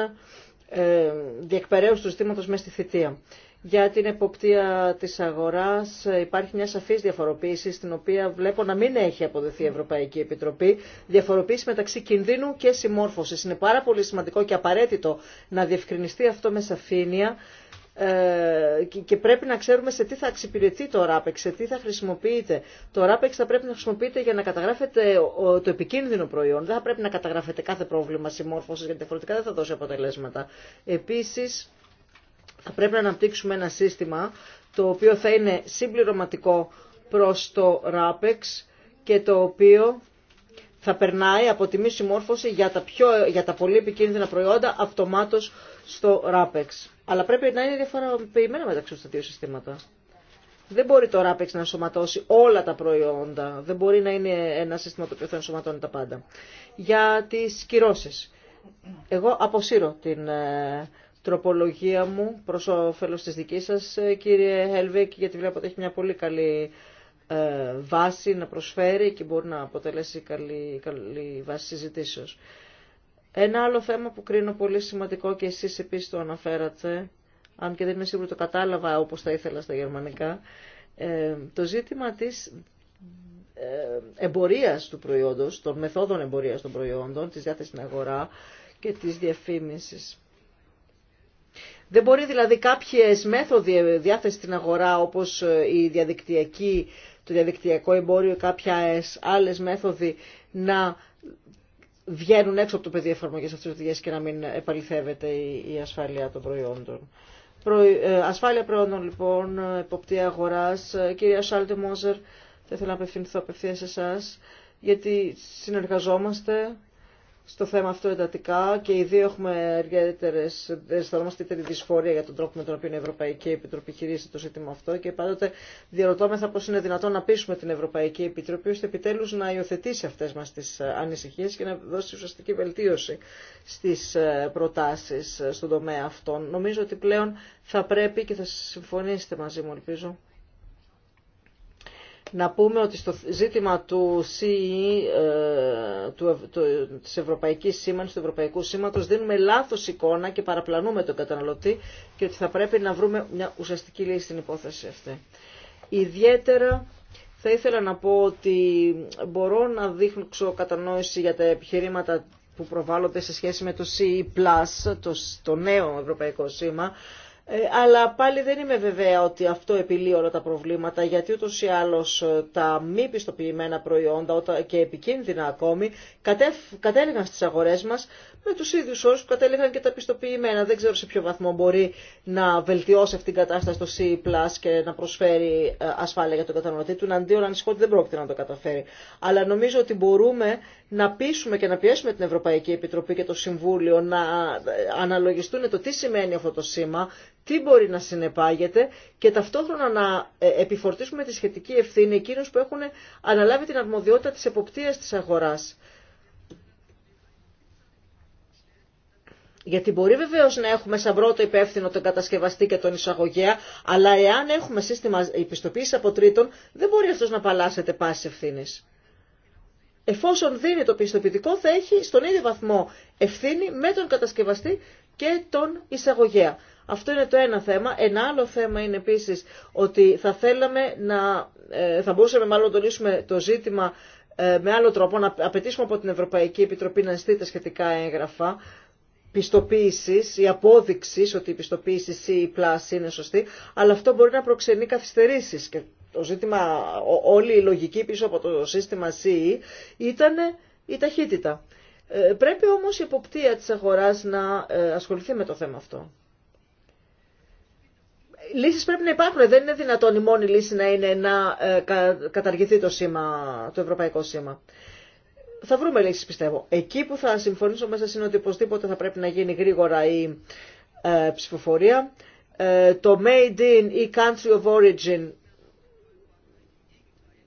ε, διεκπαιρέωση του ζητήματος μέσα στη θητεία. Για την εποπτεία της αγοράς ε, υπάρχει μια σαφής διαφοροποίηση στην οποία βλέπω να μην έχει αποδεθεί η Ευρωπαϊκή Επιτροπή. Διαφοροποίηση μεταξύ κινδύνου και συμμόρφωσης. Είναι πάρα πολύ σημαντικό και απαραίτητο να διευκρινιστεί αυτό με σαφήνεια ε, και πρέπει να ξέρουμε σε τι θα εξυπηρετεί το RAPEX, σε τι θα χρησιμοποιείται. Το RAPEX θα πρέπει να χρησιμοποιείται για να καταγράφεται το επικίνδυνο προϊόν. Δεν θα πρέπει να καταγράφεται κάθε πρόβλημα συμμόρφωση, γιατί διαφορετικά δεν θα δώσει αποτελέσματα. Επίση, θα πρέπει να αναπτύξουμε ένα σύστημα το οποίο θα είναι συμπληρωματικό προς το RAPEX και το οποίο θα περνάει από τη μη συμμόρφωση για τα, πιο, για τα πολύ επικίνδυνα προϊόντα αυτομάτως στο RAPEX. Αλλά πρέπει να είναι διαφοροποιημένα μεταξύ τα δύο συστήματα. Δεν μπορεί το RAPEX να ενσωματώσει όλα τα προϊόντα. Δεν μπορεί να είναι ένα σύστημα το οποίο θα ενσωματώνει τα πάντα. Για τι κυρώσει. Εγώ αποσύρω την ε, τροπολογία μου προς όφελος της δικής σας, ε, κύριε Χέλβεκ, γιατί βλέπω ότι έχει μια πολύ καλή ε, βάση να προσφέρει και μπορεί να αποτελέσει καλή, καλή βάση συζητήσεω. Ένα άλλο θέμα που κρίνω πολύ σημαντικό και εσείς επίσης το αναφέρατε, αν και δεν είμαι σίγουρη το κατάλαβα όπως θα ήθελα στα γερμανικά, ε, το ζήτημα της ε, εμπορίας του προϊόντος, των μεθόδων εμπορίας των προϊόντων, της διάθεσης στην αγορά και της διαφήμισης. Δεν μπορεί δηλαδή κάποιες μέθοδοι διάθεσης στην αγορά όπως ε, η διαδικτυακή, το διαδικτυακό εμπόριο ή κάποιες άλλες μέθοδοι να βγαίνουν έξω από το πεδίο εφαρμογή αυτή τη οδηγία και να μην επαληθεύεται η ασφάλεια των προϊόντων. Ε, ασφάλεια προϊόντων λοιπόν, εποπτεία Αγορά, ε, Κυρία Σάλτε Μόζερ, θα ήθελα να απευθυνθώ απευθεία σε εσά, γιατί συνεργαζόμαστε στο θέμα αυτό εντατικά και οι δύο έχουμε αισθανόμαστε ιδιαίτερη δυσφορία για τον τρόπο με τον οποίο η Ευρωπαϊκή Επιτροπή χειρίζεται το ζήτημα αυτό και πάντοτε διαρωτώμεθα πώ είναι δυνατόν να πείσουμε την Ευρωπαϊκή Επιτροπή ώστε επιτέλου να υιοθετήσει αυτέ μα τι ανησυχίε και να δώσει ουσιαστική βελτίωση στι ε, προτάσει ε, στον τομέα αυτών. Νομίζω ότι πλέον θα πρέπει και θα συμφωνήσετε μαζί μου, ελπίζω, να πούμε ότι στο ζήτημα του CE, ε, του, του, της Ευρωπαϊκής σήμανσης του Ευρωπαϊκού Σήματος, δίνουμε λάθος εικόνα και παραπλανούμε τον καταναλωτή και ότι θα πρέπει να βρούμε μια ουσιαστική λύση στην υπόθεση αυτή. Ιδιαίτερα θα ήθελα να πω ότι μπορώ να δείξω κατανόηση για τα επιχειρήματα που προβάλλονται σε σχέση με το CE+, το, το νέο ευρωπαϊκό σήμα, ε, αλλά πάλι δεν είμαι βεβαία ότι αυτό επιλύει όλα τα προβλήματα, γιατί ούτως ή άλλω ε, τα μη πιστοποιημένα προϊόντα και επικίνδυνα ακόμη κατέληγαν στις αγορές μας με τους ίδιους όρους που κατέληγαν και τα πιστοποιημένα. Δεν ξέρω σε ποιο βαθμό μπορεί να βελτιώσει αυτή την κατάσταση το C++ και να προσφέρει ε, ασφάλεια για τον καταναλωτή του. Αντίον ανησυχώ ότι δεν πρόκειται να το καταφέρει. Αλλά νομίζω ότι μπορούμε να πείσουμε και να πιέσουμε την Ευρωπαϊκή Επιτροπή και το Συμβούλιο να ε, αναλογιστούν το τι σημαίνει αυτό το σήμα, τι μπορεί να συνεπάγεται και ταυτόχρονα να ε, επιφορτήσουμε τη σχετική ευθύνη εκείνου που έχουν αναλάβει την αρμοδιότητα της εποπτείας τη αγορά. Γιατί μπορεί βεβαίω να έχουμε σαν πρώτο υπεύθυνο τον κατασκευαστή και τον εισαγωγέα, αλλά εάν έχουμε σύστημα επιστοποίηση από τρίτον, δεν μπορεί αυτό να παλάσεται πάση ευθύνη. Εφόσον δίνει το πιστοποιητικό, θα έχει στον ίδιο βαθμό ευθύνη με τον κατασκευαστή και τον εισαγωγέα. Αυτό είναι το ένα θέμα. Ένα άλλο θέμα είναι επίση ότι θα θέλαμε να, ε, θα μπορούσαμε μάλλον να τονίσουμε το ζήτημα ε, με άλλο τρόπο, να απαιτήσουμε από την Ευρωπαϊκή Επιτροπή να ζητεί τα σχετικά έγγραφα πιστοποίησης, η απόδειξη ότι η πιστοποίηση ή η η είναι σωστή, αλλά αυτό μπορεί να προξενεί καθυστερήσει. Και το ζήτημα, όλη η λογική πίσω από το σύστημα CE ήταν η ταχύτητα. Ε, πρέπει όμως η εποπτεία της αγορά να ε, ασχοληθεί με το θέμα αυτό. Λύσεις πρέπει να υπάρχουν. Δεν είναι δυνατόν η μόνη λύση να είναι να ε, καταργηθεί το, σήμα, το ευρωπαϊκό σήμα θα βρούμε λύσεις πιστεύω. Εκεί που θα συμφωνήσω μέσα είναι ότι οπωσδήποτε θα πρέπει να γίνει γρήγορα η ε, ψηφοφορία. Ε, το made in ή country of origin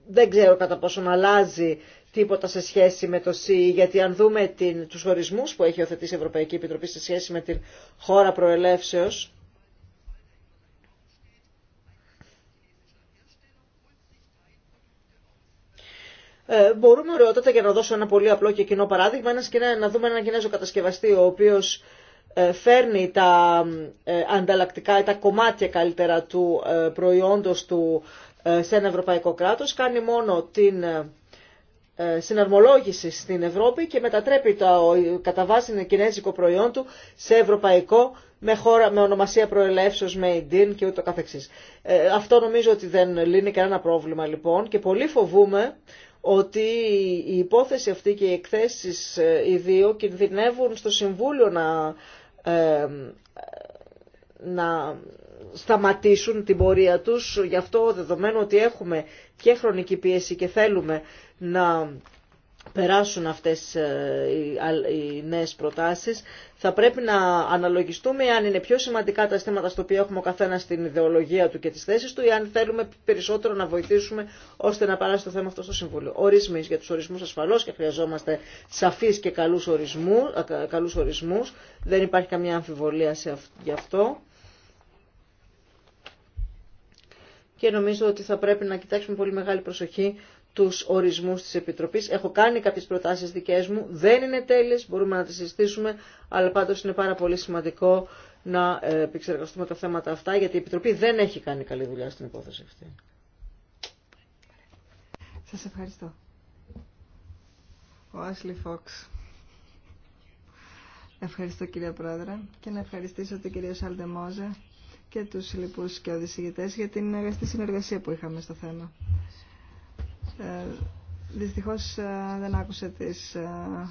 δεν ξέρω κατά πόσον αλλάζει τίποτα σε σχέση με το ΣΥ, γιατί αν δούμε την, τους χωρισμούς που έχει οθετήσει η Ευρωπαϊκή Επιτροπή σε σχέση με την χώρα προελεύσεως, ε, μπορούμε ωραιότατα, για να δώσω ένα πολύ απλό και κοινό παράδειγμα, να δούμε έναν Κινέζο κατασκευαστή ο οποίος ε, φέρνει τα ε, ανταλλακτικά, τα κομμάτια καλύτερα του ε, προϊόντο του σε ένα ευρωπαϊκό κράτο, κάνει μόνο την συναρμολόγηση στην Ευρώπη και μετατρέπει το κατά βάση κινέζικο προϊόν του σε ευρωπαϊκό με, χώρα, με ονομασία προελεύσεω made in και ούτω καθεξής. αυτό νομίζω ότι δεν λύνει κανένα πρόβλημα λοιπόν και πολύ φοβούμε ότι η υπόθεση αυτή και οι εκθέσεις ε, οι δύο κινδυνεύουν στο Συμβούλιο να, ε, να σταματήσουν την πορεία τους. Γι' αυτό δεδομένου ότι έχουμε και χρονική πίεση και θέλουμε να περάσουν αυτές ε, οι νέες προτάσεις, θα πρέπει να αναλογιστούμε αν είναι πιο σημαντικά τα αισθήματα στο οποίο έχουμε ο καθένα την ιδεολογία του και τις θέσεις του ή αν θέλουμε περισσότερο να βοηθήσουμε ώστε να παράσει το θέμα αυτό στο Συμβούλιο. Ορισμοί για τους ορισμούς ασφαλώς και χρειαζόμαστε σαφείς και καλούς, ορισμού, ορισμούς. Δεν υπάρχει καμία αμφιβολία σε γι' αυτό. Και νομίζω ότι θα πρέπει να κοιτάξουμε πολύ μεγάλη προσοχή τους ορισμούς της Επιτροπής. Έχω κάνει κάποιες προτάσεις δικές μου, δεν είναι τέλειες, μπορούμε να τις συζητήσουμε, αλλά πάντως είναι πάρα πολύ σημαντικό να επεξεργαστούμε τα θέματα αυτά, γιατί η Επιτροπή δεν έχει κάνει καλή δουλειά στην υπόθεση αυτή. Σας ευχαριστώ. Ο Άσλι Φόξ. Ευχαριστώ κυρία Πρόεδρε και να ευχαριστήσω την κυρία Σαλντεμόζε και τους λοιπούς και οδησηγητές για την εργαστή συνεργασία που είχαμε στο θέμα. Ε, Δυστυχώ ε, δεν άκουσα τι ε,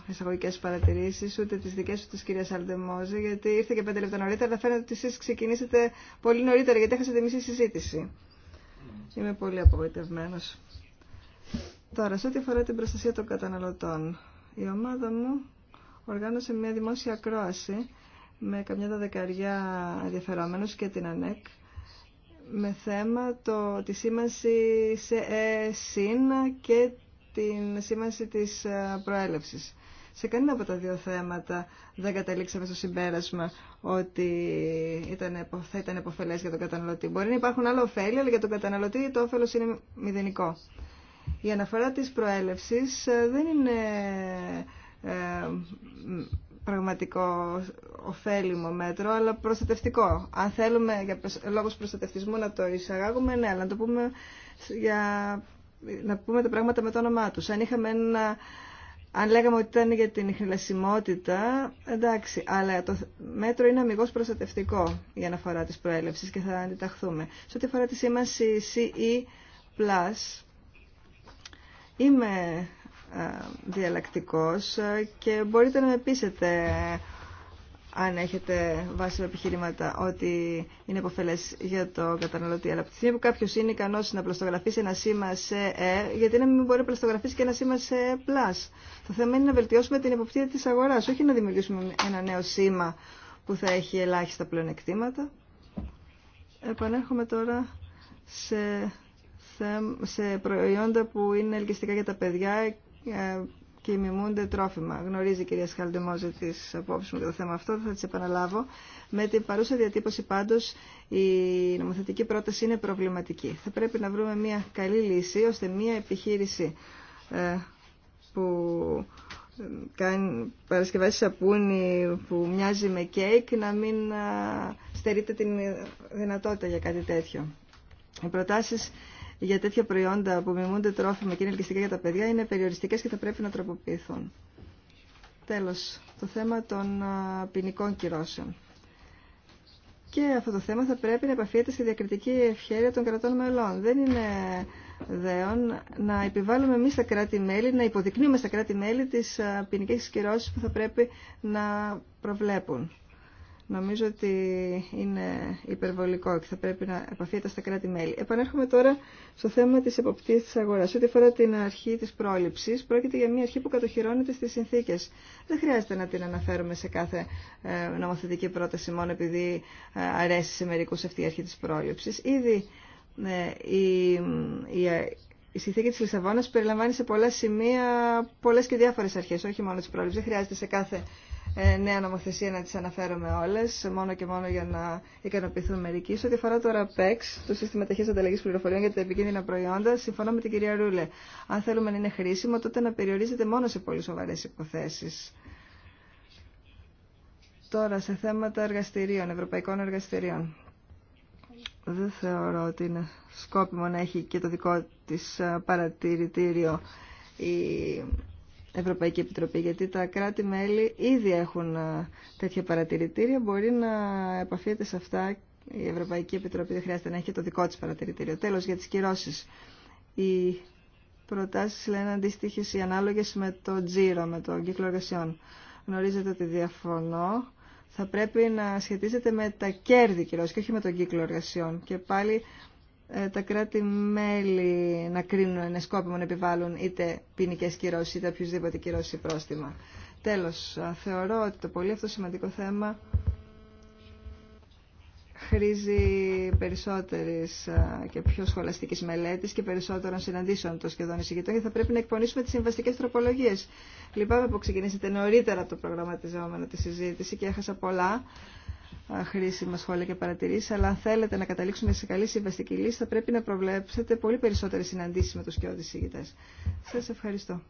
εισαγωγικέ παρατηρήσει ούτε τι δικέ σου τη κυρία Αλντεμόζη, γιατί ήρθε και πέντε λεπτά νωρίτερα, αλλά φαίνεται ότι εσεί ξεκινήσατε πολύ νωρίτερα, γιατί έχασατε μισή συζήτηση. Είμαι πολύ απογοητευμένο. Τώρα, σε ό,τι αφορά την προστασία των καταναλωτών, η ομάδα μου οργάνωσε μια δημόσια ακρόαση με καμιά δεκαριά ενδιαφερόμενου και την ΑΝΕΚ με θέμα το, τη σήμανση σε ε, και την σήμανση της ε, προέλευσης. Σε κανένα από τα δύο θέματα δεν καταλήξαμε στο συμπέρασμα ότι ήταν, θα ήταν επωφελές για τον καταναλωτή. Μπορεί να υπάρχουν άλλα ωφέλη, αλλά για τον καταναλωτή το όφελος είναι μηδενικό. Η αναφορά της προέλευσης ε, δεν είναι ε, πραγματικό ωφέλιμο μέτρο, αλλά προστατευτικό. Αν θέλουμε για λόγους προστατευτισμού να το εισαγάγουμε, ναι, αλλά να το πούμε, για, να πούμε τα πράγματα με το όνομά τους. Αν είχαμε Αν λέγαμε ότι ήταν για την χρυλασιμότητα, εντάξει, αλλά το μέτρο είναι αμυγό προστατευτικό για να αφορά τη προέλευση και θα αντιταχθούμε. Σε ό,τι αφορά τη σήμανση CE, είμαι ε, διαλλακτικός ε, και μπορείτε να με πείσετε αν έχετε βάσιμα επιχειρήματα ότι είναι υποφελέ για το καταναλωτή. Αλλά από τη στιγμή που κάποιο είναι ικανό να πλαστογραφήσει ένα σήμα σε Ε, γιατί να μην μπορεί να πλαστογραφήσει και ένα σήμα σε Ε. Το θέμα είναι να βελτιώσουμε την υποπτία τη αγορά, όχι να δημιουργήσουμε ένα νέο σήμα που θα έχει ελάχιστα πλεονεκτήματα. Επανέρχομαι τώρα σε, σε προϊόντα που είναι ελκυστικά για τα παιδιά ε, και μιμούνται τρόφιμα. Γνωρίζει η κυρία Σχαλντεμόζε τι απόψει μου για το θέμα αυτό, θα τι επαναλάβω. Με την παρούσα διατύπωση πάντω η νομοθετική πρόταση είναι προβληματική. Θα πρέπει να βρούμε μια καλή λύση ώστε μια επιχείρηση ε, που ε, κάνει παρασκευάζει σαπούνι που μοιάζει με κέικ να μην στερείται την δυνατότητα για κάτι τέτοιο. Οι προτάσεις για τέτοια προϊόντα που μιμούνται τρόφιμα και είναι ελκυστικά για τα παιδιά είναι περιοριστικές και θα πρέπει να τροποποιηθούν. Τέλος, το θέμα των ποινικών κυρώσεων. Και αυτό το θέμα θα πρέπει να επαφείται στη διακριτική ευχέρεια των κρατών μελών. Δεν είναι δέον να επιβάλλουμε εμεί στα κράτη-μέλη, να υποδεικνύουμε στα κράτη-μέλη τι ποινικέ κυρώσει που θα πρέπει να προβλέπουν. Νομίζω ότι είναι υπερβολικό και θα πρέπει να επαφείται στα κράτη-μέλη. Επανέρχομαι τώρα στο θέμα τη εποπτεία τη αγορά, Ό,τι αφορά την αρχή τη πρόληψη, πρόκειται για μια αρχή που κατοχυρώνεται στι συνθήκε. Δεν χρειάζεται να την αναφέρουμε σε κάθε ε, νομοθετική πρόταση μόνο επειδή ε, αρέσει σε μερικού αυτή η αρχή της πρόληψης. Ήδη ε, η, η, η συνθήκη τη Λισαβόνα περιλαμβάνει σε πολλά σημεία πολλέ και διάφορε αρχέ, όχι μόνο της πρόληψη. Δεν χρειάζεται σε κάθε ε, νέα νομοθεσία να τις αναφέρουμε όλες, μόνο και μόνο για να ικανοποιηθούν μερικοί. Σε ό,τι αφορά το RAPEX, το σύστημα ταχείας ανταλλαγής πληροφοριών για τα επικίνδυνα προϊόντα, συμφωνώ με την κυρία Ρούλε. Αν θέλουμε να είναι χρήσιμο, τότε να περιορίζεται μόνο σε πολύ σοβαρές υποθέσεις. Τώρα, σε θέματα εργαστηρίων, ευρωπαϊκών εργαστηρίων. Δεν θεωρώ ότι είναι σκόπιμο να έχει και το δικό της ε, παρατηρητήριο η Ευρωπαϊκή Επιτροπή, γιατί τα κράτη-μέλη ήδη έχουν τέτοια παρατηρητήρια, μπορεί να επαφείται σε αυτά η Ευρωπαϊκή Επιτροπή δεν χρειάζεται να έχει το δικό της παρατηρητήριο. Τέλος, για τις κυρώσεις. Οι προτάσεις λένε αντίστοιχε ή ανάλογες με το τζίρο, με το κύκλο εργασιών. Γνωρίζετε ότι διαφωνώ. Θα πρέπει να σχετίζεται με τα κέρδη κυρώσεις και όχι με τον κύκλο εργασιών. Και πάλι ε, τα κράτη-μέλη να κρίνουν ένα σκόπιμο να επιβάλλουν είτε ποινικέ κυρώσει είτε οποιοδήποτε κυρώσει πρόστιμα. Τέλο, ε, θεωρώ ότι το πολύ αυτό σημαντικό θέμα χρήζει περισσότερη ε, και πιο σχολαστική μελέτη και περισσότερων συναντήσεων των σχεδόν εισηγητών και θα πρέπει να εκπονήσουμε τι συμβαστικέ τροπολογίε. Λυπάμαι που ξεκινήσατε νωρίτερα το προγραμματιζόμενο τη συζήτηση και έχασα πολλά χρήσιμα σχόλια και παρατηρήσει, αλλά αν θέλετε να καταλήξουμε σε καλή συμβαστική λύση θα πρέπει να προβλέψετε πολύ περισσότερε συναντήσει με τους κοιόδης ηγητέ. Σα ευχαριστώ.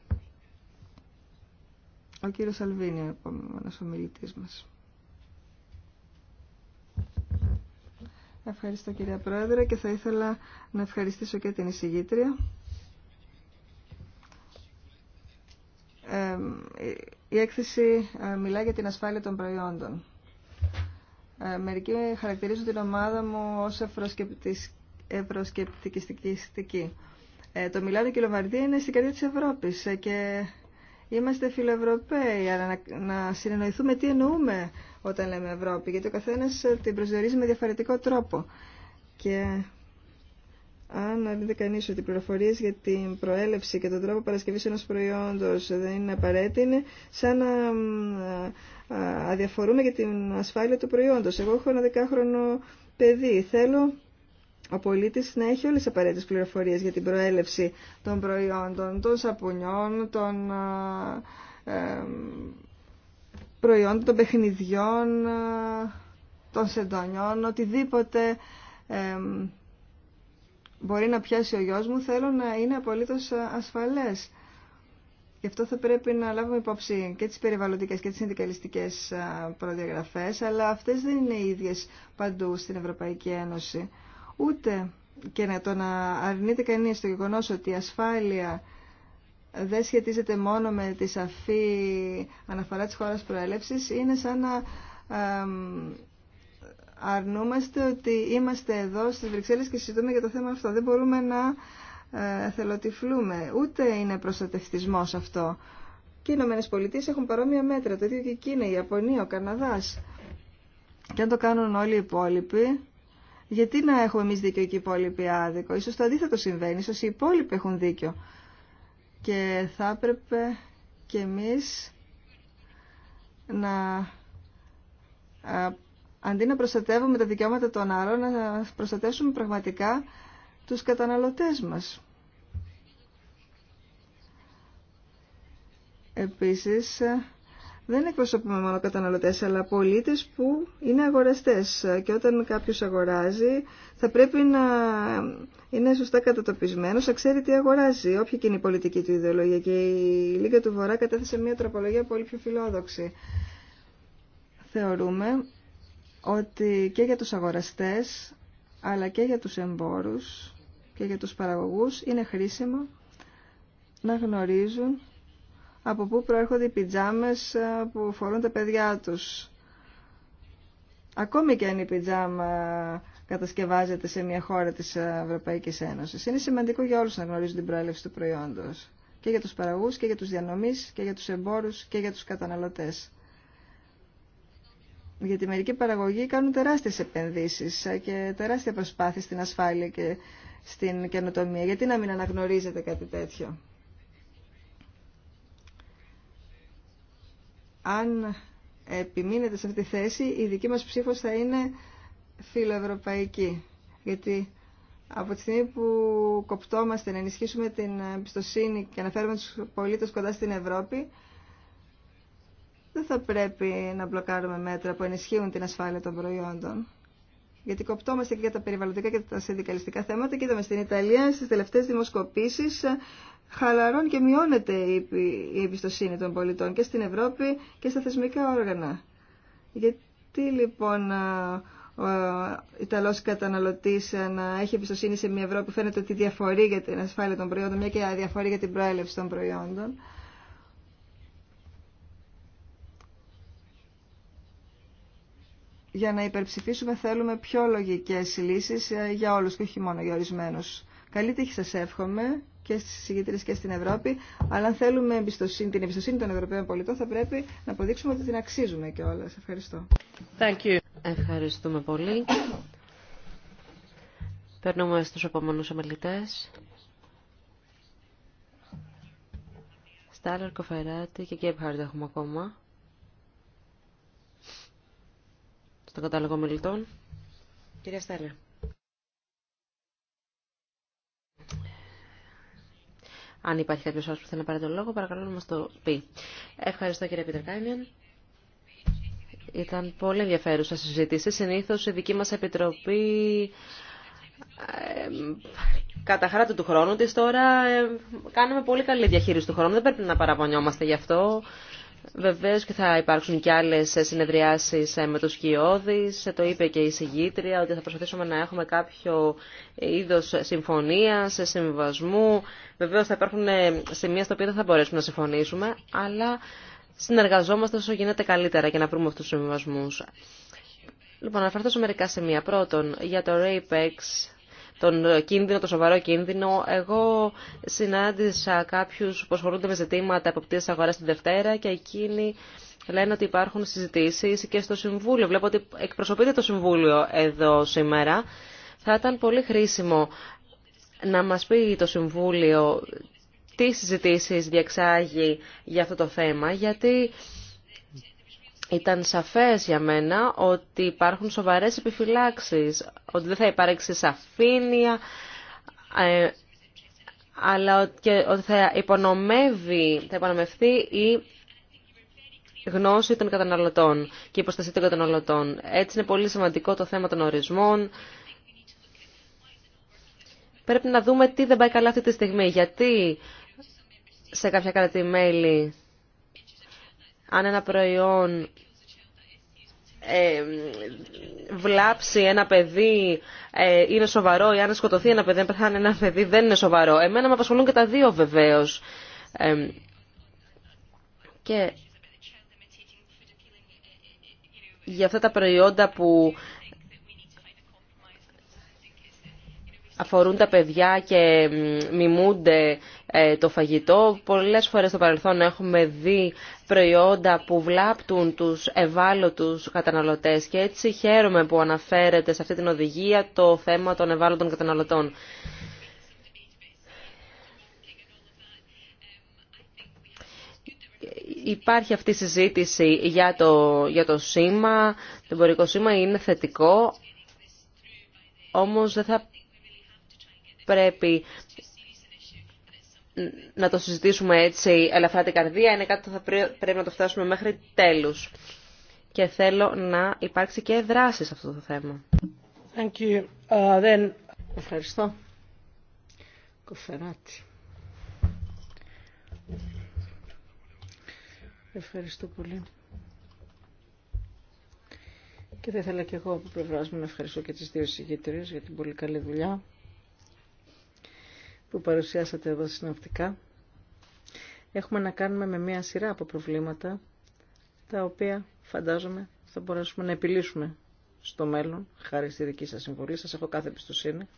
Ο κύριο Αλβίνη, ο επόμενος ομιλητής μας. Ευχαριστώ κυρία Πρόεδρε και θα ήθελα να ευχαριστήσω και την εισηγήτρια. Ε, η έκθεση ε, μιλά για την ασφάλεια των προϊόντων. Ε, μερικοί χαρακτηρίζουν την ομάδα μου ως ευρωσκεπτικιστική. Ε, το Μιλάνο και η είναι στην καρδιά της Ευρώπης ε, και είμαστε φιλοευρωπαίοι, αλλά να, να συνεννοηθούμε τι εννοούμε όταν λέμε Ευρώπη, γιατί ο καθένας ε, την προσδιορίζει με διαφορετικό τρόπο. Και αν αρνείται κανεί ότι οι πληροφορίε για την προέλευση και τον τρόπο παρασκευή ενό προϊόντο δεν είναι απαραίτητη, είναι σαν να αδιαφορούμε για την ασφάλεια του προϊόντος. Εγώ έχω ένα δεκάχρονο παιδί. Θέλω ο πολίτη να έχει όλε τις απαραίτητες πληροφορίες για την προέλευση των προϊόντων, των σαπουνιών, των ε, προϊόντων, των παιχνιδιών, των σεντονιών, οτιδήποτε ε, μπορεί να πιάσει ο γιος μου θέλω να είναι απολύτως ασφαλές. Γι' αυτό θα πρέπει να λάβουμε υπόψη και τις περιβαλλοντικές και τις συνδικαλιστικές προδιαγραφές, αλλά αυτές δεν είναι οι ίδιες παντού στην Ευρωπαϊκή Ένωση. Ούτε και να το να αρνείται κανείς το γεγονός ότι η ασφάλεια δεν σχετίζεται μόνο με τη σαφή αναφορά της χώρας προέλευσης, είναι σαν να αρνούμαστε ότι είμαστε εδώ στις Βρυξέλλες και συζητούμε για το θέμα αυτό. Δεν μπορούμε να ε, θελοτυφλούμε. Ούτε είναι προστατευτισμός αυτό. Και οι Ηνωμένε Πολιτείε έχουν παρόμοια μέτρα. Το ίδιο και η Κίνα, η Ιαπωνία, ο Καναδάς. Και αν το κάνουν όλοι οι υπόλοιποι, γιατί να έχουμε εμεί δίκιο και οι υπόλοιποι άδικο. Ίσως το αντίθετο συμβαίνει. Ίσως οι υπόλοιποι έχουν δίκιο. Και θα έπρεπε και εμείς να ε, αντί να προστατεύουμε τα δικαιώματα των άλλων, να προστατεύσουμε πραγματικά τους καταναλωτές μας. Επίσης, δεν εκπροσωπούμε μόνο καταναλωτές, αλλά πολίτες που είναι αγοραστές. Και όταν κάποιος αγοράζει, θα πρέπει να είναι σωστά κατατοπισμένος, να ξέρει τι αγοράζει, όποια και είναι η πολιτική του ιδεολογία. Και η Λίγα του Βορρά κατέθεσε μια τροπολογία πολύ πιο φιλόδοξη. Θεωρούμε ότι και για τους αγοραστές αλλά και για τους εμπόρους και για τους παραγωγούς είναι χρήσιμο να γνωρίζουν από πού προέρχονται οι πιτζάμες ε, που φορούν τα παιδιά τους. Ακόμη και αν η πιτζάμα κατασκευάζεται σε μια χώρα της Ευρωπαϊκής Ένωσης. Είναι σημαντικό για όλους να γνωρίζουν την προέλευση του προϊόντος. Και για τους παραγωγούς, και για τους διανομής, και για τους εμπόρους, και για τους καταναλωτές γιατί μερικοί παραγωγοί κάνουν τεράστιες επενδύσεις και τεράστια προσπάθεια στην ασφάλεια και στην καινοτομία. Γιατί να μην αναγνωρίζετε κάτι τέτοιο. Αν επιμείνετε σε αυτή τη θέση, η δική μας ψήφος θα είναι φιλοευρωπαϊκή. Γιατί από τη στιγμή που κοπτόμαστε να ενισχύσουμε την εμπιστοσύνη και να φέρουμε τους πολίτες κοντά στην Ευρώπη, δεν θα πρέπει να μπλοκάρουμε μέτρα που ενισχύουν την ασφάλεια των προϊόντων. Γιατί κοπτόμαστε και για τα περιβαλλοντικά και τα συνδικαλιστικά θέματα και είδαμε στην Ιταλία στι τελευταίε δημοσκοπήσει χαλαρών και μειώνεται η εμπιστοσύνη των πολιτών και στην Ευρώπη και στα θεσμικά όργανα. Γιατί λοιπόν ο Ιταλός καταναλωτής να έχει εμπιστοσύνη σε μια Ευρώπη που φαίνεται ότι διαφορεί για την ασφάλεια των προϊόντων μια και αδιαφορεί για την προέλευση των προϊόντων. για να υπερψηφίσουμε θέλουμε πιο λογικές λύσεις ε, για όλους και όχι μόνο για ορισμένους. Καλή τύχη σας εύχομαι και στις συγκεκριτές και στην Ευρώπη, αλλά αν θέλουμε εμπιστοσύνη, την εμπιστοσύνη των Ευρωπαίων πολιτών θα πρέπει να αποδείξουμε ότι την αξίζουμε και όλα. ευχαριστώ. Thank you. Ευχαριστούμε πολύ. Περνούμε στους επόμενους ομιλητές. Στάλλαρ Κοφαιράτη και Γκέμπχαρντ έχουμε ακόμα. στον κατάλογο μιλητών. Κυρία Στέλλα. Αν υπάρχει κάποιος άλλος που θέλει να πάρει τον λόγο, παρακαλώ να μας το πει. Ευχαριστώ κύριε Πίτερ Κάινιον. Ήταν πολύ ενδιαφέρουσα συζήτηση. Συνήθως η δική μας επιτροπή ε, κατά χράτη του χρόνου της τώρα ε, κάνουμε πολύ καλή διαχείριση του χρόνου. Δεν πρέπει να παραπονιόμαστε γι' αυτό. Βεβαίω και θα υπάρξουν και άλλες συνεδριάσει ε, με του κοιόδης. Το είπε και η συγγήτρια ότι θα προσπαθήσουμε να έχουμε κάποιο είδο συμφωνία, συμβασμού. Βεβαίω θα υπάρχουν ε, σημεία στα οποία δεν θα μπορέσουμε να συμφωνήσουμε, αλλά συνεργαζόμαστε όσο γίνεται καλύτερα για να βρούμε αυτού του συμβιβασμού. Λοιπόν, αναφερθώ σε μερικά σημεία. Πρώτον, για το RAPEX τον κίνδυνο, το σοβαρό κίνδυνο. Εγώ συνάντησα κάποιους που ασχολούνται με ζητήματα εποπτείας αγοράς την Δευτέρα και εκείνοι λένε ότι υπάρχουν συζητήσεις και στο Συμβούλιο. Βλέπω ότι εκπροσωπείται το Συμβούλιο εδώ σήμερα. Θα ήταν πολύ χρήσιμο να μας πει το Συμβούλιο τι συζητήσεις διεξάγει για αυτό το θέμα, γιατί ήταν σαφές για μένα ότι υπάρχουν σοβαρές επιφυλάξεις, ότι δεν θα υπάρξει σαφήνεια, ε, αλλά και ότι θα, υπονομεύει, θα υπονομευθεί η γνώση των καταναλωτών και η προστασία των καταναλωτών. Έτσι είναι πολύ σημαντικό το θέμα των ορισμών. Πρέπει να δούμε τι δεν πάει καλά αυτή τη στιγμή. Γιατί σε κάποια κράτη-μέλη αν ένα προϊόν ε, βλάψει ένα παιδί ε, είναι σοβαρό ή αν σκοτωθεί ένα παιδί, αν πεθάνει ένα παιδί δεν είναι σοβαρό. Εμένα με απασχολούν και τα δύο βεβαίως. Ε, και για αυτά τα προϊόντα που αφορούν τα παιδιά και μιμούνται ε, το φαγητό. Πολλές φορές στο παρελθόν έχουμε δει προϊόντα που βλάπτουν τους ευάλωτους καταναλωτές και έτσι χαίρομαι που αναφέρεται σε αυτή την οδηγία το θέμα των ευάλωτων καταναλωτών. Υπάρχει αυτή η συζήτηση για το, για το σήμα, το εμπορικό σήμα είναι θετικό, όμως δεν θα πρέπει να το συζητήσουμε έτσι ελαφρά την καρδία. Είναι κάτι που θα πρέπει να το φτάσουμε μέχρι τέλους. Και θέλω να υπάρξει και δράση σε αυτό το θέμα. Thank you. Uh, then... Ευχαριστώ. Κοφεράτη. Ευχαριστώ πολύ. Και θα ήθελα και εγώ από πλευρά μου να ευχαριστώ και τις δύο συγγήτρες για την πολύ καλή δουλειά που παρουσιάσατε εδώ συνοπτικά, έχουμε να κάνουμε με μία σειρά από προβλήματα, τα οποία φαντάζομαι θα μπορέσουμε να επιλύσουμε στο μέλλον, χάρη στη δική σας συμβολή. Σας έχω κάθε εμπιστοσύνη.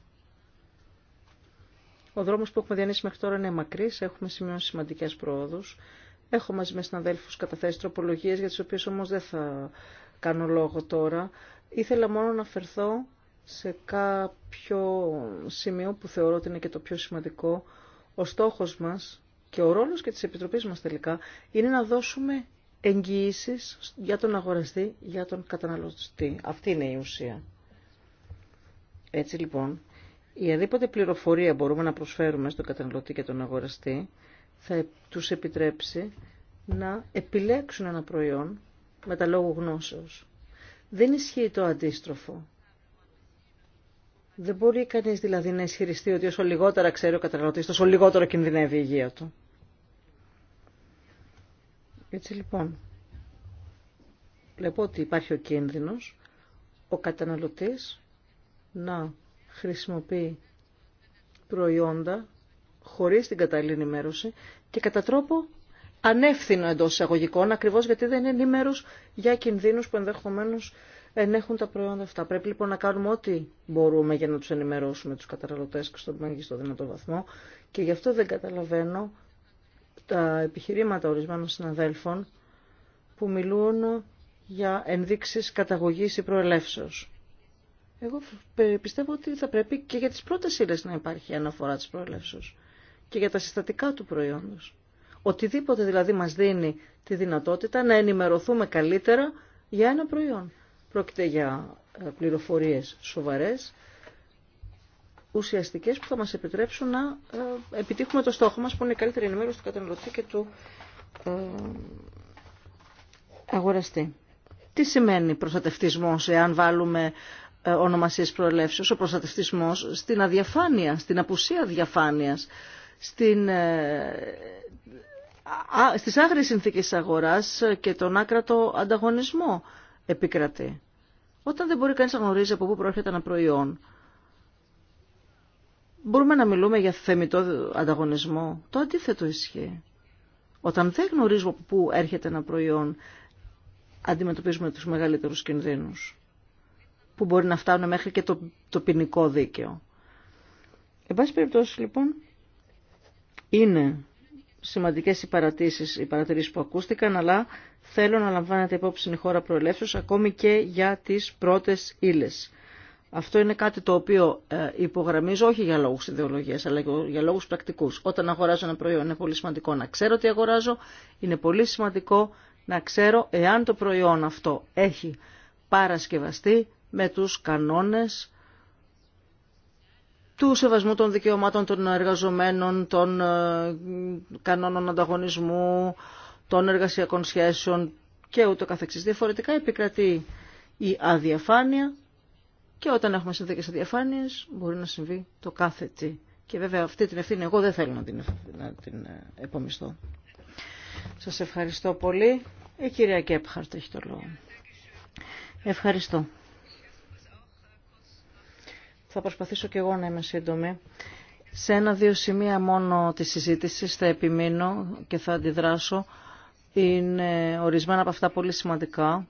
Ο δρόμος που έχουμε διανύσει μέχρι τώρα είναι μακρύς, έχουμε σημειώσει σημαντικές προόδους. Έχω μαζί με συναδέλφους καταθέσει τροπολογίες, για τις οποίες όμως δεν θα κάνω λόγο τώρα. Ήθελα μόνο να φερθώ σε κάποιο σημείο που θεωρώ ότι είναι και το πιο σημαντικό. Ο στόχος μας και ο ρόλος και της Επιτροπής μας τελικά είναι να δώσουμε εγγυήσει για τον αγοραστή, για τον καταναλωτή. Αυτή είναι η ουσία. Έτσι λοιπόν, η αδίποτε πληροφορία μπορούμε να προσφέρουμε στον καταναλωτή και τον αγοραστή θα τους επιτρέψει να επιλέξουν ένα προϊόν με τα λόγου γνώσεως. Δεν ισχύει το αντίστροφο. Δεν μπορεί κανείς δηλαδή να ισχυριστεί ότι όσο λιγότερα ξέρει ο καταναλωτής, τόσο λιγότερο κινδυνεύει η υγεία του. Έτσι λοιπόν, βλέπω ότι υπάρχει ο κίνδυνος ο καταναλωτής να χρησιμοποιεί προϊόντα χωρίς την κατάλληλη ενημέρωση και κατά τρόπο ανεύθυνο εντό εισαγωγικών, ακριβώ γιατί δεν είναι ενήμερο για κινδύνου που ενδεχομένω ενέχουν τα προϊόντα αυτά. Πρέπει λοιπόν να κάνουμε ό,τι μπορούμε για να τους ενημερώσουμε τους καταναλωτές και στον μέγιστο δυνατό βαθμό και γι' αυτό δεν καταλαβαίνω τα επιχειρήματα ορισμένων συναδέλφων που μιλούν για ενδείξεις καταγωγής ή προελεύσεως. Εγώ πιστεύω ότι θα πρέπει και για τις πρώτες ύλε να υπάρχει αναφορά της προελεύσεως και για τα συστατικά του προϊόντος. Οτιδήποτε δηλαδή μας δίνει τη δυνατότητα να ενημερωθούμε καλύτερα για ένα προϊόν. Πρόκειται για ε, πληροφορίες σοβαρές, ουσιαστικές που θα μας επιτρέψουν να ε, επιτύχουμε το στόχο μας που είναι η καλύτερη ενημέρωση του καταναλωτή και του ε, αγοραστή. Τι σημαίνει προστατευτισμός εάν βάλουμε ονομασίες προελεύσεως, ο προστατευτισμός στην αδιαφάνεια, στην απουσία διαφάνειας, στην, στις άγριες συνθήκες αγοράς και τον άκρατο ανταγωνισμό επικρατεί. Όταν δεν μπορεί κανείς να γνωρίζει από πού προέρχεται ένα προϊόν, μπορούμε να μιλούμε για θεμητό ανταγωνισμό. Το αντίθετο ισχύει. Όταν δεν γνωρίζουμε από πού έρχεται ένα προϊόν, αντιμετωπίζουμε τους μεγαλύτερους κινδύνους, που μπορεί να φτάνουν μέχρι και το, το ποινικό δίκαιο. Εν πάση περιπτώσει, λοιπόν, είναι σημαντικές οι παρατήσεις, οι παρατηρήσεις που ακούστηκαν, αλλά θέλω να λαμβάνετε υπόψη η χώρα προελεύσεως ακόμη και για τις πρώτες ύλε. Αυτό είναι κάτι το οποίο ε, υπογραμμίζω όχι για λόγους ιδεολογίας, αλλά για λόγους πρακτικούς. Όταν αγοράζω ένα προϊόν είναι πολύ σημαντικό να ξέρω τι αγοράζω, είναι πολύ σημαντικό να ξέρω εάν το προϊόν αυτό έχει παρασκευαστεί με τους κανόνες του σεβασμού των δικαιωμάτων των εργαζομένων, των ε, κανόνων ανταγωνισμού, των εργασιακών σχέσεων και ούτω καθεξής. Διαφορετικά επικρατεί η αδιαφάνεια και όταν έχουμε συνθήκες αδιαφάνειες μπορεί να συμβεί το κάθε τι. Και βέβαια αυτή την ευθύνη εγώ δεν θέλω να την, να την ε, επομιστώ. Σας ευχαριστώ πολύ. Η κυρία Κέπχαρτ έχει το λόγο. Ευχαριστώ. Θα προσπαθήσω και εγώ να είμαι σύντομη. Σε ένα-δύο σημεία μόνο τη συζήτηση, θα επιμείνω και θα αντιδράσω. Είναι ορισμένα από αυτά πολύ σημαντικά.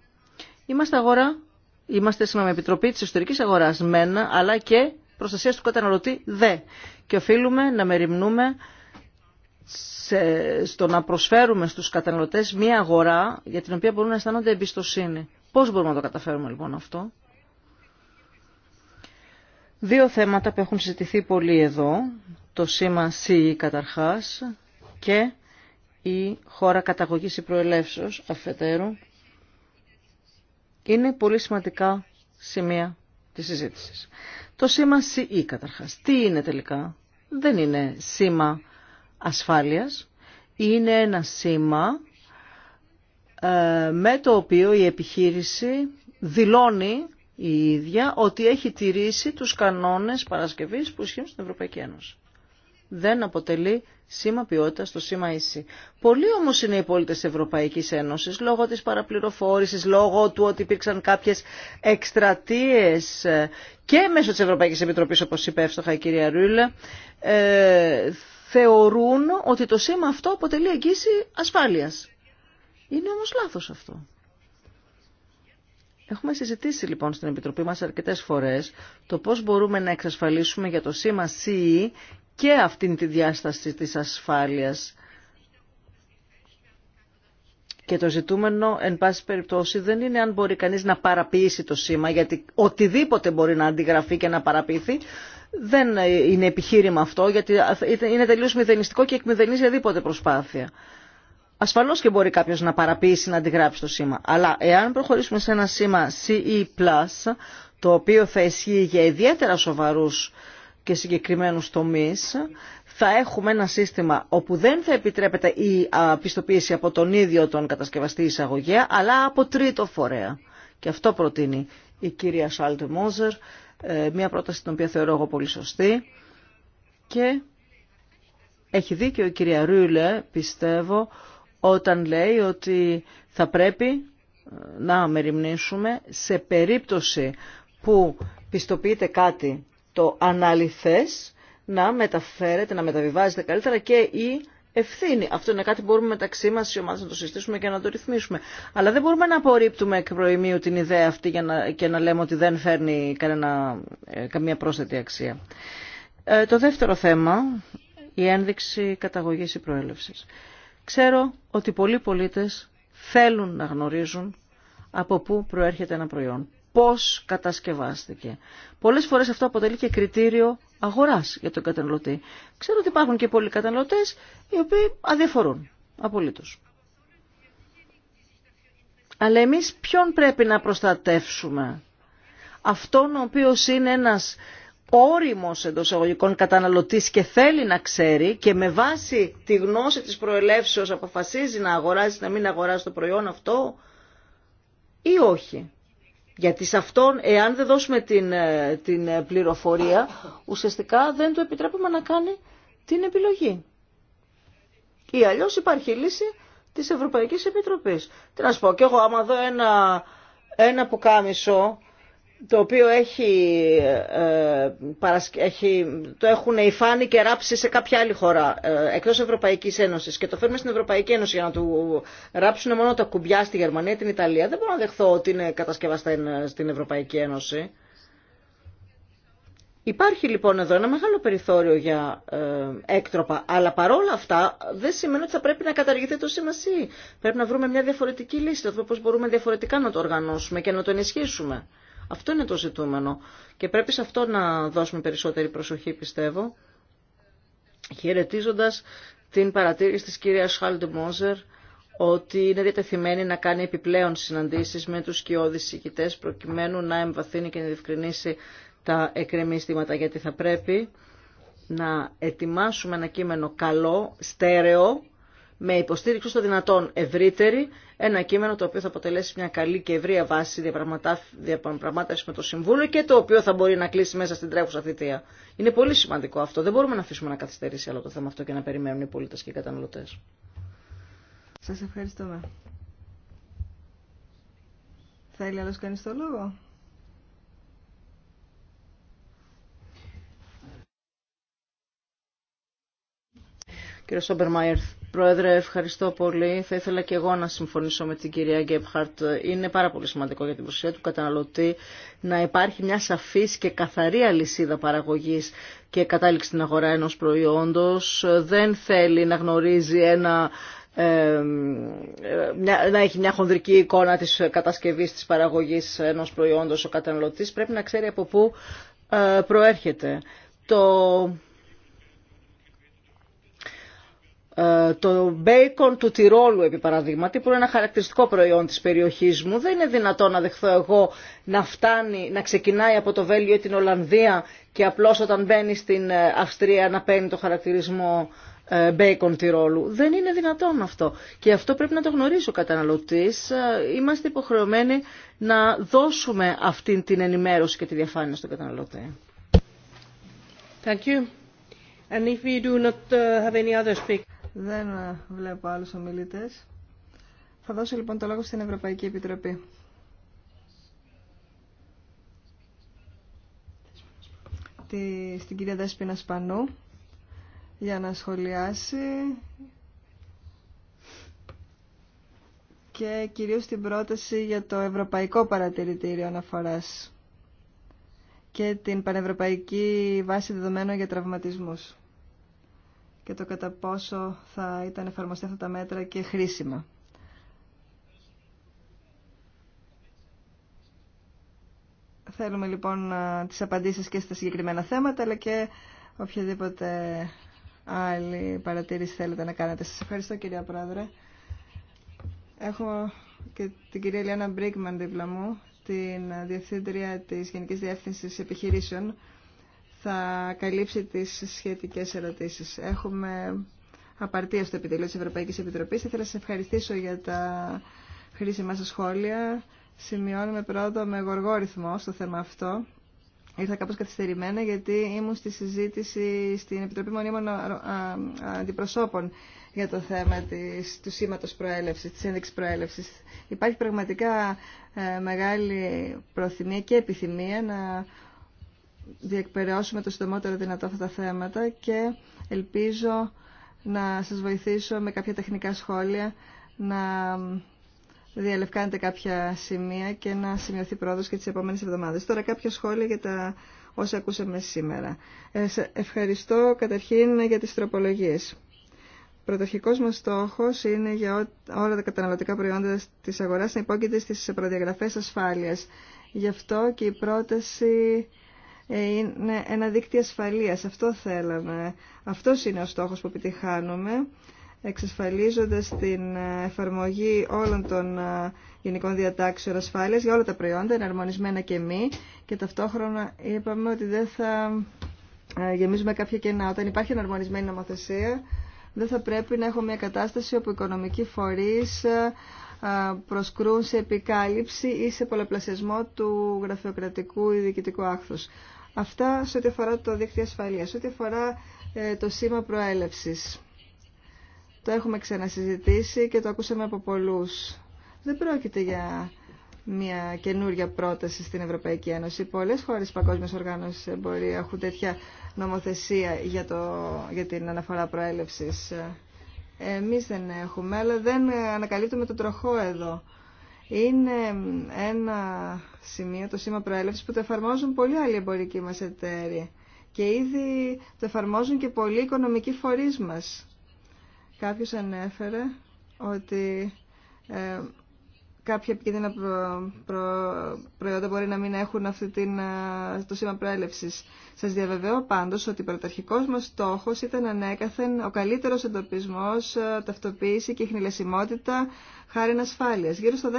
Είμαστε αγορά, είμαστε σήμερα με Επιτροπή της Ιστορικής Αγοράς μένα, αλλά και προστασία του καταναλωτή δε. Και οφείλουμε να μεριμνούμε στο να προσφέρουμε στους καταναλωτές μία αγορά για την οποία μπορούν να αισθάνονται εμπιστοσύνη. Πώς μπορούμε να το καταφέρουμε λοιπόν αυτό. Δύο θέματα που έχουν συζητηθεί πολύ εδώ, το σήμα C καταρχάς και η χώρα καταγωγής ή προελεύσεως αφετέρου, είναι πολύ σημαντικά σημεία της συζήτησης. Το σήμα CE καταρχάς. Τι είναι τελικά. Δεν είναι σήμα ασφάλειας. Είναι ένα σήμα ε, με το οποίο η επιχείρηση δηλώνει η ίδια ότι έχει τηρήσει τους κανόνες παρασκευής που ισχύουν στην Ευρωπαϊκή Ένωση. Δεν αποτελεί σήμα ποιότητα στο σήμα ΙΣΥ. Πολλοί όμως είναι οι τη Ευρωπαϊκή Ένωσης λόγω της παραπληροφόρησης, λόγω του ότι υπήρξαν κάποιες εκστρατείε και μέσω της Ευρωπαϊκής Επιτροπή, όπως είπε εύστοχα η κυρία Ρούλε, ε, θεωρούν ότι το σήμα αυτό αποτελεί εγγύηση ασφάλεια. Είναι όμω λάθος αυτό. Έχουμε συζητήσει λοιπόν στην Επιτροπή μας αρκετές φορές το πώς μπορούμε να εξασφαλίσουμε για το σήμα CE και αυτήν τη διάσταση της ασφάλειας. Και το ζητούμενο, εν πάση περιπτώσει, δεν είναι αν μπορεί κανείς να παραποιήσει το σήμα, γιατί οτιδήποτε μπορεί να αντιγραφεί και να παραποιηθεί, δεν είναι επιχείρημα αυτό, γιατί είναι τελείως μηδενιστικό και εκμηδενίζει οδήποτε προσπάθεια. Ασφαλώς και μπορεί κάποιος να παραποιήσει να αντιγράψει το σήμα. Αλλά εάν προχωρήσουμε σε ένα σήμα CE+, το οποίο θα ισχύει για ιδιαίτερα σοβαρούς και συγκεκριμένους τομείς, θα έχουμε ένα σύστημα όπου δεν θα επιτρέπεται η πιστοποίηση από τον ίδιο τον κατασκευαστή εισαγωγέα, αλλά από τρίτο φορέα. Και αυτό προτείνει η κυρία Σάλτε Μόζερ, ε, μια πρόταση την οποία θεωρώ εγώ πολύ σωστή. Και έχει δίκιο η κυρία Ρούλε, πιστεύω, όταν λέει ότι θα πρέπει ε, να μεριμνήσουμε σε περίπτωση που πιστοποιείται κάτι το αναλυθές να μεταφέρεται, να μεταβιβάζεται καλύτερα και η ευθύνη. Αυτό είναι κάτι που μπορούμε μεταξύ μας οι ομάδες να το συστήσουμε και να το ρυθμίσουμε. Αλλά δεν μπορούμε να απορρίπτουμε εκ προημίου την ιδέα αυτή για να, και να λέμε ότι δεν φέρνει κανένα, ε, καμία πρόσθετη αξία. Ε, το δεύτερο θέμα, η ένδειξη καταγωγής ή προέλευσης. Ξέρω ότι πολλοί πολίτες θέλουν να γνωρίζουν από πού προέρχεται ένα προϊόν, πώς κατασκευάστηκε. Πολλές φορές αυτό αποτελεί και κριτήριο αγοράς για τον καταναλωτή. Ξέρω ότι υπάρχουν και πολλοί καταναλωτές οι οποίοι αδιαφορούν απολύτως. Αλλά εμείς ποιον πρέπει να προστατεύσουμε. Αυτόν ο οποίος είναι ένας όριμος εντός εγωγικών καταναλωτής και θέλει να ξέρει και με βάση τη γνώση της προελεύσεως αποφασίζει να αγοράσει, να μην αγοράσει το προϊόν αυτό ή όχι. Γιατί σε αυτόν, εάν δεν δώσουμε την, ε, την ε, πληροφορία, ουσιαστικά δεν του επιτρέπουμε να κάνει την επιλογή. Ή αλλιώς υπάρχει λύση της Ευρωπαϊκής Επιτροπής. Τι να σου πω, και εγώ άμα δω ένα, ένα πουκάμισο το οποίο έχει, ε, έχει, το έχουν υφάνει και ράψει σε κάποια άλλη χώρα ε, εκτός Ευρωπαϊκής Ένωσης και το φέρνουμε στην Ευρωπαϊκή Ένωση για να του ράψουν μόνο τα κουμπιά στη Γερμανία ή την Ιταλία. Δεν μπορώ να δεχθώ ότι είναι κατασκευαστά στην Ευρωπαϊκή Ένωση. Υπάρχει λοιπόν εδώ ένα μεγάλο περιθώριο για ε, έκτροπα, αλλά παρόλα αυτά δεν σημαίνει ότι θα πρέπει να καταργηθεί το σήμασί. Πρέπει να βρούμε μια διαφορετική λύση, το πώς μπορούμε διαφορετικά να το οργανώσουμε και να το ενισχύσουμε. Αυτό είναι το ζητούμενο και πρέπει σε αυτό να δώσουμε περισσότερη προσοχή πιστεύω χαιρετίζοντα την παρατήρηση της κυρίας Χάλντε Μόζερ ότι είναι διατεθειμένη να κάνει επιπλέον συναντήσεις με τους σκιώδεις συγκητές προκειμένου να εμβαθύνει και να διευκρινίσει τα εκκρεμίστηματα γιατί θα πρέπει να ετοιμάσουμε ένα κείμενο καλό, στέρεο, με υποστήριξη στο δυνατόν ευρύτερη, ένα κείμενο το οποίο θα αποτελέσει μια καλή και ευρεία βάση διαπραγμάτευση με το Συμβούλιο και το οποίο θα μπορεί να κλείσει μέσα στην τρέχουσα θητεία. Είναι πολύ σημαντικό αυτό. Δεν μπορούμε να αφήσουμε να καθυστερήσει άλλο το θέμα αυτό και να περιμένουν οι πολίτε και οι καταναλωτέ. Σα ευχαριστούμε. Θέλει άλλο κανεί το λόγο. Κύριε Σόμπερ Μάιερθ, Πρόεδρε, ευχαριστώ πολύ. Θα ήθελα και εγώ να συμφωνήσω με την κυρία Γκέμπχαρτ. Είναι πάρα πολύ σημαντικό για την προσοχή του καταναλωτή να υπάρχει μια σαφής και καθαρή αλυσίδα παραγωγής και κατάληξη στην αγορά ενός προϊόντος. Δεν θέλει να γνωρίζει ένα ε, να έχει μια χονδρική εικόνα της κατασκευής της παραγωγής ενός προϊόντος ο καταναλωτής πρέπει να ξέρει από πού ε, προέρχεται. Το ε, το μπέικον του Τυρόλου επί παραδείγματι που είναι ένα χαρακτηριστικό προϊόν της περιοχής μου δεν είναι δυνατόν να δεχθώ εγώ να φτάνει, να ξεκινάει από το Βέλγιο ή την Ολλανδία και απλώς όταν μπαίνει στην ε, Αυστρία να παίρνει το χαρακτηρισμό μπέικον ε, Τυρόλου. Δεν είναι δυνατόν αυτό. Και αυτό πρέπει να το γνωρίζει ο καταναλωτής. Είμαστε υποχρεωμένοι να δώσουμε αυτή την ενημέρωση και τη διαφάνεια στον καταναλωτή. Δεν ε, βλέπω άλλους ομιλητές. Θα δώσω λοιπόν το λόγο στην Ευρωπαϊκή Επιτροπή. Τη στην κυρία Δέσποινα Σπανού για να σχολιάσει και κυρίως την πρόταση για το Ευρωπαϊκό Παρατηρητήριο Αναφοράς και την Πανευρωπαϊκή Βάση Δεδομένων για Τραυματισμούς και το κατά πόσο θα ήταν εφαρμοστεί αυτά τα μέτρα και χρήσιμα. Θέλουμε λοιπόν τις απαντήσεις και στα συγκεκριμένα θέματα, αλλά και οποιαδήποτε άλλη παρατήρηση θέλετε να κάνετε. Σας ευχαριστώ κυρία Πρόεδρε. Έχω και την κυρία Ελιάνα Μπρίγκμαν δίπλα μου, την Διευθύντρια της Γενικής Διεύθυνσης Επιχειρήσεων, θα καλύψει τις σχετικές ερωτήσεις. Έχουμε απαρτία στο επιτελείο της Ευρωπαϊκής Επιτροπής. Ήθελα να σας ευχαριστήσω για τα χρήσιμα σας σχόλια. Σημειώνουμε πρώτο με γοργό ρυθμό στο θέμα αυτό. Ήρθα κάπως καθυστερημένα γιατί ήμουν στη συζήτηση στην Επιτροπή Μονίμων Αντιπροσώπων για το θέμα της, του σήματος προέλευσης, της ένδειξης προέλευσης. Υπάρχει πραγματικά ε, μεγάλη προθυμία και επιθυμία να διεκπαιρεώσουμε το συντομότερο δυνατό αυτά τα θέματα και ελπίζω να σας βοηθήσω με κάποια τεχνικά σχόλια να διαλευκάνετε κάποια σημεία και να σημειωθεί πρόοδος και τις επόμενες εβδομάδες. Τώρα κάποια σχόλια για τα όσα ακούσαμε σήμερα. Ε, ευχαριστώ καταρχήν για τις τροπολογίες. Πρωτορχικός μας στόχος είναι για όλα τα καταναλωτικά προϊόντα της αγοράς να υπόκειται στις προδιαγραφές ασφάλειας. Γι' αυτό και η πρόταση ε, είναι ένα δίκτυο ασφαλείας. Αυτό θέλαμε. Αυτό είναι ο στόχος που επιτυχάνουμε, εξασφαλίζοντας την ε, εφαρμογή όλων των ε, γενικών διατάξεων ασφάλειας για όλα τα προϊόντα, εναρμονισμένα και μη, και ταυτόχρονα είπαμε ότι δεν θα γεμίζουμε κάποια κενά. Όταν υπάρχει εναρμονισμένη νομοθεσία, δεν θα πρέπει να έχουμε μια κατάσταση όπου οι οικονομικοί φορείς προσκρούν σε επικάλυψη ή σε πολλαπλασιασμό του γραφειοκρατικού ή διοικητικού άχθους. Αυτά σε ό,τι αφορά το δίκτυο ασφαλείας, σε ό,τι αφορά ε, το σήμα προέλευσης. Το έχουμε ξανασυζητήσει και το ακούσαμε από πολλούς. Δεν πρόκειται για μια καινούρια πρόταση στην Ευρωπαϊκή Ένωση. Πολλές χώρες παγκόσμιας οργάνωσης να έχουν τέτοια νομοθεσία για, το, για την αναφορά προέλευσης. Ε, εμείς δεν έχουμε, αλλά δεν ανακαλύπτουμε το τροχό εδώ είναι ένα σημείο, το σήμα προέλευσης, που το εφαρμόζουν πολλοί άλλοι εμπορικοί μας εταίροι και ήδη το εφαρμόζουν και πολλοί οικονομικοί φορείς μας. Κάποιος ανέφερε ότι ε, κάποια επικίνδυνα προ, προ, προϊόντα μπορεί να μην έχουν αυτή την, ε, το σήμα προέλευσης. Σας διαβεβαιώ πάντως ότι ο πρωταρχικός μας στόχος ήταν ανέκαθεν ο καλύτερος εντοπισμός, ε, ταυτοποίηση και χνηλεσιμότητα χάρη ασφάλειας. Γύρω στο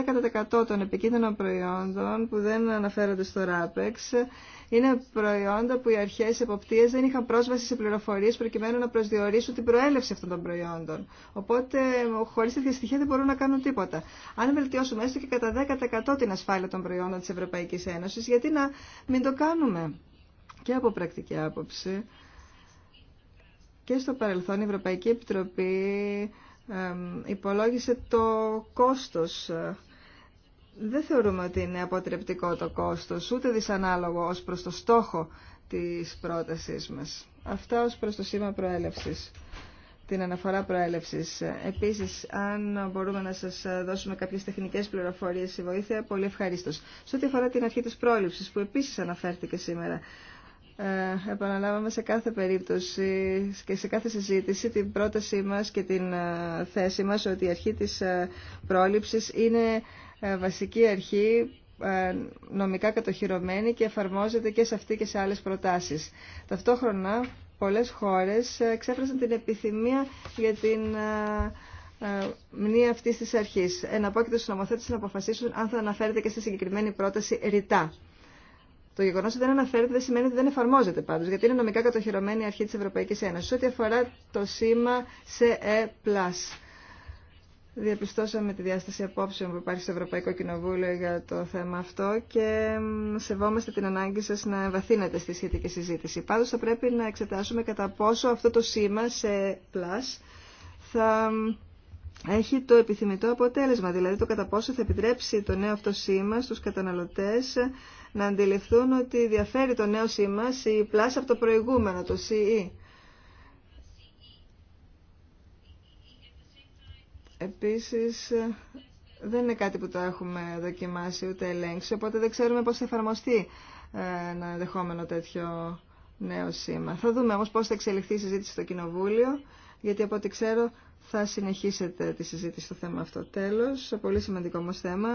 10% των επικίνδυνων προϊόντων που δεν αναφέρονται στο RAPEX είναι προϊόντα που οι αρχές εποπτείας δεν είχαν πρόσβαση σε πληροφορίες προκειμένου να προσδιορίσουν την προέλευση αυτών των προϊόντων. Οπότε χωρίς τέτοια στοιχεία δεν μπορούν να κάνουν τίποτα. Αν βελτιώσουμε έστω και κατά 10% την ασφάλεια των προϊόντων της Ευρωπαϊκής Ένωσης, γιατί να μην το κάνουμε και από πρακτική άποψη. Και στο παρελθόν η Ευρωπαϊκή Επιτροπή υπολόγισε το κόστος. Δεν θεωρούμε ότι είναι αποτρεπτικό το κόστος, ούτε δυσανάλογο ως προς το στόχο της πρότασής μας. Αυτά ως προς το σήμα προέλευσης, την αναφορά προέλευσης. Επίσης, αν μπορούμε να σας δώσουμε κάποιες τεχνικές πληροφορίες ή βοήθεια, πολύ ευχαρίστως. Σε ό,τι αφορά την αρχή της πρόληψης, που επίσης αναφέρθηκε σήμερα, ε, επαναλάβαμε σε κάθε περίπτωση και σε κάθε συζήτηση την πρότασή μας και την ε, θέση μας ότι η αρχή της ε, πρόληψης είναι ε, βασική αρχή νομικά κατοχυρωμένη και εφαρμόζεται και σε αυτή και σε άλλες προτάσεις. Ταυτόχρονα πολλές χώρες εξέφρασαν την επιθυμία για την μνήμα αυτή τη αρχή. Εναπόκειται στου νομοθέτε να αποφασίσουν αν θα αναφέρεται και στη συγκεκριμένη πρόταση ρητά. Το γεγονό ότι δεν αναφέρεται δεν σημαίνει ότι δεν εφαρμόζεται πάντω, γιατί είναι νομικά κατοχυρωμένη η αρχή τη Ευρωπαϊκή Ένωση. Ό,τι αφορά το σήμα σε Ε+. Διαπιστώσαμε τη διάσταση απόψεων που υπάρχει στο Ευρωπαϊκό Κοινοβούλιο για το θέμα αυτό και σεβόμαστε την ανάγκη σα να εμβαθύνετε στη σχετική συζήτηση. Πάντω θα πρέπει να εξετάσουμε κατά πόσο αυτό το σήμα σε Ε+. θα έχει το επιθυμητό αποτέλεσμα, δηλαδή το κατά πόσο θα επιτρέψει το νέο αυτό σήμα στους καταναλωτές να αντιληφθούν ότι διαφέρει το νέο σήμα C Plus από το προηγούμενο, το CE. Επίσης, δεν είναι κάτι που το έχουμε δοκιμάσει ούτε ελέγξει, οπότε δεν ξέρουμε πώς θα εφαρμοστεί ε, ένα ενδεχόμενο τέτοιο νέο σήμα. Θα δούμε όμως πώς θα εξελιχθεί η συζήτηση στο Κοινοβούλιο, γιατί από ό,τι ξέρω θα συνεχίσετε τη συζήτηση στο θέμα αυτό. Τέλος, πολύ σημαντικό όμως θέμα,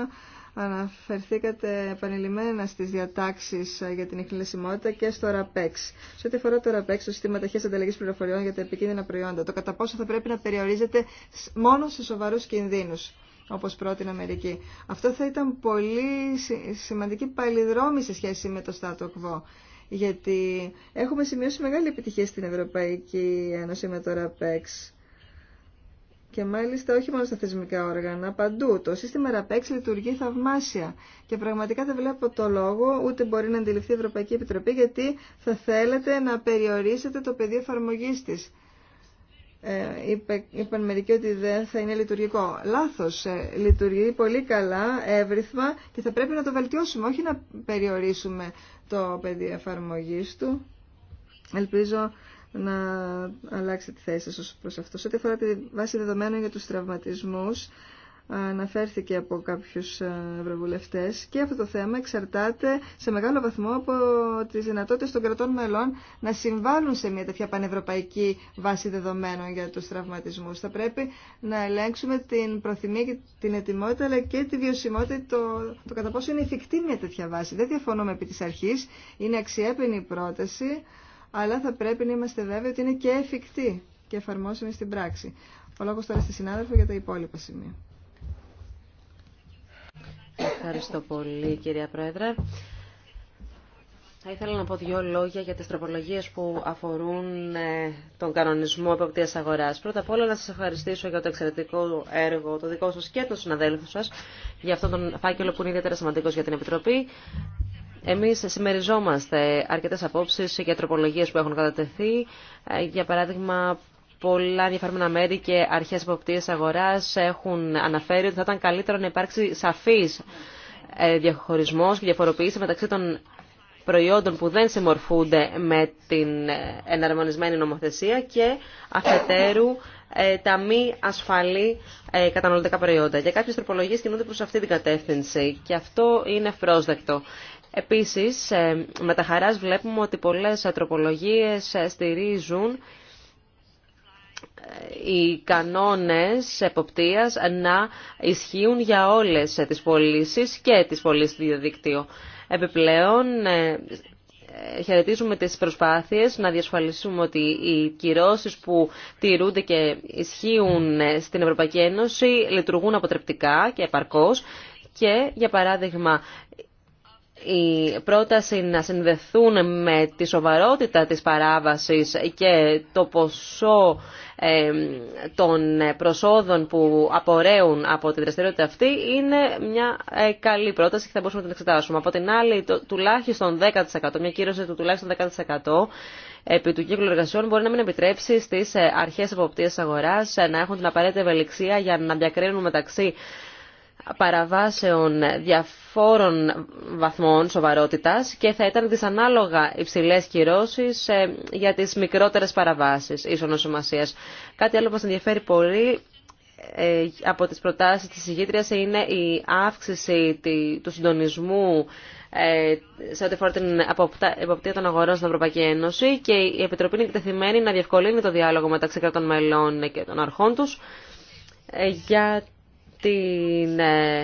αναφερθήκατε επανειλημμένα στις διατάξεις για την ειχνηλεσιμότητα και στο RAPEX. Σε ό,τι αφορά το RAPEX, το σύστημα ταχείας ανταλλαγής πληροφοριών για τα επικίνδυνα προϊόντα, το κατά πόσο θα πρέπει να περιορίζεται μόνο σε σοβαρούς κινδύνους όπως πρότεινε Αμερική. Αυτό θα ήταν πολύ σημαντική παλιδρόμη σε σχέση με το στάτο κβο γιατί έχουμε σημειώσει μεγάλη επιτυχία στην Ευρωπαϊκή Ένωση με το ΡΑΠΕΞ. Και μάλιστα όχι μόνο στα θεσμικά όργανα, παντού. Το σύστημα ΡΑΠΕΞ λειτουργεί θαυμάσια. Και πραγματικά δεν βλέπω το λόγο, ούτε μπορεί να αντιληφθεί η Ευρωπαϊκή Επιτροπή, γιατί θα θέλετε να περιορίσετε το πεδίο εφαρμογή τη. Ε, είπε, είπαν μερικοί ότι δεν θα είναι λειτουργικό. Λάθο Ε, λειτουργεί πολύ καλά, εύρυθμα και θα πρέπει να το βελτιώσουμε, όχι να περιορίσουμε το πεδίο εφαρμογή του. Ελπίζω να αλλάξει τη θέση σας προς αυτό. Σε ό,τι αφορά τη βάση δεδομένων για τους τραυματισμούς, αναφέρθηκε από κάποιους ε, ευρωβουλευτέ και αυτό το θέμα εξαρτάται σε μεγάλο βαθμό από τις δυνατότητες των κρατών μελών να συμβάλλουν σε μια τέτοια πανευρωπαϊκή βάση δεδομένων για τους τραυματισμούς. Θα πρέπει να ελέγξουμε την προθυμία και την ετοιμότητα αλλά και τη βιωσιμότητα το, το κατά πόσο είναι εφικτή μια τέτοια βάση. Δεν διαφωνούμε επί της αρχής, είναι αξιέπαινη η πρόταση αλλά θα πρέπει να είμαστε βέβαιοι ότι είναι και εφικτή και εφαρμόσιμη στην πράξη. Ο λόγος τώρα στη συνάδελφο για τα υπόλοιπα σημεία. Ευχαριστώ πολύ κυρία Πρόεδρε. Θα ήθελα να πω δύο λόγια για τις τροπολογίες που αφορούν ε, τον κανονισμό εποπτείας αγοράς. Πρώτα απ' όλα να σας ευχαριστήσω για το εξαιρετικό έργο, το δικό σας και των συναδέλφων σας, για αυτόν τον φάκελο που είναι ιδιαίτερα σημαντικός για την Επιτροπή. Εμεί συμμεριζόμαστε αρκετέ απόψει για τροπολογίε που έχουν κατατεθεί. Ε, για παράδειγμα, πολλά ενδιαφέρμενα μέρη και αρχέ υποπτήρες αγορά έχουν αναφέρει ότι θα ήταν καλύτερο να υπάρξει σαφή ε, διαχωρισμό και διαφοροποίηση μεταξύ των προϊόντων που δεν συμμορφούνται με την ε, εναρμονισμένη νομοθεσία και αφετέρου τα μη ασφαλή καταναλωτικά προϊόντα. Για κάποιες τροπολογίες κινούνται προς αυτή την κατεύθυνση και αυτό είναι ευπρόσδεκτο. Επίσης, ε, με τα χαράς βλέπουμε ότι πολλές ατροπολογίες ε, στηρίζουν ε, οι κανόνες εποπτείας να ισχύουν για όλες τις πωλήσει και τις πωλήσει του διαδικτύου. Επιπλέον, χαιρετίζουμε τις προσπάθειες να διασφαλίσουμε ότι οι κυρώσεις που τηρούνται και ισχύουν στην Ευρωπαϊκή Ένωση λειτουργούν αποτρεπτικά και επαρκώς και, για παράδειγμα, η πρόταση να συνδεθούν με τη σοβαρότητα της παράβασης και το ποσό των προσόδων που απορρέουν από την δραστηριότητα αυτή είναι μια ε, καλή πρόταση και θα μπορούσαμε να την εξετάσουμε. Από την άλλη, τουλάχιστον 10%, μια κύρωση του τουλάχιστον 10% επί του κύκλου εργασιών μπορεί να μην επιτρέψει στις ε, αρχές εποπτείας αγοράς ε, να έχουν την απαραίτητη ευελιξία για να διακρίνουν μεταξύ παραβάσεων διαφόρων βαθμών σοβαρότητας και θα ήταν δυσανάλογα υψηλές κυρώσεις ε, για τις μικρότερες παραβάσεις ίσων νοσομασίας. Κάτι άλλο που μας ενδιαφέρει πολύ ε, από τις προτάσεις της ηγήτριας είναι η αύξηση του συντονισμού ε, σε ό,τι αφορά την εποπτεία των αγορών στην Ευρωπαϊκή Ένωση και η Επιτροπή είναι εκτεθειμένη να διευκολύνει το διάλογο μεταξύ κρατών μελών και των αρχών τους για την ε,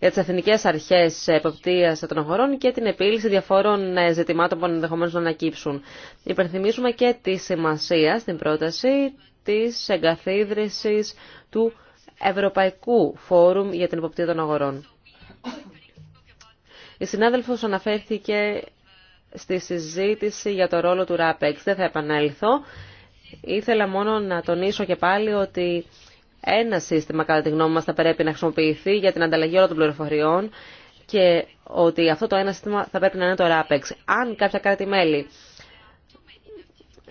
για τι εθνικέ αρχέ εποπτεία των αγορών και την επίλυση διαφόρων ε, ζητημάτων που ενδεχομένω να ανακύψουν. Υπενθυμίζουμε και τη σημασία στην πρόταση της εγκαθίδρυση του Ευρωπαϊκού Φόρουμ για την Εποπτεία των Αγορών. Η συνάδελφος αναφέρθηκε στη συζήτηση για το ρόλο του RAPEX. Δεν θα επανέλθω. Ήθελα μόνο να τονίσω και πάλι ότι ένα σύστημα, κατά τη γνώμη μας, θα πρέπει να χρησιμοποιηθεί για την ανταλλαγή όλων των πληροφοριών και ότι αυτό το ένα σύστημα θα πρέπει να είναι το RAPEX. Αν κάποια κράτη-μέλη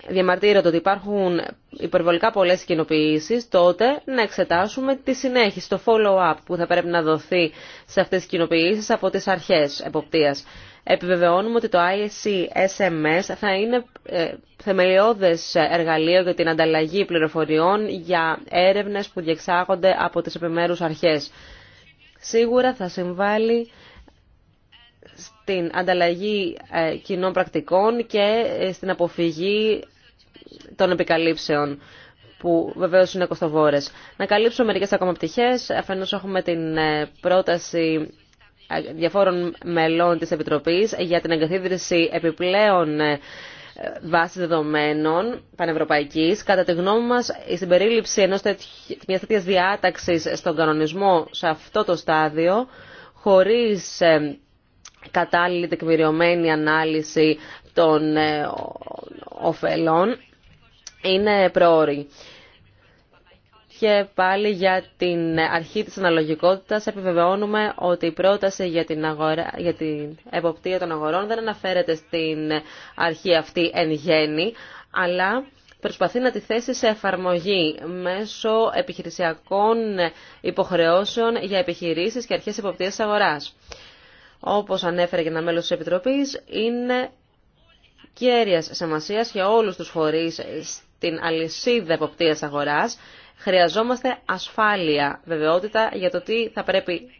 διαμαρτύρονται ότι υπάρχουν υπερβολικά πολλές κοινοποιήσεις, τότε να εξετάσουμε τη συνέχιση, το follow-up που θα πρέπει να δοθεί σε αυτές τις κοινοποιήσεις από τις αρχές εποπτείας επιβεβαιώνουμε ότι το ISC SMS θα είναι ε, θεμελιώδες εργαλείο για την ανταλλαγή πληροφοριών για έρευνες που διεξάγονται από τις επιμέρους αρχές. Σίγουρα θα συμβάλλει στην ανταλλαγή ε, κοινών πρακτικών και ε, στην αποφυγή των επικαλύψεων που βεβαίω είναι κοστοβόρε. Να καλύψω μερικέ ακόμα πτυχέ. Αφενό έχουμε την πρόταση διαφόρων μελών της Επιτροπής για την εγκαθίδρυση επιπλέον ε, βάσης δεδομένων πανευρωπαϊκής. Κατά τη γνώμη μας, η συμπερίληψη ενός μιας τέτοιας διάταξης στον κανονισμό σε αυτό το στάδιο, χωρίς ε, κατάλληλη τεκμηριωμένη ανάλυση των ε, ωφελών, είναι προώρη και πάλι για την αρχή της αναλογικότητας επιβεβαιώνουμε ότι η πρόταση για την, αγορά, για την εποπτεία των αγορών δεν αναφέρεται στην αρχή αυτή εν γέννη, αλλά προσπαθεί να τη θέσει σε εφαρμογή μέσω επιχειρησιακών υποχρεώσεων για επιχειρήσεις και αρχές εποπτείας αγοράς. Όπως ανέφερε και ένα μέλος της Επιτροπής, είναι κέρια σημασία για όλους τους φορείς στην αλυσίδα εποπτείας αγοράς Χρειαζόμαστε ασφάλεια, βεβαιότητα για το τι θα πρέπει,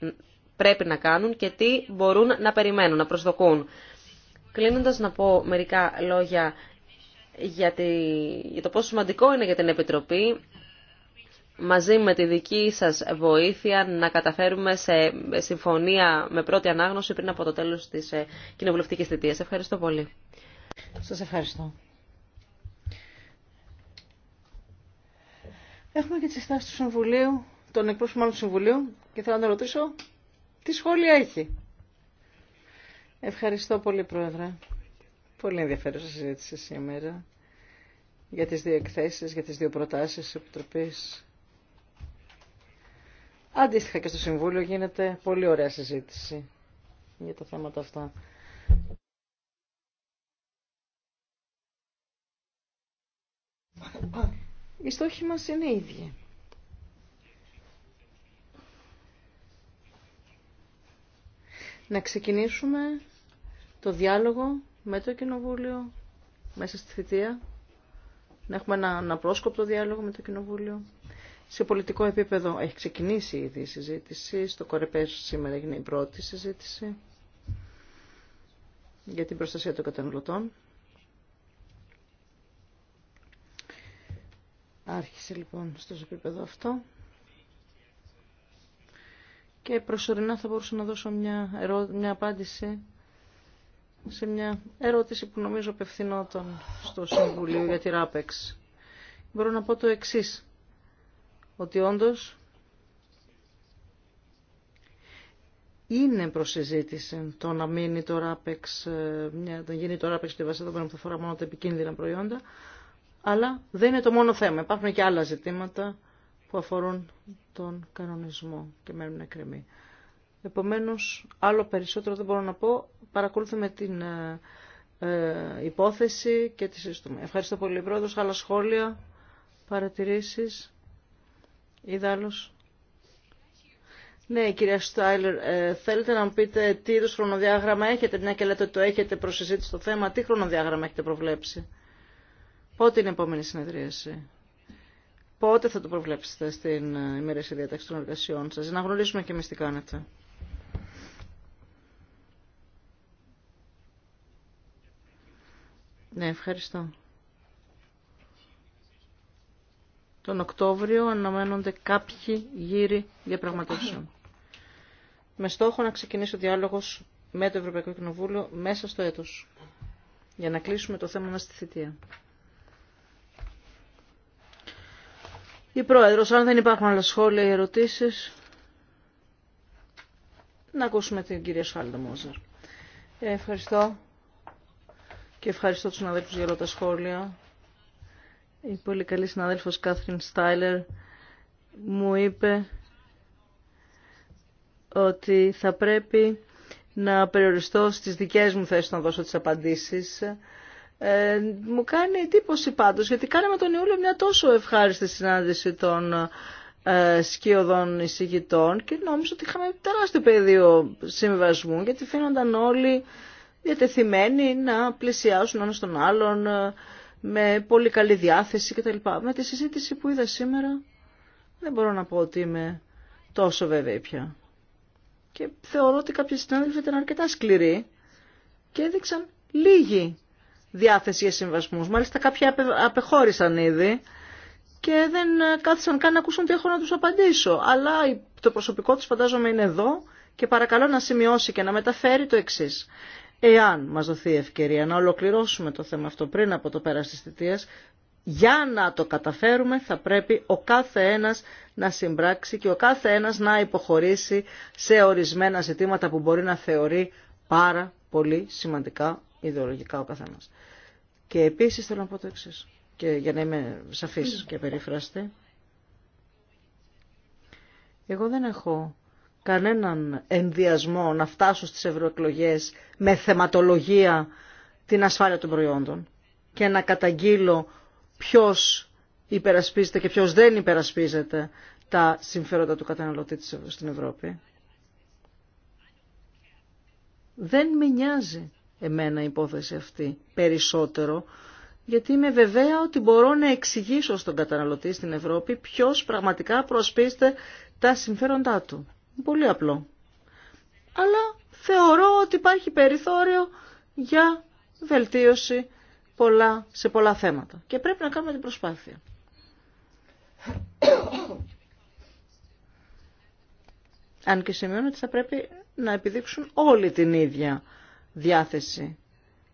πρέπει να κάνουν και τι μπορούν να περιμένουν, να προσδοκούν. Κλείνοντας να πω μερικά λόγια για, για το πόσο σημαντικό είναι για την Επιτροπή μαζί με τη δική σας βοήθεια να καταφέρουμε σε συμφωνία με πρώτη ανάγνωση πριν από το τέλος της ε, κοινοβουλευτικής θητείας. Ευχαριστώ πολύ. Σας ευχαριστώ. Έχουμε και τι συστάσει του Συμβουλίου, των εκπρόσωπων του Συμβουλίου και θέλω να ρωτήσω τι σχόλια έχει. Ευχαριστώ πολύ Πρόεδρε. Πολύ ενδιαφέρουσα συζήτηση σήμερα για τις δύο εκθέσεις, για τις δύο προτάσεις της Επιτροπής. Αντίστοιχα και στο Συμβούλιο γίνεται πολύ ωραία συζήτηση για τα θέματα αυτά. Οι στόχοι μας είναι οι ίδιοι. Να ξεκινήσουμε το διάλογο με το Κοινοβούλιο μέσα στη θητεία. Να έχουμε ένα, ένα πρόσκοπτο διάλογο με το Κοινοβούλιο. Σε πολιτικό επίπεδο έχει ξεκινήσει ήδη η συζήτηση. Στο Κορεπές σήμερα έγινε η πρώτη συζήτηση για την προστασία των καταναλωτών. Άρχισε λοιπόν στο επίπεδο αυτό. Και προσωρινά θα μπορούσα να δώσω μια, ερω... μια απάντηση σε μια ερώτηση που νομίζω απευθυνόταν στο Συμβουλίο για τη ΡΑΠΕΞ. Μπορώ να πω το εξής, ότι όντως είναι προσυζήτηση το να μείνει το ΡΑΠΕΞ, ε, να γίνει το ΡΑΠΕΞ στη βασίδα που αφορά μόνο τα επικίνδυνα προϊόντα, αλλά δεν είναι το μόνο θέμα. Υπάρχουν και άλλα ζητήματα που αφορούν τον κανονισμό και μένουν εκκρεμή. Επομένως, άλλο περισσότερο δεν μπορώ να πω. Παρακολουθούμε την ε, ε, υπόθεση και τη συζητούμε. Ευχαριστώ πολύ, Πρόεδρος. Άλλα σχόλια, παρατηρήσεις. άλλος. Ναι, κυρία Στάιλερ, ε, θέλετε να μου πείτε τι είδους χρονοδιάγραμμα έχετε, μια και λέτε ότι το έχετε προσυζήτηση στο θέμα, τι χρονοδιάγραμμα έχετε προβλέψει. Πότε είναι η επόμενη συνεδρίαση. Πότε θα το προβλέψετε στην ημερήσια διάταξη των εργασιών σας. Να γνωρίσουμε και εμείς τι κάνετε. Ναι, ευχαριστώ. Τον Οκτώβριο αναμένονται κάποιοι γύροι διαπραγματεύσεων. Με στόχο να ξεκινήσει ο διάλογος με το Ευρωπαϊκό Κοινοβούλιο μέσα στο έτος. Για να κλείσουμε το θέμα μας στη θητεία. η Πρόεδρος. Αν δεν υπάρχουν άλλα σχόλια ή ερωτήσεις, να ακούσουμε την κυρία Σχάλντα Μόζαρ. Ε, ευχαριστώ και ευχαριστώ τους συναδέλφους για όλα τα σχόλια. Η πολύ καλή συναδέλφος Κάθριν Στάιλερ μου είπε ότι θα πρέπει να περιοριστώ στις δικές μου θέσεις να δώσω τις απαντήσεις ε, μου κάνει εντύπωση πάντως, γιατί κάναμε τον Ιούλιο μια τόσο ευχάριστη συνάντηση των ε, σκιωδών εισηγητών και νόμιζα ότι είχαμε τεράστιο πεδίο συμβασμού, γιατί φαίνονταν όλοι διατεθειμένοι να πλησιάσουν ένα τον άλλον ε, με πολύ καλή διάθεση κτλ. Με τη συζήτηση που είδα σήμερα δεν μπορώ να πω ότι είμαι τόσο βέβαιη πια. Και θεωρώ ότι κάποιοι συνάδελφοι ήταν αρκετά σκληροί και έδειξαν λίγη διάθεση για συμβασμού. Μάλιστα κάποιοι απεχώρησαν ήδη και δεν ε, κάθισαν καν να ακούσουν τι έχω να του απαντήσω. Αλλά το προσωπικό του φαντάζομαι είναι εδώ και παρακαλώ να σημειώσει και να μεταφέρει το εξή. Εάν μα δοθεί η ευκαιρία να ολοκληρώσουμε το θέμα αυτό πριν από το πέρα τη θητεία, για να το καταφέρουμε θα πρέπει ο κάθε ένας να συμπράξει και ο κάθε ένας να υποχωρήσει σε ορισμένα ζητήματα που μπορεί να θεωρεί πάρα πολύ σημαντικά ιδεολογικά ο καθένας. Και επίσης θέλω να πω το εξή. και για να είμαι σαφής και περιφράστη, εγώ δεν έχω κανέναν ενδιασμό να φτάσω στις ευρωεκλογέ με θεματολογία την ασφάλεια των προϊόντων και να καταγγείλω ποιος υπερασπίζεται και ποιος δεν υπερασπίζεται τα συμφέροντα του καταναλωτή στην Ευρώπη. Δεν με νοιάζει εμένα η υπόθεση αυτή περισσότερο, γιατί είμαι βεβαία ότι μπορώ να εξηγήσω στον καταναλωτή στην Ευρώπη ποιος πραγματικά προσπίστε τα συμφέροντά του. Πολύ απλό. Αλλά θεωρώ ότι υπάρχει περιθώριο για βελτίωση πολλά, σε πολλά θέματα. Και πρέπει να κάνουμε την προσπάθεια. Αν και σημειώνω ότι θα πρέπει να επιδείξουν όλη την ίδια διάθεση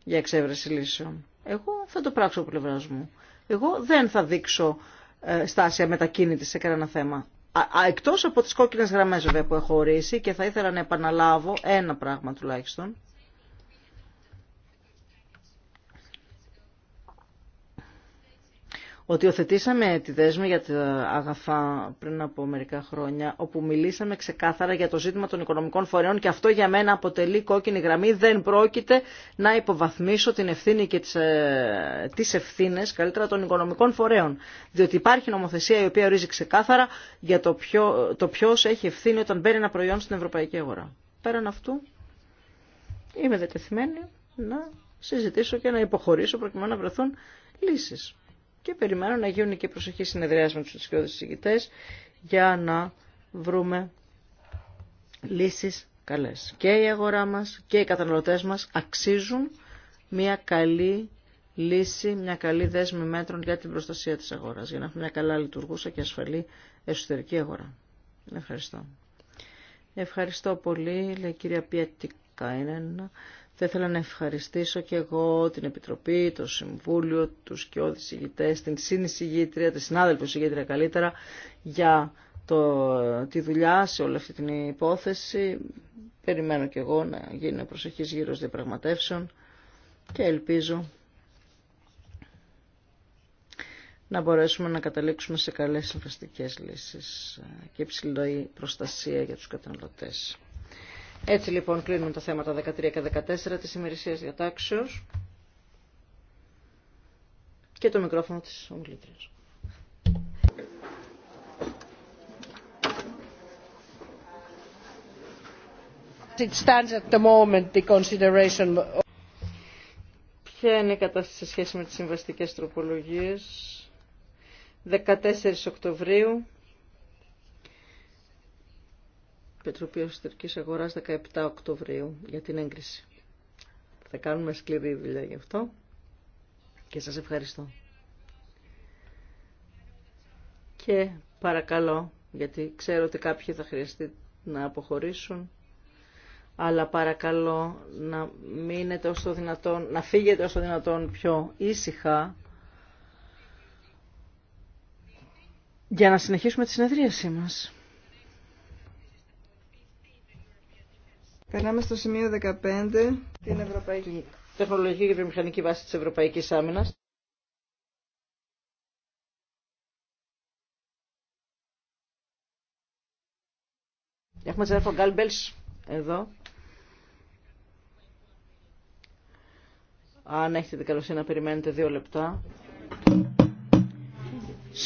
για εξέβρεση λύσεων. Εγώ θα το πράξω από πλευρά μου. Εγώ δεν θα δείξω ε, στάση αμετακίνητη σε κανένα θέμα. Εκτός από τις κόκκινες γραμμές βέβαια που έχω ορίσει και θα ήθελα να επαναλάβω ένα πράγμα τουλάχιστον ότι οθετήσαμε τη δέσμη για τα αγαθά πριν από μερικά χρόνια, όπου μιλήσαμε ξεκάθαρα για το ζήτημα των οικονομικών φορέων και αυτό για μένα αποτελεί κόκκινη γραμμή. Δεν πρόκειται να υποβαθμίσω την ευθύνη και τις, ε, ευθύνες, καλύτερα των οικονομικών φορέων. Διότι υπάρχει νομοθεσία η οποία ορίζει ξεκάθαρα για το, ποιο, το ποιος έχει ευθύνη όταν παίρνει ένα προϊόν στην ευρωπαϊκή αγορά. Πέραν αυτού, είμαι δετεθειμένη να συζητήσω και να υποχωρήσω προκειμένου να βρεθούν λύσεις και περιμένω να γίνουν και προσοχή συνεδρία με του δυσκιώδες συγκεκριτέ, για να βρούμε λύσεις καλές. Και η αγορά μας και οι καταναλωτές μας αξίζουν μια καλή λύση, μια καλή δέσμη μέτρων για την προστασία της αγοράς, για να έχουμε μια καλά λειτουργούσα και ασφαλή εσωτερική αγορά. Ευχαριστώ. Ευχαριστώ πολύ, λέει η κυρία Πιατικάινεν. Θα ήθελα να ευχαριστήσω και εγώ την Επιτροπή, το Συμβούλιο, τους και ηγητές, την συνεισηγήτρια, τη συνάδελφη συγγήτρια καλύτερα, για το, τη δουλειά σε όλη αυτή την υπόθεση. Περιμένω και εγώ να γίνει ο προσεχής γύρος διαπραγματεύσεων και ελπίζω να μπορέσουμε να καταλήξουμε σε καλές συμβαστικές λύσεις και υψηλή προστασία για τους καταναλωτές. Έτσι λοιπόν κλείνουμε τα θέματα 13 και 14 της ημερησίας διατάξεως και το μικρόφωνο της ομιλήτριας. It stands at the moment the consideration of... Ποια είναι η κατάσταση σε σχέση με τις συμβαστικές τροπολογίες. 14 Οκτωβρίου Επιτροπή Εσωτερική αγορά 17 Οκτωβρίου για την έγκριση. Θα κάνουμε σκληρή δουλειά γι' αυτό και σας ευχαριστώ. Και παρακαλώ, γιατί ξέρω ότι κάποιοι θα χρειαστεί να αποχωρήσουν, αλλά παρακαλώ να μείνετε όσο δυνατόν, να φύγετε όσο δυνατόν πιο ήσυχα για να συνεχίσουμε τη συνεδρίασή μας. Περνάμε στο σημείο 15, την Ευρωπαϊκή τεχνολογική και Βιομηχανική Βάση της Ευρωπαϊκής Άμυνας. Έχουμε τσέρφο γκάλμπελς εδώ. Αν έχετε την καλοσύνη να περιμένετε δύο λεπτά.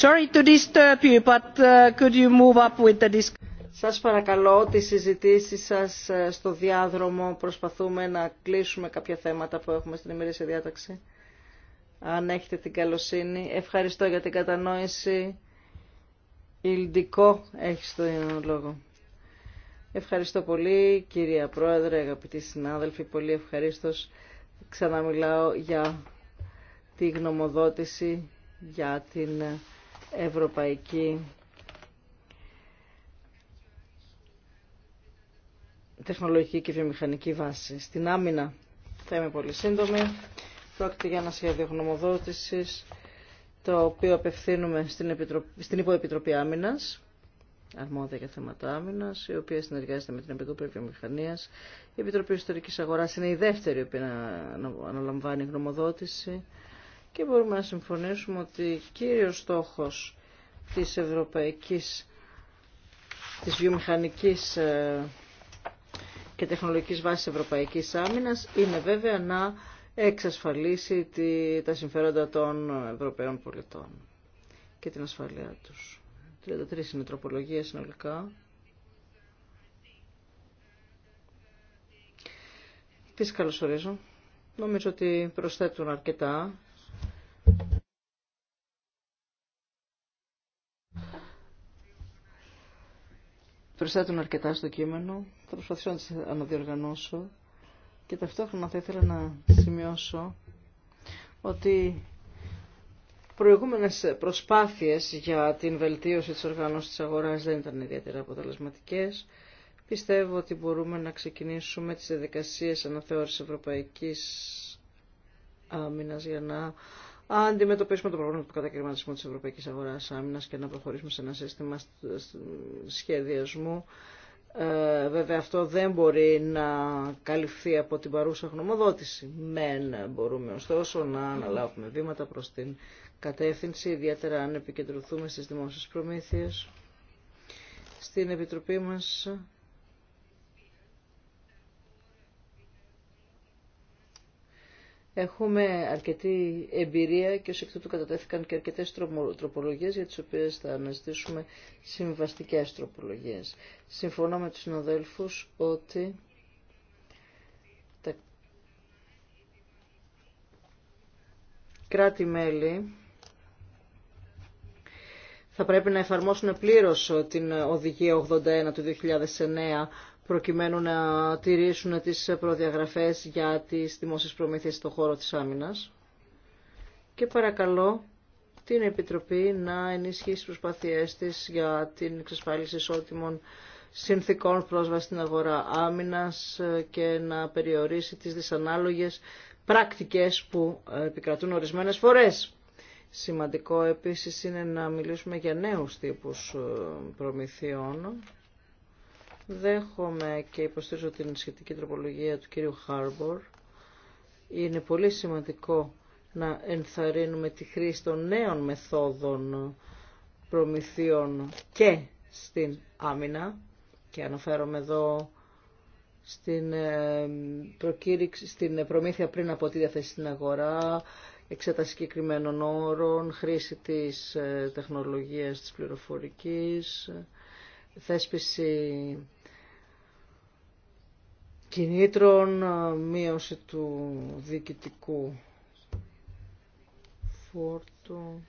Sorry to disturb you, but uh, could you move up with the discussion? Σας παρακαλώ τις συζητήσεις σας ε, στο διάδρομο. Προσπαθούμε να κλείσουμε κάποια θέματα που έχουμε στην ημερήσια διάταξη. Αν έχετε την καλοσύνη. Ευχαριστώ για την κατανόηση. Ιλντικό έχει το λόγο. Ευχαριστώ πολύ κυρία Πρόεδρε, αγαπητοί συνάδελφοι. Πολύ ευχαριστώ Ξαναμιλάω για τη γνωμοδότηση για την Ευρωπαϊκή τεχνολογική και βιομηχανική βάση. Στην άμυνα θα είμαι πολύ σύντομη. Πρόκειται για ένα σχέδιο γνωμοδότησης το οποίο απευθύνουμε στην, στην Υποεπιτροπή Άμυνας αρμόδια για θέματα άμυνα, η οποία συνεργάζεται με την Επιτροπή Βιομηχανία. Η Επιτροπή Ιστορική Αγορά είναι η δεύτερη που αναλαμβάνει γνωμοδότηση και μπορούμε να συμφωνήσουμε ότι κύριος στόχος της ευρωπαϊκής, της βιομηχανικής ε, και τεχνολογικής βάσης ευρωπαϊκής άμυνας είναι βέβαια να εξασφαλίσει τη, τα συμφέροντα των Ευρωπαίων πολιτών και την ασφαλεία τους. 33 είναι τροπολογία συνολικά. Τις καλωσορίζω. Νομίζω ότι προσθέτουν αρκετά προσθέτουν αρκετά στο κείμενο. Θα προσπαθήσω να τι αναδιοργανώσω. Και ταυτόχρονα θα ήθελα να σημειώσω ότι προηγούμενες προσπάθειες για την βελτίωση της οργάνωσης της αγοράς δεν ήταν ιδιαίτερα αποτελεσματικές. Πιστεύω ότι μπορούμε να ξεκινήσουμε τις διαδικασίες αναθεώρησης ευρωπαϊκής άμυνας για να αντιμετωπίσουμε το πρόβλημα του κατακαιρματισμού της Ευρωπαϊκής Αγοράς Άμυνας και να προχωρήσουμε σε ένα σύστημα σχεδιασμού. Ε, βέβαια αυτό δεν μπορεί να καλυφθεί από την παρούσα γνωμοδότηση. Μεν μπορούμε ωστόσο να αναλάβουμε βήματα προς την κατεύθυνση, ιδιαίτερα αν επικεντρωθούμε στις δημόσιες προμήθειες. Στην Επιτροπή μας Έχουμε αρκετή εμπειρία και ως εκ τούτου κατατέθηκαν και αρκετές τροπολογίες για τις οποίες θα αναζητήσουμε συμβαστικές τροπολογίες. Συμφωνώ με τους συναδέλφους ότι τα κράτη-μέλη θα πρέπει να εφαρμόσουν πλήρως την οδηγία 81 του 2009 προκειμένου να τηρήσουν τις προδιαγραφές για τις δημόσιες προμήθειες στον χώρο της άμυνας. Και παρακαλώ την Επιτροπή να ενισχύσει τις προσπάθειές της για την εξασφάλιση ισότιμων συνθήκων πρόσβαση στην αγορά άμυνας και να περιορίσει τις δυσανάλογες πράκτικες που επικρατούν ορισμένες φορές. Σημαντικό επίσης είναι να μιλήσουμε για νέους τύπους ε, προμηθειών Δέχομαι και υποστήριζω την σχετική τροπολογία του κύριου Χάρμπορ. Είναι πολύ σημαντικό να ενθαρρύνουμε τη χρήση των νέων μεθόδων προμηθείων και στην άμυνα και αναφέρομαι εδώ στην, ε, στην ε, προμήθεια πριν από τη διαθέση στην αγορά, εξέταση συγκεκριμένων όρων, χρήση της ε, τεχνολογίας της πληροφορικής, θέσπιση κινήτρων, μείωση του διοικητικού φόρτου.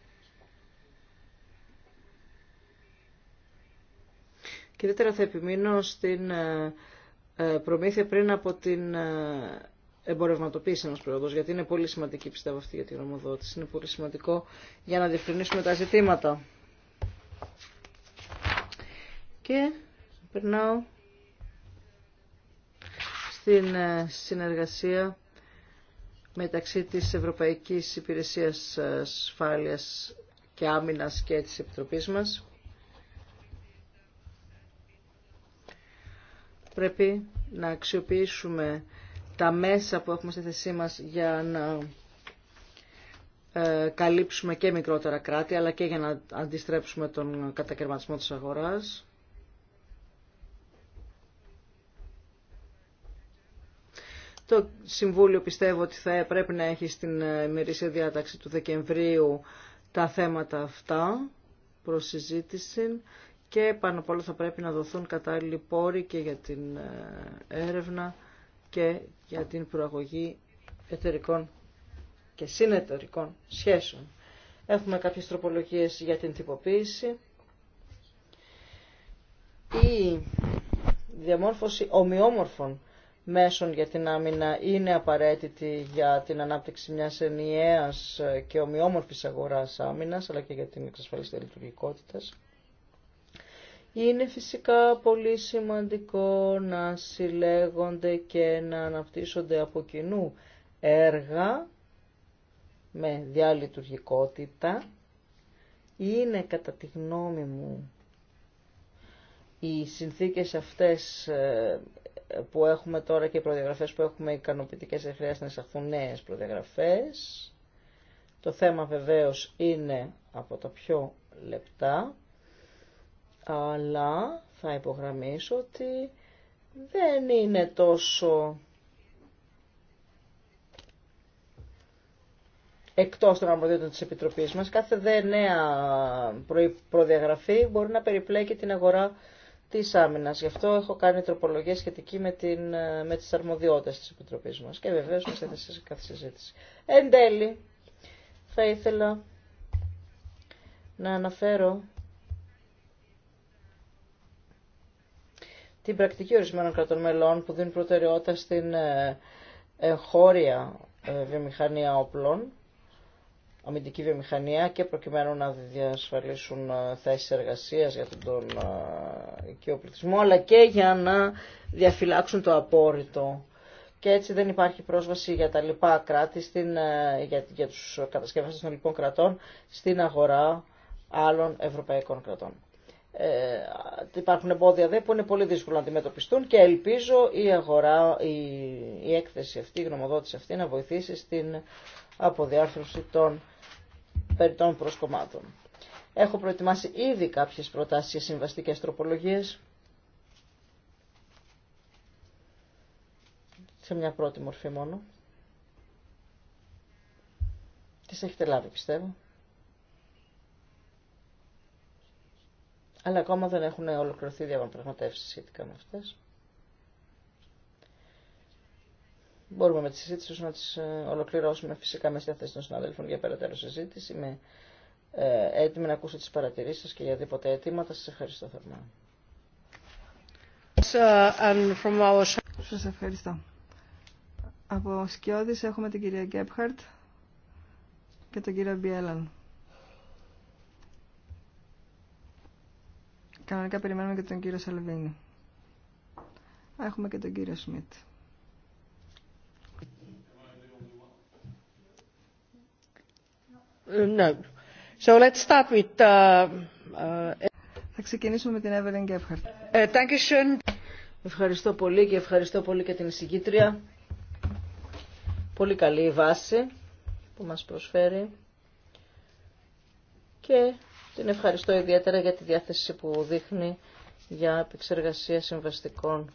Και θα επιμείνω στην προμήθεια πριν από την εμπορευματοποίηση ενό προϊόντος γιατί είναι πολύ σημαντική πιστεύω αυτή για τη γνωμοδότηση. Είναι πολύ σημαντικό για να διευκρινίσουμε τα ζητήματα. Και περνάω στην ε, συνεργασία μεταξύ της Ευρωπαϊκής Υπηρεσίας ε, Ασφάλειας και Άμυνας και της Επιτροπής μας. Πρέπει να αξιοποιήσουμε τα μέσα που έχουμε στη θέσή μας για να ε, καλύψουμε και μικρότερα κράτη, αλλά και για να αντιστρέψουμε τον κατακαιρματισμό της αγοράς. Το Συμβούλιο πιστεύω ότι θα πρέπει να έχει στην ε, ημερήσια διάταξη του Δεκεμβρίου τα θέματα αυτά προς συζήτηση και πάνω απ' όλα θα πρέπει να δοθούν κατάλληλοι πόροι και για την ε, έρευνα και για την προαγωγή εταιρικών και συνεταιρικών σχέσεων. Έχουμε κάποιες τροπολογίες για την τυποποίηση. Η διαμόρφωση ομοιόμορφων μέσων για την άμυνα είναι απαραίτητη για την ανάπτυξη μιας ενιαίας και ομοιόμορφης αγοράς άμυνας, αλλά και για την εξασφάλιση λειτουργικότητας. Είναι φυσικά πολύ σημαντικό να συλλέγονται και να αναπτύσσονται από κοινού έργα με διαλειτουργικότητα. Είναι κατά τη γνώμη μου οι συνθήκες αυτές ε, που έχουμε τώρα και οι προδιαγραφές που έχουμε ικανοποιητικές δεν χρειάζεται να εισαχθούν νέε προδιαγραφές. Το θέμα βεβαίως είναι από τα πιο λεπτά, αλλά θα υπογραμμίσω ότι δεν είναι τόσο εκτός των αρμοδιότητων της Επιτροπής μας. Κάθε δε νέα προδιαγραφή μπορεί να περιπλέκει την αγορά Τη Άμυνα. Γι' αυτό έχω κάνει τροπολογία σχετική με, την, ε, με τις αρμοδιότητες της Επιτροπής μας και βεβαίως μας έθεσε σε κάθε συζήτηση. Εν τέλει, θα ήθελα να αναφέρω την πρακτική ορισμένων κρατών μελών που δίνουν προτεραιότητα στην ε, χώρια ε, βιομηχανία όπλων αμυντική βιομηχανία και προκειμένου να διασφαλίσουν ε, θέσεις εργασίας για τον, τον ε, οικείο πληθυσμό, αλλά και για να διαφυλάξουν το απόρριτο. Και έτσι δεν υπάρχει πρόσβαση για τα λοιπά κράτη, ε, για, για τους κατασκευαστές των λοιπών κρατών, στην αγορά άλλων ευρωπαϊκών κρατών. Ε, υπάρχουν εμπόδια δε που είναι πολύ δύσκολο να αντιμετωπιστούν και ελπίζω η αγορά, η, η έκθεση αυτή, η γνωμοδότηση αυτή να βοηθήσει στην αποδιάρθρωση των περί των προσκομμάτων. Έχω προετοιμάσει ήδη κάποιες προτάσεις για συμβαστικές τροπολογίες. Σε μια πρώτη μορφή μόνο. Τις έχετε λάβει πιστεύω. Αλλά ακόμα δεν έχουν ολοκληρωθεί διαπραγματεύσεις σχετικά με αυτές. Μπορούμε με τη συζήτηση να τις ε, ολοκληρώσουμε φυσικά με στη θέση των συναδέλφων για περαιτέρω συζήτηση. Είμαι ε, έτοιμη να ακούσω τις παρατηρήσεις σας και για δίποτε αιτήματα. Σας ευχαριστώ θερμά. Σας ευχαριστώ. Από Σκιώδης έχουμε την κυρία Γκέπχαρτ και τον κύριο Μπιέλαν. Κανονικά περιμένουμε και τον κύριο Σαλβίνη. Έχουμε και τον κύριο Σμιτ. Uh, uh, uh, θα ξεκινήσουμε με την Εύελεν Γκέφχαρτ. Ευχαριστώ πολύ και ευχαριστώ πολύ και την εισηγήτρια. Πολύ καλή η βάση που μας προσφέρει και την ευχαριστώ ιδιαίτερα για τη διάθεση που δείχνει για επεξεργασία συμβαστικών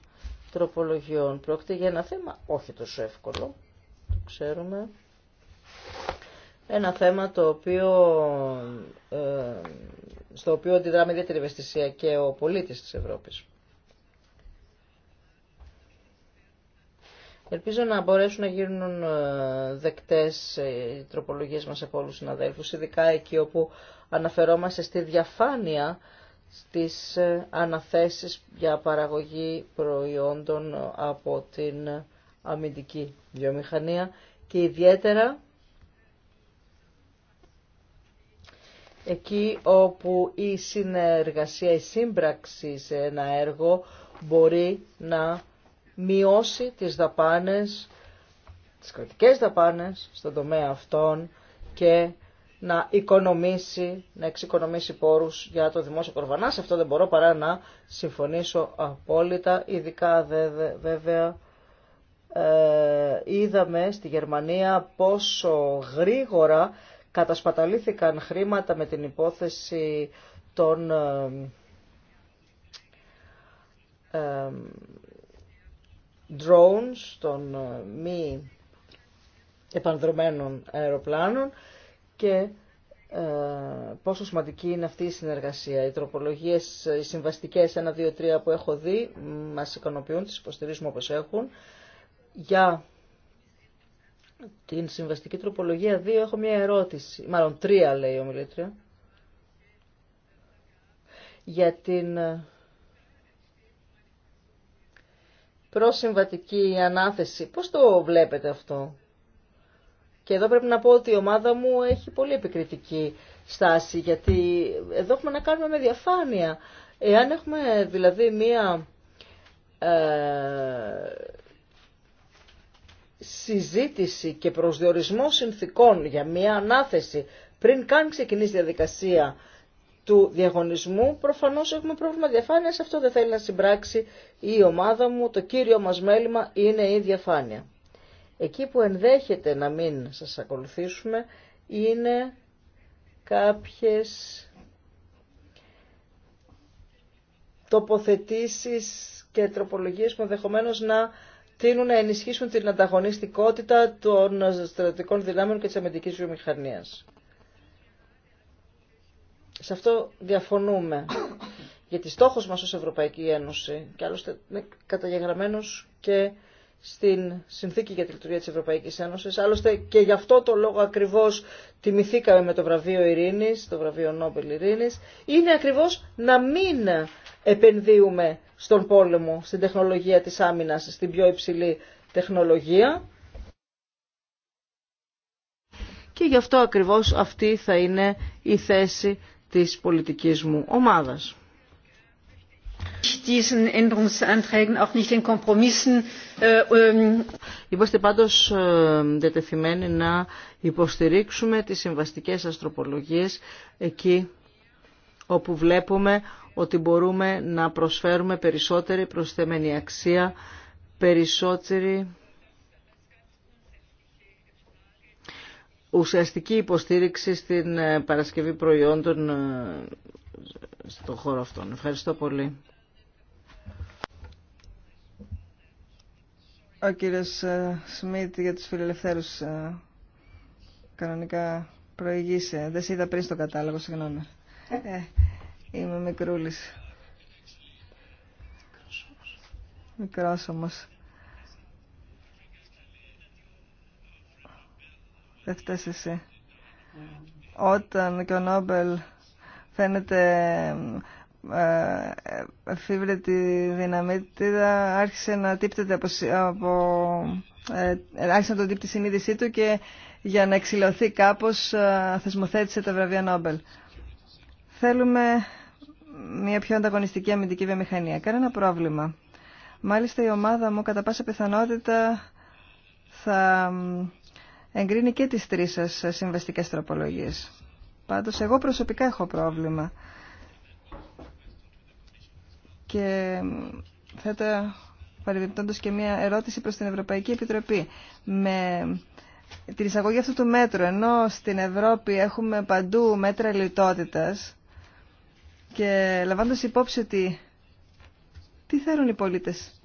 τροπολογιών. Πρόκειται για ένα θέμα όχι τόσο εύκολο, το ξέρουμε. Ένα θέμα το οποίο, ε, στο οποίο αντιδράμε ιδιαίτερη ευαισθησία και ο πολίτης της Ευρώπης. Ελπίζω να μπορέσουν να γίνουν ε, δεκτές ε, οι τροπολογίες μας από όλους συναδέλφους, ειδικά εκεί όπου αναφερόμαστε στη διαφάνεια στις αναθέσεις για παραγωγή προϊόντων από την αμυντική βιομηχανία και ιδιαίτερα εκεί όπου η συνεργασία, η σύμπραξη σε ένα έργο μπορεί να μειώσει τις δαπάνες, τις κρατικές δαπάνες στον τομέα αυτών και να οικονομήσει, να εξοικονομήσει πόρους για το δημόσιο κορβανά. Σε αυτό δεν μπορώ παρά να συμφωνήσω απόλυτα, ειδικά βέβαια ε, είδαμε στη Γερμανία πόσο γρήγορα κατασπαταλήθηκαν χρήματα με την υπόθεση των ε, ε, drones, των ε, μη επανδρομένων αεροπλάνων και πόσο σημαντική είναι αυτή η συνεργασία. Οι τροπολογίες, οι συμβαστικές 1, 2, 3 που έχω δει μας ικανοποιούν, τις υποστηρίζουμε όπως έχουν. Για την συμβαστική τροπολογία 2 έχω μια ερώτηση, μάλλον 3 λέει ο μιλήτρια, για την ε, προσυμβατική ανάθεση. Πώς το βλέπετε αυτό. Και εδώ πρέπει να πω ότι η ομάδα μου έχει πολύ επικριτική στάση, γιατί εδώ έχουμε να κάνουμε με διαφάνεια. Εάν έχουμε δηλαδή μία ε, συζήτηση και προσδιορισμό συνθήκων για μια ανάθεση πριν καν ξεκινήσει η διαδικασία του διαγωνισμού, προφανώς έχουμε πρόβλημα διαφάνειας, αυτό δεν θέλει να συμπράξει η ομάδα μου, το κύριο μας μέλημα είναι η διαφάνεια. Εκεί που ενδέχεται να μην σας ακολουθήσουμε είναι κάποιες τοποθετήσεις και τροπολογίες που ενδεχομένω να τείνουν να ενισχύσουν την ανταγωνιστικότητα των στρατιωτικών δυνάμεων και της αμυντικής βιομηχανίας. Σε αυτό διαφωνούμε. Γιατί στόχος μας ως Ευρωπαϊκή Ένωση, και άλλωστε είναι καταγεγραμμένος και στην Συνθήκη για τη Λειτουργία της Ευρωπαϊκής Ένωσης. Άλλωστε και γι' αυτό το λόγο ακριβώς τιμηθήκαμε με το βραβείο Ειρήνης, το βραβείο Νόμπελ Ειρήνης, είναι ακριβώς να μην επενδύουμε στον πόλεμο, στην τεχνολογία της άμυνας, στην πιο υψηλή τεχνολογία. Και γι' αυτό ακριβώς αυτή θα είναι η θέση της πολιτικής μου ομάδας. Diesen Änderungsanträgen, auch nicht äh, ähm, Είμαστε πάντως ε, διατεθειμένοι να υποστηρίξουμε τις συμβαστικές αστροπολογίες εκεί όπου βλέπουμε ότι μπορούμε να προσφέρουμε περισσότερη προσθεμένη αξία, περισσότερη ουσιαστική υποστήριξη στην ε, παρασκευή προϊόντων ε, στον χώρο αυτόν. Ευχαριστώ πολύ. Ο κύριος ε, Σμιτ για τους φιλελευθέρους ε, κανονικά προηγήσε. Δεν σε είδα πριν στο κατάλογο, συγγνώμη. Ε, είμαι μικρούλης. Μικρός όμως. Δεν φτάσεις εσύ. Όταν και ο Νόμπελ φαίνεται ε, ε, τη δυναμίτιδα άρχισε να τύπτεται από, από ε, ε, άρχισε να τον τύπτει η συνείδησή του και για να εξηλωθεί κάπως θεσμοθέτησε τα βραβεία Νόμπελ. Θέλουμε μια πιο ανταγωνιστική αμυντική βιομηχανία. Κανένα πρόβλημα. Μάλιστα η ομάδα μου κατά πάσα πιθανότητα θα εγκρίνει και τις τρεις σας συμβαστικές τροπολογίες. Πάντως εγώ προσωπικά έχω πρόβλημα και θέτω παρεμπιπτόντως και μια ερώτηση προς την Ευρωπαϊκή Επιτροπή. Με την εισαγωγή αυτού του μέτρου, ενώ στην Ευρώπη έχουμε παντού μέτρα λιτότητας και λαμβάνοντας υπόψη ότι τι θέλουν οι πολίτες.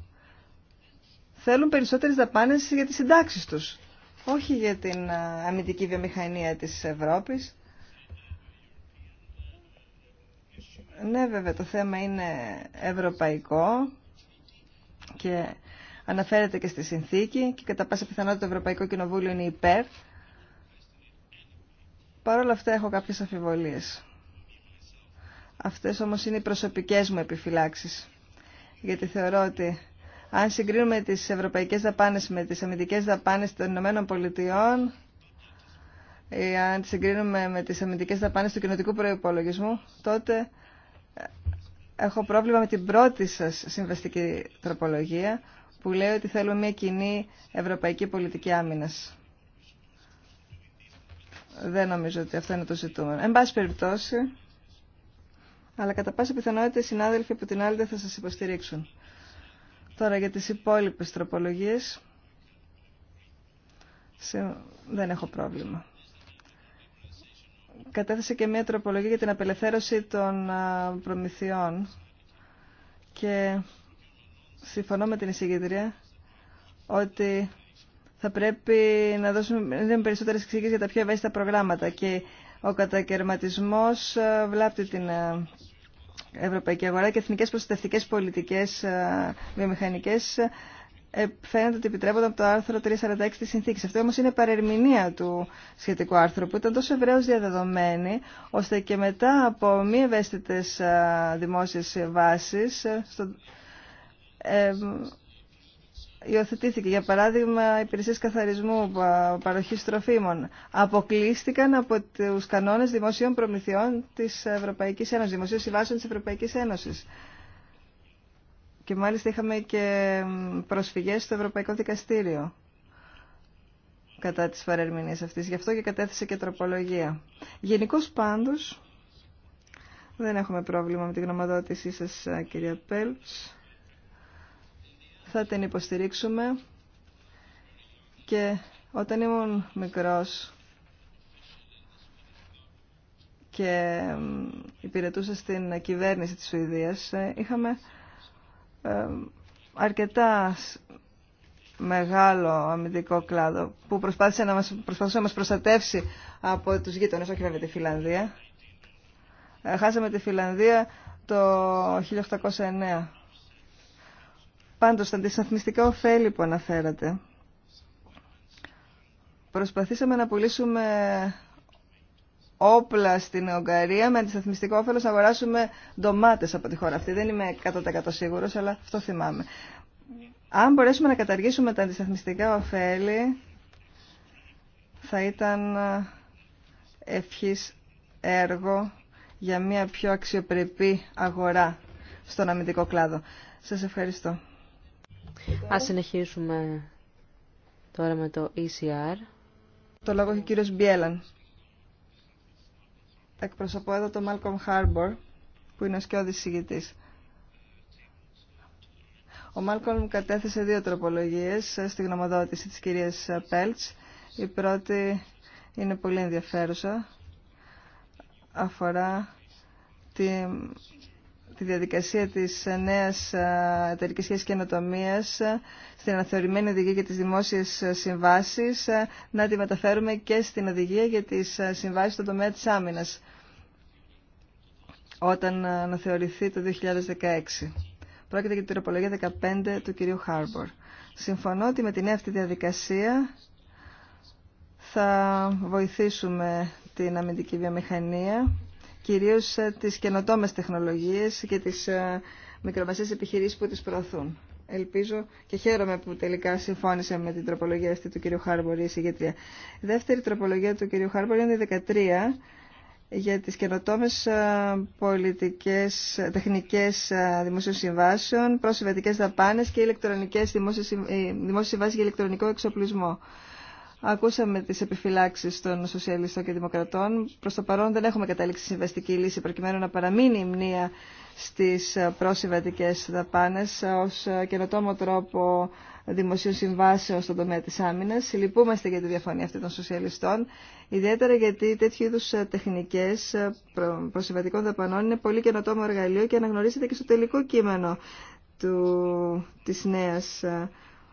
Θέλουν περισσότερες δαπάνες για τις συντάξεις τους, όχι για την ε, αμυντική βιομηχανία της Ευρώπης. Ναι, βέβαια, το θέμα είναι ευρωπαϊκό και αναφέρεται και στη συνθήκη και κατά πάσα πιθανότητα το Ευρωπαϊκό Κοινοβούλιο είναι υπέρ. Παρ' όλα αυτά έχω κάποιες αφιβολίες. Αυτές όμως είναι οι προσωπικές μου επιφυλάξεις. Γιατί θεωρώ ότι αν συγκρίνουμε τις ευρωπαϊκές δαπάνες με τις αμυντικές δαπάνες των Ηνωμένων Πολιτειών ή αν συγκρίνουμε με τις αμυντικές δαπάνες του κοινοτικού προϋπολογισμού, τότε έχω πρόβλημα με την πρώτη σας συμβαστική τροπολογία που λέει ότι θέλουμε μια κοινή ευρωπαϊκή πολιτική άμυνας. Δεν νομίζω ότι αυτό είναι το ζητούμενο. Εν πάση περιπτώσει, αλλά κατά πάσα πιθανότητα οι συνάδελφοι από την άλλη δεν θα σας υποστηρίξουν. Τώρα για τις υπόλοιπες τροπολογίες δεν έχω πρόβλημα κατέθεσε και μια τροπολογία για την απελευθέρωση των προμηθειών και συμφωνώ με την εισηγήτρια ότι θα πρέπει να δώσουμε περισσότερες εξηγήσεις για τα πιο ευαίσθητα προγράμματα και ο κατακαιρματισμός βλάπτει την ευρωπαϊκή αγορά και εθνικές προστατευτικές πολιτικές βιομηχανικές ε, φαίνεται ότι επιτρέπονται από το άρθρο 346 της συνθήκης. Αυτό όμως είναι παρερμηνία του σχετικού άρθρου που ήταν τόσο ευρέω διαδεδομένη ώστε και μετά από μη ευαίσθητες δημόσιες βάσεις ε, στο, ε, υιοθετήθηκε. Για παράδειγμα, υπηρεσίε καθαρισμού, παροχή τροφίμων αποκλείστηκαν από του κανόνε δημοσίων προμηθειών τη Ευρωπαϊκή Ένωση, δημοσίων συμβάσεων τη Ευρωπαϊκή Ένωση. Και μάλιστα είχαμε και προσφυγές στο Ευρωπαϊκό Δικαστήριο κατά της παρερμηνίας αυτής. Γι' αυτό και κατέθεσε και τροπολογία. Γενικώ πάντως, δεν έχουμε πρόβλημα με τη γνωμοδότησή σας, κυρία Πέλτς. Θα την υποστηρίξουμε και όταν ήμουν μικρός και υπηρετούσα στην κυβέρνηση της Σουηδίας, ε, είχαμε ε, αρκετά μεγάλο αμυντικό κλάδο που προσπάθησε να μας, προσπαθούσε να μας προστατεύσει από τους γείτονες, όχι βέβαια τη Φιλανδία. Ε, χάσαμε τη Φιλανδία το 1809. Πάντως, τα αντισταθμιστικά ωφέλη που αναφέρατε. Προσπαθήσαμε να πουλήσουμε όπλα στην Ουγγαρία με αντισταθμιστικό όφελο να αγοράσουμε ντομάτε από τη χώρα αυτή. Δεν είμαι 100% σίγουρο, αλλά αυτό θυμάμαι. Αν μπορέσουμε να καταργήσουμε τα αντισταθμιστικά ωφέλη, θα ήταν ε, ευχής έργο για μια πιο αξιοπρεπή αγορά στον αμυντικό κλάδο. Σας ευχαριστώ. Ας συνεχίσουμε τώρα με το ECR. Το λόγο έχει ο κύριος Μπιέλαν εκπροσωπώ εδώ τον Μάλκομ Χάρμπορ, που είναι ο σκιώδης συγητής. Ο Μάλκομ κατέθεσε δύο τροπολογίες στη γνωμοδότηση της κυρίας Πέλτς. Η πρώτη είναι πολύ ενδιαφέρουσα. Αφορά τη τη διαδικασία της νέας ε, εταιρικής σχέσης καινοτομίας ε, στην αναθεωρημένη οδηγία για τι δημόσιες ε, συμβάσεις να τη μεταφέρουμε και στην οδηγία για τις συμβάσεις στον τομέα τη άμυνας όταν αναθεωρηθεί το 2016. Πρόκειται για την τροπολογία 15 του κυρίου Χάρμπορ. Συμφωνώ ότι με την νέα αυτή διαδικασία θα βοηθήσουμε την αμυντική βιομηχανία κυρίως ε, τις καινοτόμες τεχνολογίες και τις ε, μικρομεσαίες επιχειρήσεις που τις προωθούν. Ελπίζω και χαίρομαι που τελικά συμφώνησε με την τροπολογία αυτή του κ. Χάρμπορ, η συγκεκριά. Η δεύτερη τροπολογία του κ. Χάρμπορ είναι η 13 για τις καινοτόμες ε, πολιτικές, τεχνικές δημοσίων συμβάσεων, προσυμβατικές δαπάνες και ηλεκτρονικές δημόσιες συμβάσεις για ηλεκτρονικό εξοπλισμό. Ακούσαμε τι επιφυλάξει των σοσιαλιστών και δημοκρατών. Προ το παρόν δεν έχουμε καταλήξει συμβαστική λύση προκειμένου να παραμείνει η μνήμα στι πρόσυμβατικέ δαπάνε ω καινοτόμο τρόπο δημοσίου συμβάσεων στον τομέα τη Άμυνα. Λυπούμαστε για τη διαφωνία αυτή των σοσιαλιστών, ιδιαίτερα γιατί τέτοιου είδου τεχνικές προσυμβατικών δαπανών είναι πολύ καινοτόμο εργαλείο και αναγνωρίζεται και στο τελικό κείμενο του, της νέας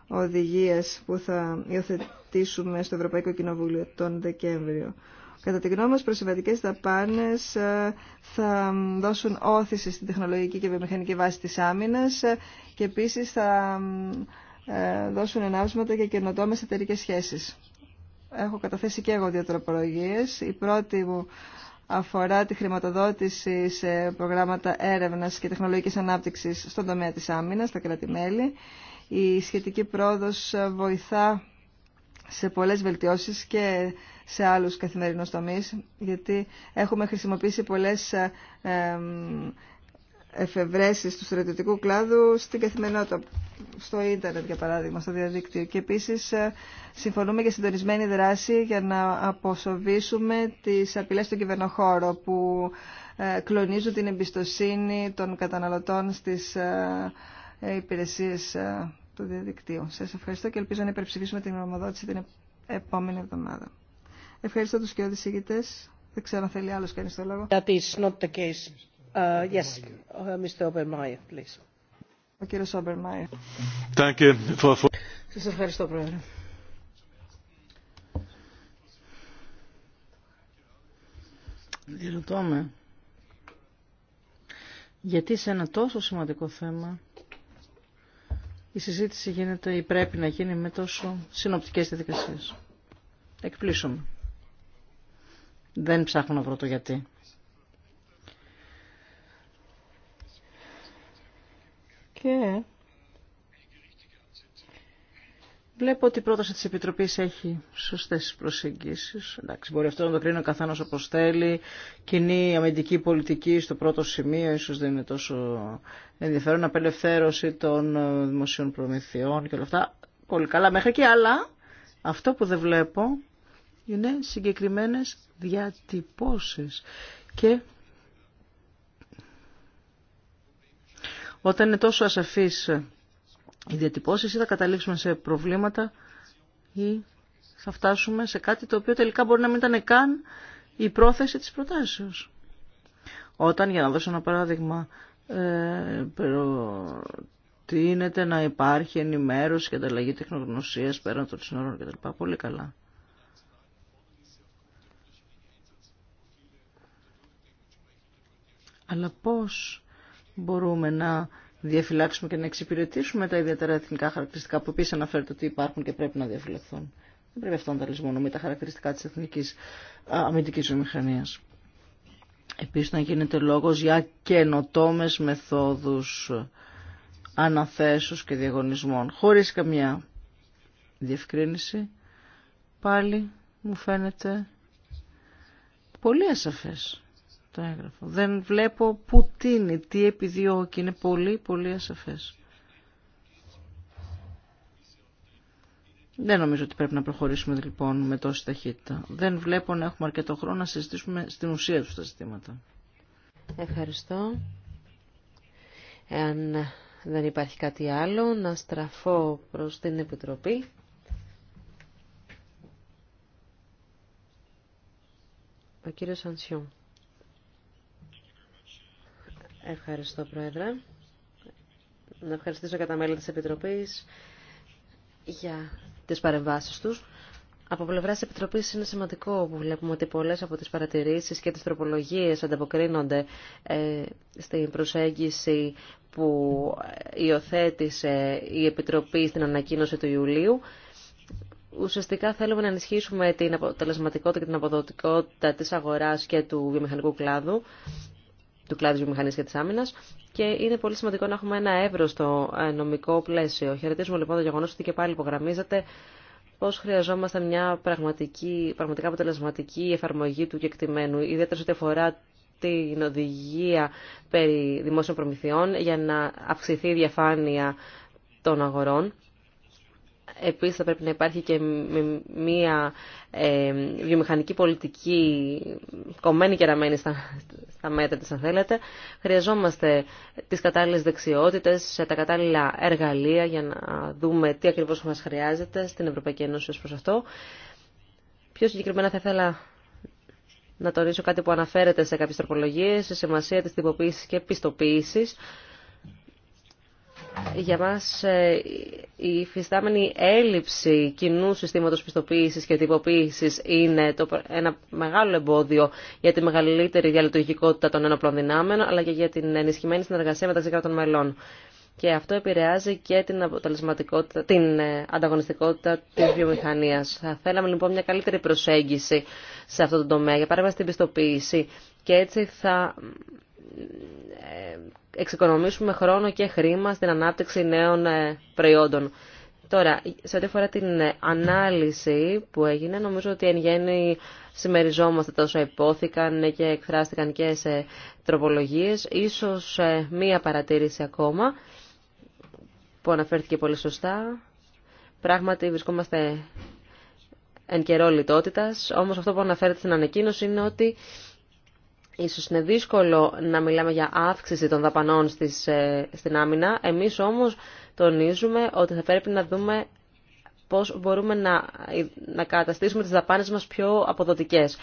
οδηγίες που θα υιοθετήσουμε στο Ευρωπαϊκό Κοινοβούλιο τον Δεκέμβριο. Κατά τη γνώμη μας, προσυμβατικές δαπάνες ε, θα δώσουν όθηση στην τεχνολογική και βιομηχανική βάση της άμυνας ε, και επίσης θα ε, δώσουν ενάψματα και καινοτόμες εταιρικέ σχέσεις. Έχω καταθέσει και εγώ δύο τροπολογίες. Η πρώτη μου αφορά τη χρηματοδότηση σε προγράμματα έρευνας και τεχνολογικής ανάπτυξης στον τομέα της άμυνας, στα κράτη-μέλη η σχετική πρόοδος βοηθά σε πολλές βελτιώσεις και σε άλλους καθημερινούς τομείς, γιατί έχουμε χρησιμοποιήσει πολλές εφευρέσεις του στρατιωτικού κλάδου στην καθημερινότητα, στο ίντερνετ για παράδειγμα, στο διαδίκτυο. Και επίσης ε, συμφωνούμε για συντονισμένη δράση για να αποσοβήσουμε τις απειλές στον κυβερνοχώρο που ε, κλονίζουν την εμπιστοσύνη των καταναλωτών στις ε, υπηρεσίε ε, του διαδικτύου. Σα ευχαριστώ και ελπίζω να υπερψηφίσουμε την γνωμοδότηση την επόμενη εβδομάδα. Ευχαριστώ του και διηγητέ. Δεν ξέρω αν θέλει άλλο κανεί το λόγο. That is not the case. Uh, yes, uh, Mr. please. Ο κύριο Thank you Σας ευχαριστώ, Πρόεδρε. Γιατί σε ένα τόσο σημαντικό θέμα η συζήτηση γίνεται ή πρέπει να γίνει με τόσο συνοπτικές διαδικασίες. Εκπλήσω Δεν ψάχνω να βρω το γιατί. Και Βλέπω ότι η πρόταση της Επιτροπής έχει σωστές προσεγγίσεις. Εντάξει, μπορεί αυτό να το κρίνει ο καθένας όπως θέλει. Κοινή αμυντική πολιτική στο πρώτο σημείο ίσως δεν είναι τόσο ενδιαφέρον. Απελευθέρωση των δημοσίων προμηθειών και όλα αυτά. Πολύ καλά μέχρι και αλλά αυτό που δεν βλέπω είναι συγκεκριμένες διατυπώσεις. Και όταν είναι τόσο ασαφής διατυπώσεις ή θα καταλήξουμε σε προβλήματα ή θα φτάσουμε σε κάτι το οποίο τελικά μπορεί να μην ήταν καν η πρόθεση της προτάσεως. Όταν, για να δώσω ένα παράδειγμα, ε, προτείνεται να υπάρχει ενημέρωση και ανταλλαγή τεχνογνωσίας πέραν των συνόρων κτλ. Πολύ καλά. Αλλά πώς μπορούμε να διαφυλάξουμε και να εξυπηρετήσουμε τα ιδιαίτερα εθνικά χαρακτηριστικά που επίση αναφέρεται ότι υπάρχουν και πρέπει να διαφυλαχθούν. Δεν πρέπει αυτό να τα λησμονούμε τα χαρακτηριστικά τη εθνική αμυντική βιομηχανία. Επίσης να γίνεται λόγος για καινοτόμε μεθόδους αναθέσεως και διαγωνισμών. Χωρίς καμιά διευκρίνηση, πάλι μου φαίνεται πολύ ασαφές. Δεν βλέπω πού τίνει, τι επιδιώκει. Είναι πολύ, πολύ ασαφές. Δεν νομίζω ότι πρέπει να προχωρήσουμε λοιπόν με τόση ταχύτητα. Δεν βλέπω να έχουμε αρκετό χρόνο να συζητήσουμε στην ουσία του τα ζητήματα. Ευχαριστώ. Εάν δεν υπάρχει κάτι άλλο, να στραφώ προς την Επιτροπή. Ο κύριος Ανσιόν. Ευχαριστώ, Πρόεδρε. Να ευχαριστήσω κατά μέλη της Επιτροπής για τις παρεμβάσεις τους. Από πλευρά τη Επιτροπή είναι σημαντικό που βλέπουμε ότι πολλέ από τι παρατηρήσει και τι τροπολογίε ανταποκρίνονται ε, στην προσέγγιση που υιοθέτησε η Επιτροπή στην ανακοίνωση του Ιουλίου. Ουσιαστικά θέλουμε να ενισχύσουμε την αποτελεσματικότητα και την αποδοτικότητα της αγοράς και του βιομηχανικού κλάδου του κλάδου βιομηχανία και τη άμυνα και είναι πολύ σημαντικό να έχουμε ένα εύρωστο ε, νομικό πλαίσιο. Χαιρετίζουμε λοιπόν το γεγονό ότι και πάλι υπογραμμίζεται πώ χρειαζόμαστε μια πραγματική, πραγματικά αποτελεσματική εφαρμογή του κεκτημένου, ιδιαίτερα ό,τι αφορά την οδηγία περί δημόσιων προμηθειών για να αυξηθεί η διαφάνεια των αγορών Επίσης θα πρέπει να υπάρχει και μια ε, βιομηχανική πολιτική κομμένη και ραμμένη στα μέτρα της αν θέλετε. Χρειαζόμαστε τις κατάλληλες δεξιότητες, τα κατάλληλα εργαλεία για να δούμε τι ακριβώς μας χρειάζεται στην Ευρωπαϊκή Ένωση ως προς αυτό. Πιο συγκεκριμένα θα ήθελα να τονίσω κάτι που αναφέρεται σε κάποιες τροπολογίες, σε σημασία της τυποποίησης και πιστοποίησης για μας ε, η φυστάμενη έλλειψη κοινού συστήματος πιστοποίησης και τυποποίησης είναι το, ένα μεγάλο εμπόδιο για τη μεγαλύτερη διαλειτουργικότητα των ενόπλων δυνάμεων, αλλά και για την ενισχυμένη συνεργασία μεταξύ κρατών μελών. Και αυτό επηρεάζει και την, αποτελεσματικότητα, την ε, ανταγωνιστικότητα τη βιομηχανία. Θα θέλαμε λοιπόν μια καλύτερη προσέγγιση σε αυτό το τομέα, για παράδειγμα στην πιστοποίηση. Και έτσι θα ε, εξοικονομήσουμε χρόνο και χρήμα στην ανάπτυξη νέων ε, προϊόντων. Τώρα, σε ό,τι αφορά την ε, ανάλυση που έγινε, νομίζω ότι εν γέννη συμμεριζόμαστε τόσο υπόθηκαν και εκφράστηκαν και σε τροπολογίες. Ίσως μία παρατήρηση ακόμα που αναφέρθηκε πολύ σωστά. Πράγματι βρισκόμαστε εν καιρό λιτότητας, όμως αυτό που αναφέρεται στην ανακοίνωση είναι ότι Ίσως είναι δύσκολο να μιλάμε για αύξηση των δαπανών στις, ε, στην άμυνα. Εμείς όμως τονίζουμε ότι θα πρέπει να δούμε πώς μπορούμε να, ε, να καταστήσουμε τις δαπάνες μας πιο αποδοτικές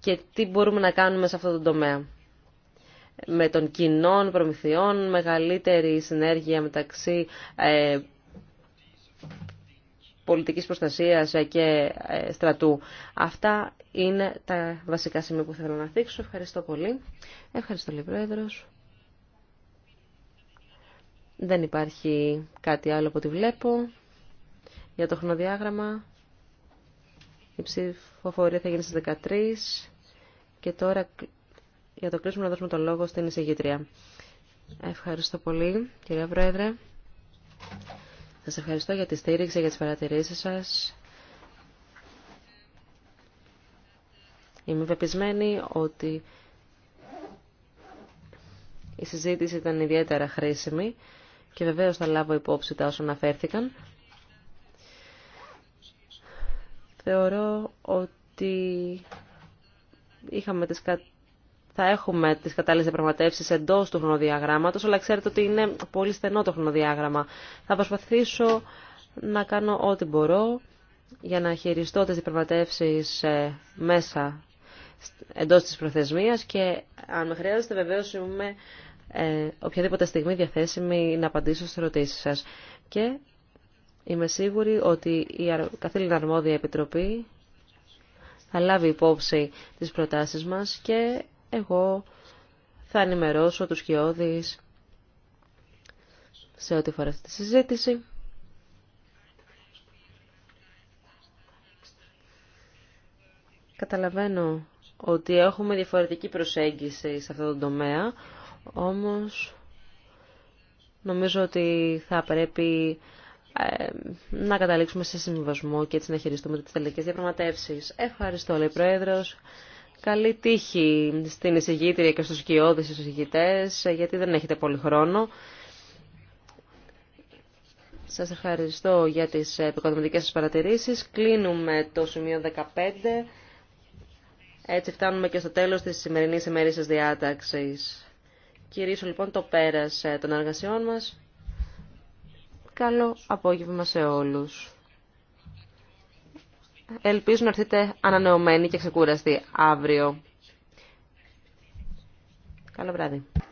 και τι μπορούμε να κάνουμε σε αυτό το τομέα. Με των κοινών προμηθειών, μεγαλύτερη συνέργεια μεταξύ ε, πολιτικής προστασίας ε, και στρατού. Αυτά είναι τα βασικά σημεία που θέλω να δείξω. Ευχαριστώ πολύ. Ευχαριστώ, λέει Πρόεδρος. Δεν υπάρχει κάτι άλλο από ό,τι βλέπω. Για το χρονοδιάγραμμα, η ψηφοφορία θα γίνει στις 13 και τώρα για το κλείσουμε να δώσουμε τον λόγο στην εισηγήτρια. Ευχαριστώ πολύ, κυρία Πρόεδρε. Σας ευχαριστώ για τη στήριξη, για τις παρατηρήσεις σας Είμαι πεπισμένη ότι η συζήτηση ήταν ιδιαίτερα χρήσιμη και βεβαίως θα λάβω υπόψη τα όσα αναφέρθηκαν. Θεωρώ ότι είχαμε τις θα έχουμε τις κατάλληλες διαπραγματεύσεις εντός του χρονοδιαγράμματος, αλλά ξέρετε ότι είναι πολύ στενό το χρονοδιάγραμμα. Θα προσπαθήσω να κάνω ό,τι μπορώ για να χειριστώ τις διαπραγματεύσεις ε, μέσα εντός της προθεσμίας και αν με χρειάζεται βεβαίως είμαι ε, οποιαδήποτε στιγμή διαθέσιμη να απαντήσω στις ερωτήσεις σας. Και είμαι σίγουρη ότι η καθήλυνα αρμόδια επιτροπή θα λάβει υπόψη τις προτάσεις μας και εγώ θα ενημερώσω τους κοιόδης σε ό,τι φορά αυτή τη συζήτηση. Καταλαβαίνω ότι έχουμε διαφορετική προσέγγιση σε αυτό το τομέα, όμως νομίζω ότι θα πρέπει ε, να καταλήξουμε σε συμβιβασμό και έτσι να χειριστούμε τις τελικές διαπραγματεύσεις. Ευχαριστώ, λέει Πρόεδρος. Καλή τύχη στην εισηγήτρια και στους στους εισηγητές, γιατί δεν έχετε πολύ χρόνο. Σας ευχαριστώ για τις επικοδομητικές σας παρατηρήσεις. Κλείνουμε το σημείο 15. Έτσι φτάνουμε και στο τέλος της σημερινής της διάταξης. Κυρίσω λοιπόν το πέρας ε, των εργασιών μας. Καλό απόγευμα σε όλους. Ελπίζω να έρθετε ανανεωμένοι και ξεκούραστοι αύριο. Καλό βράδυ.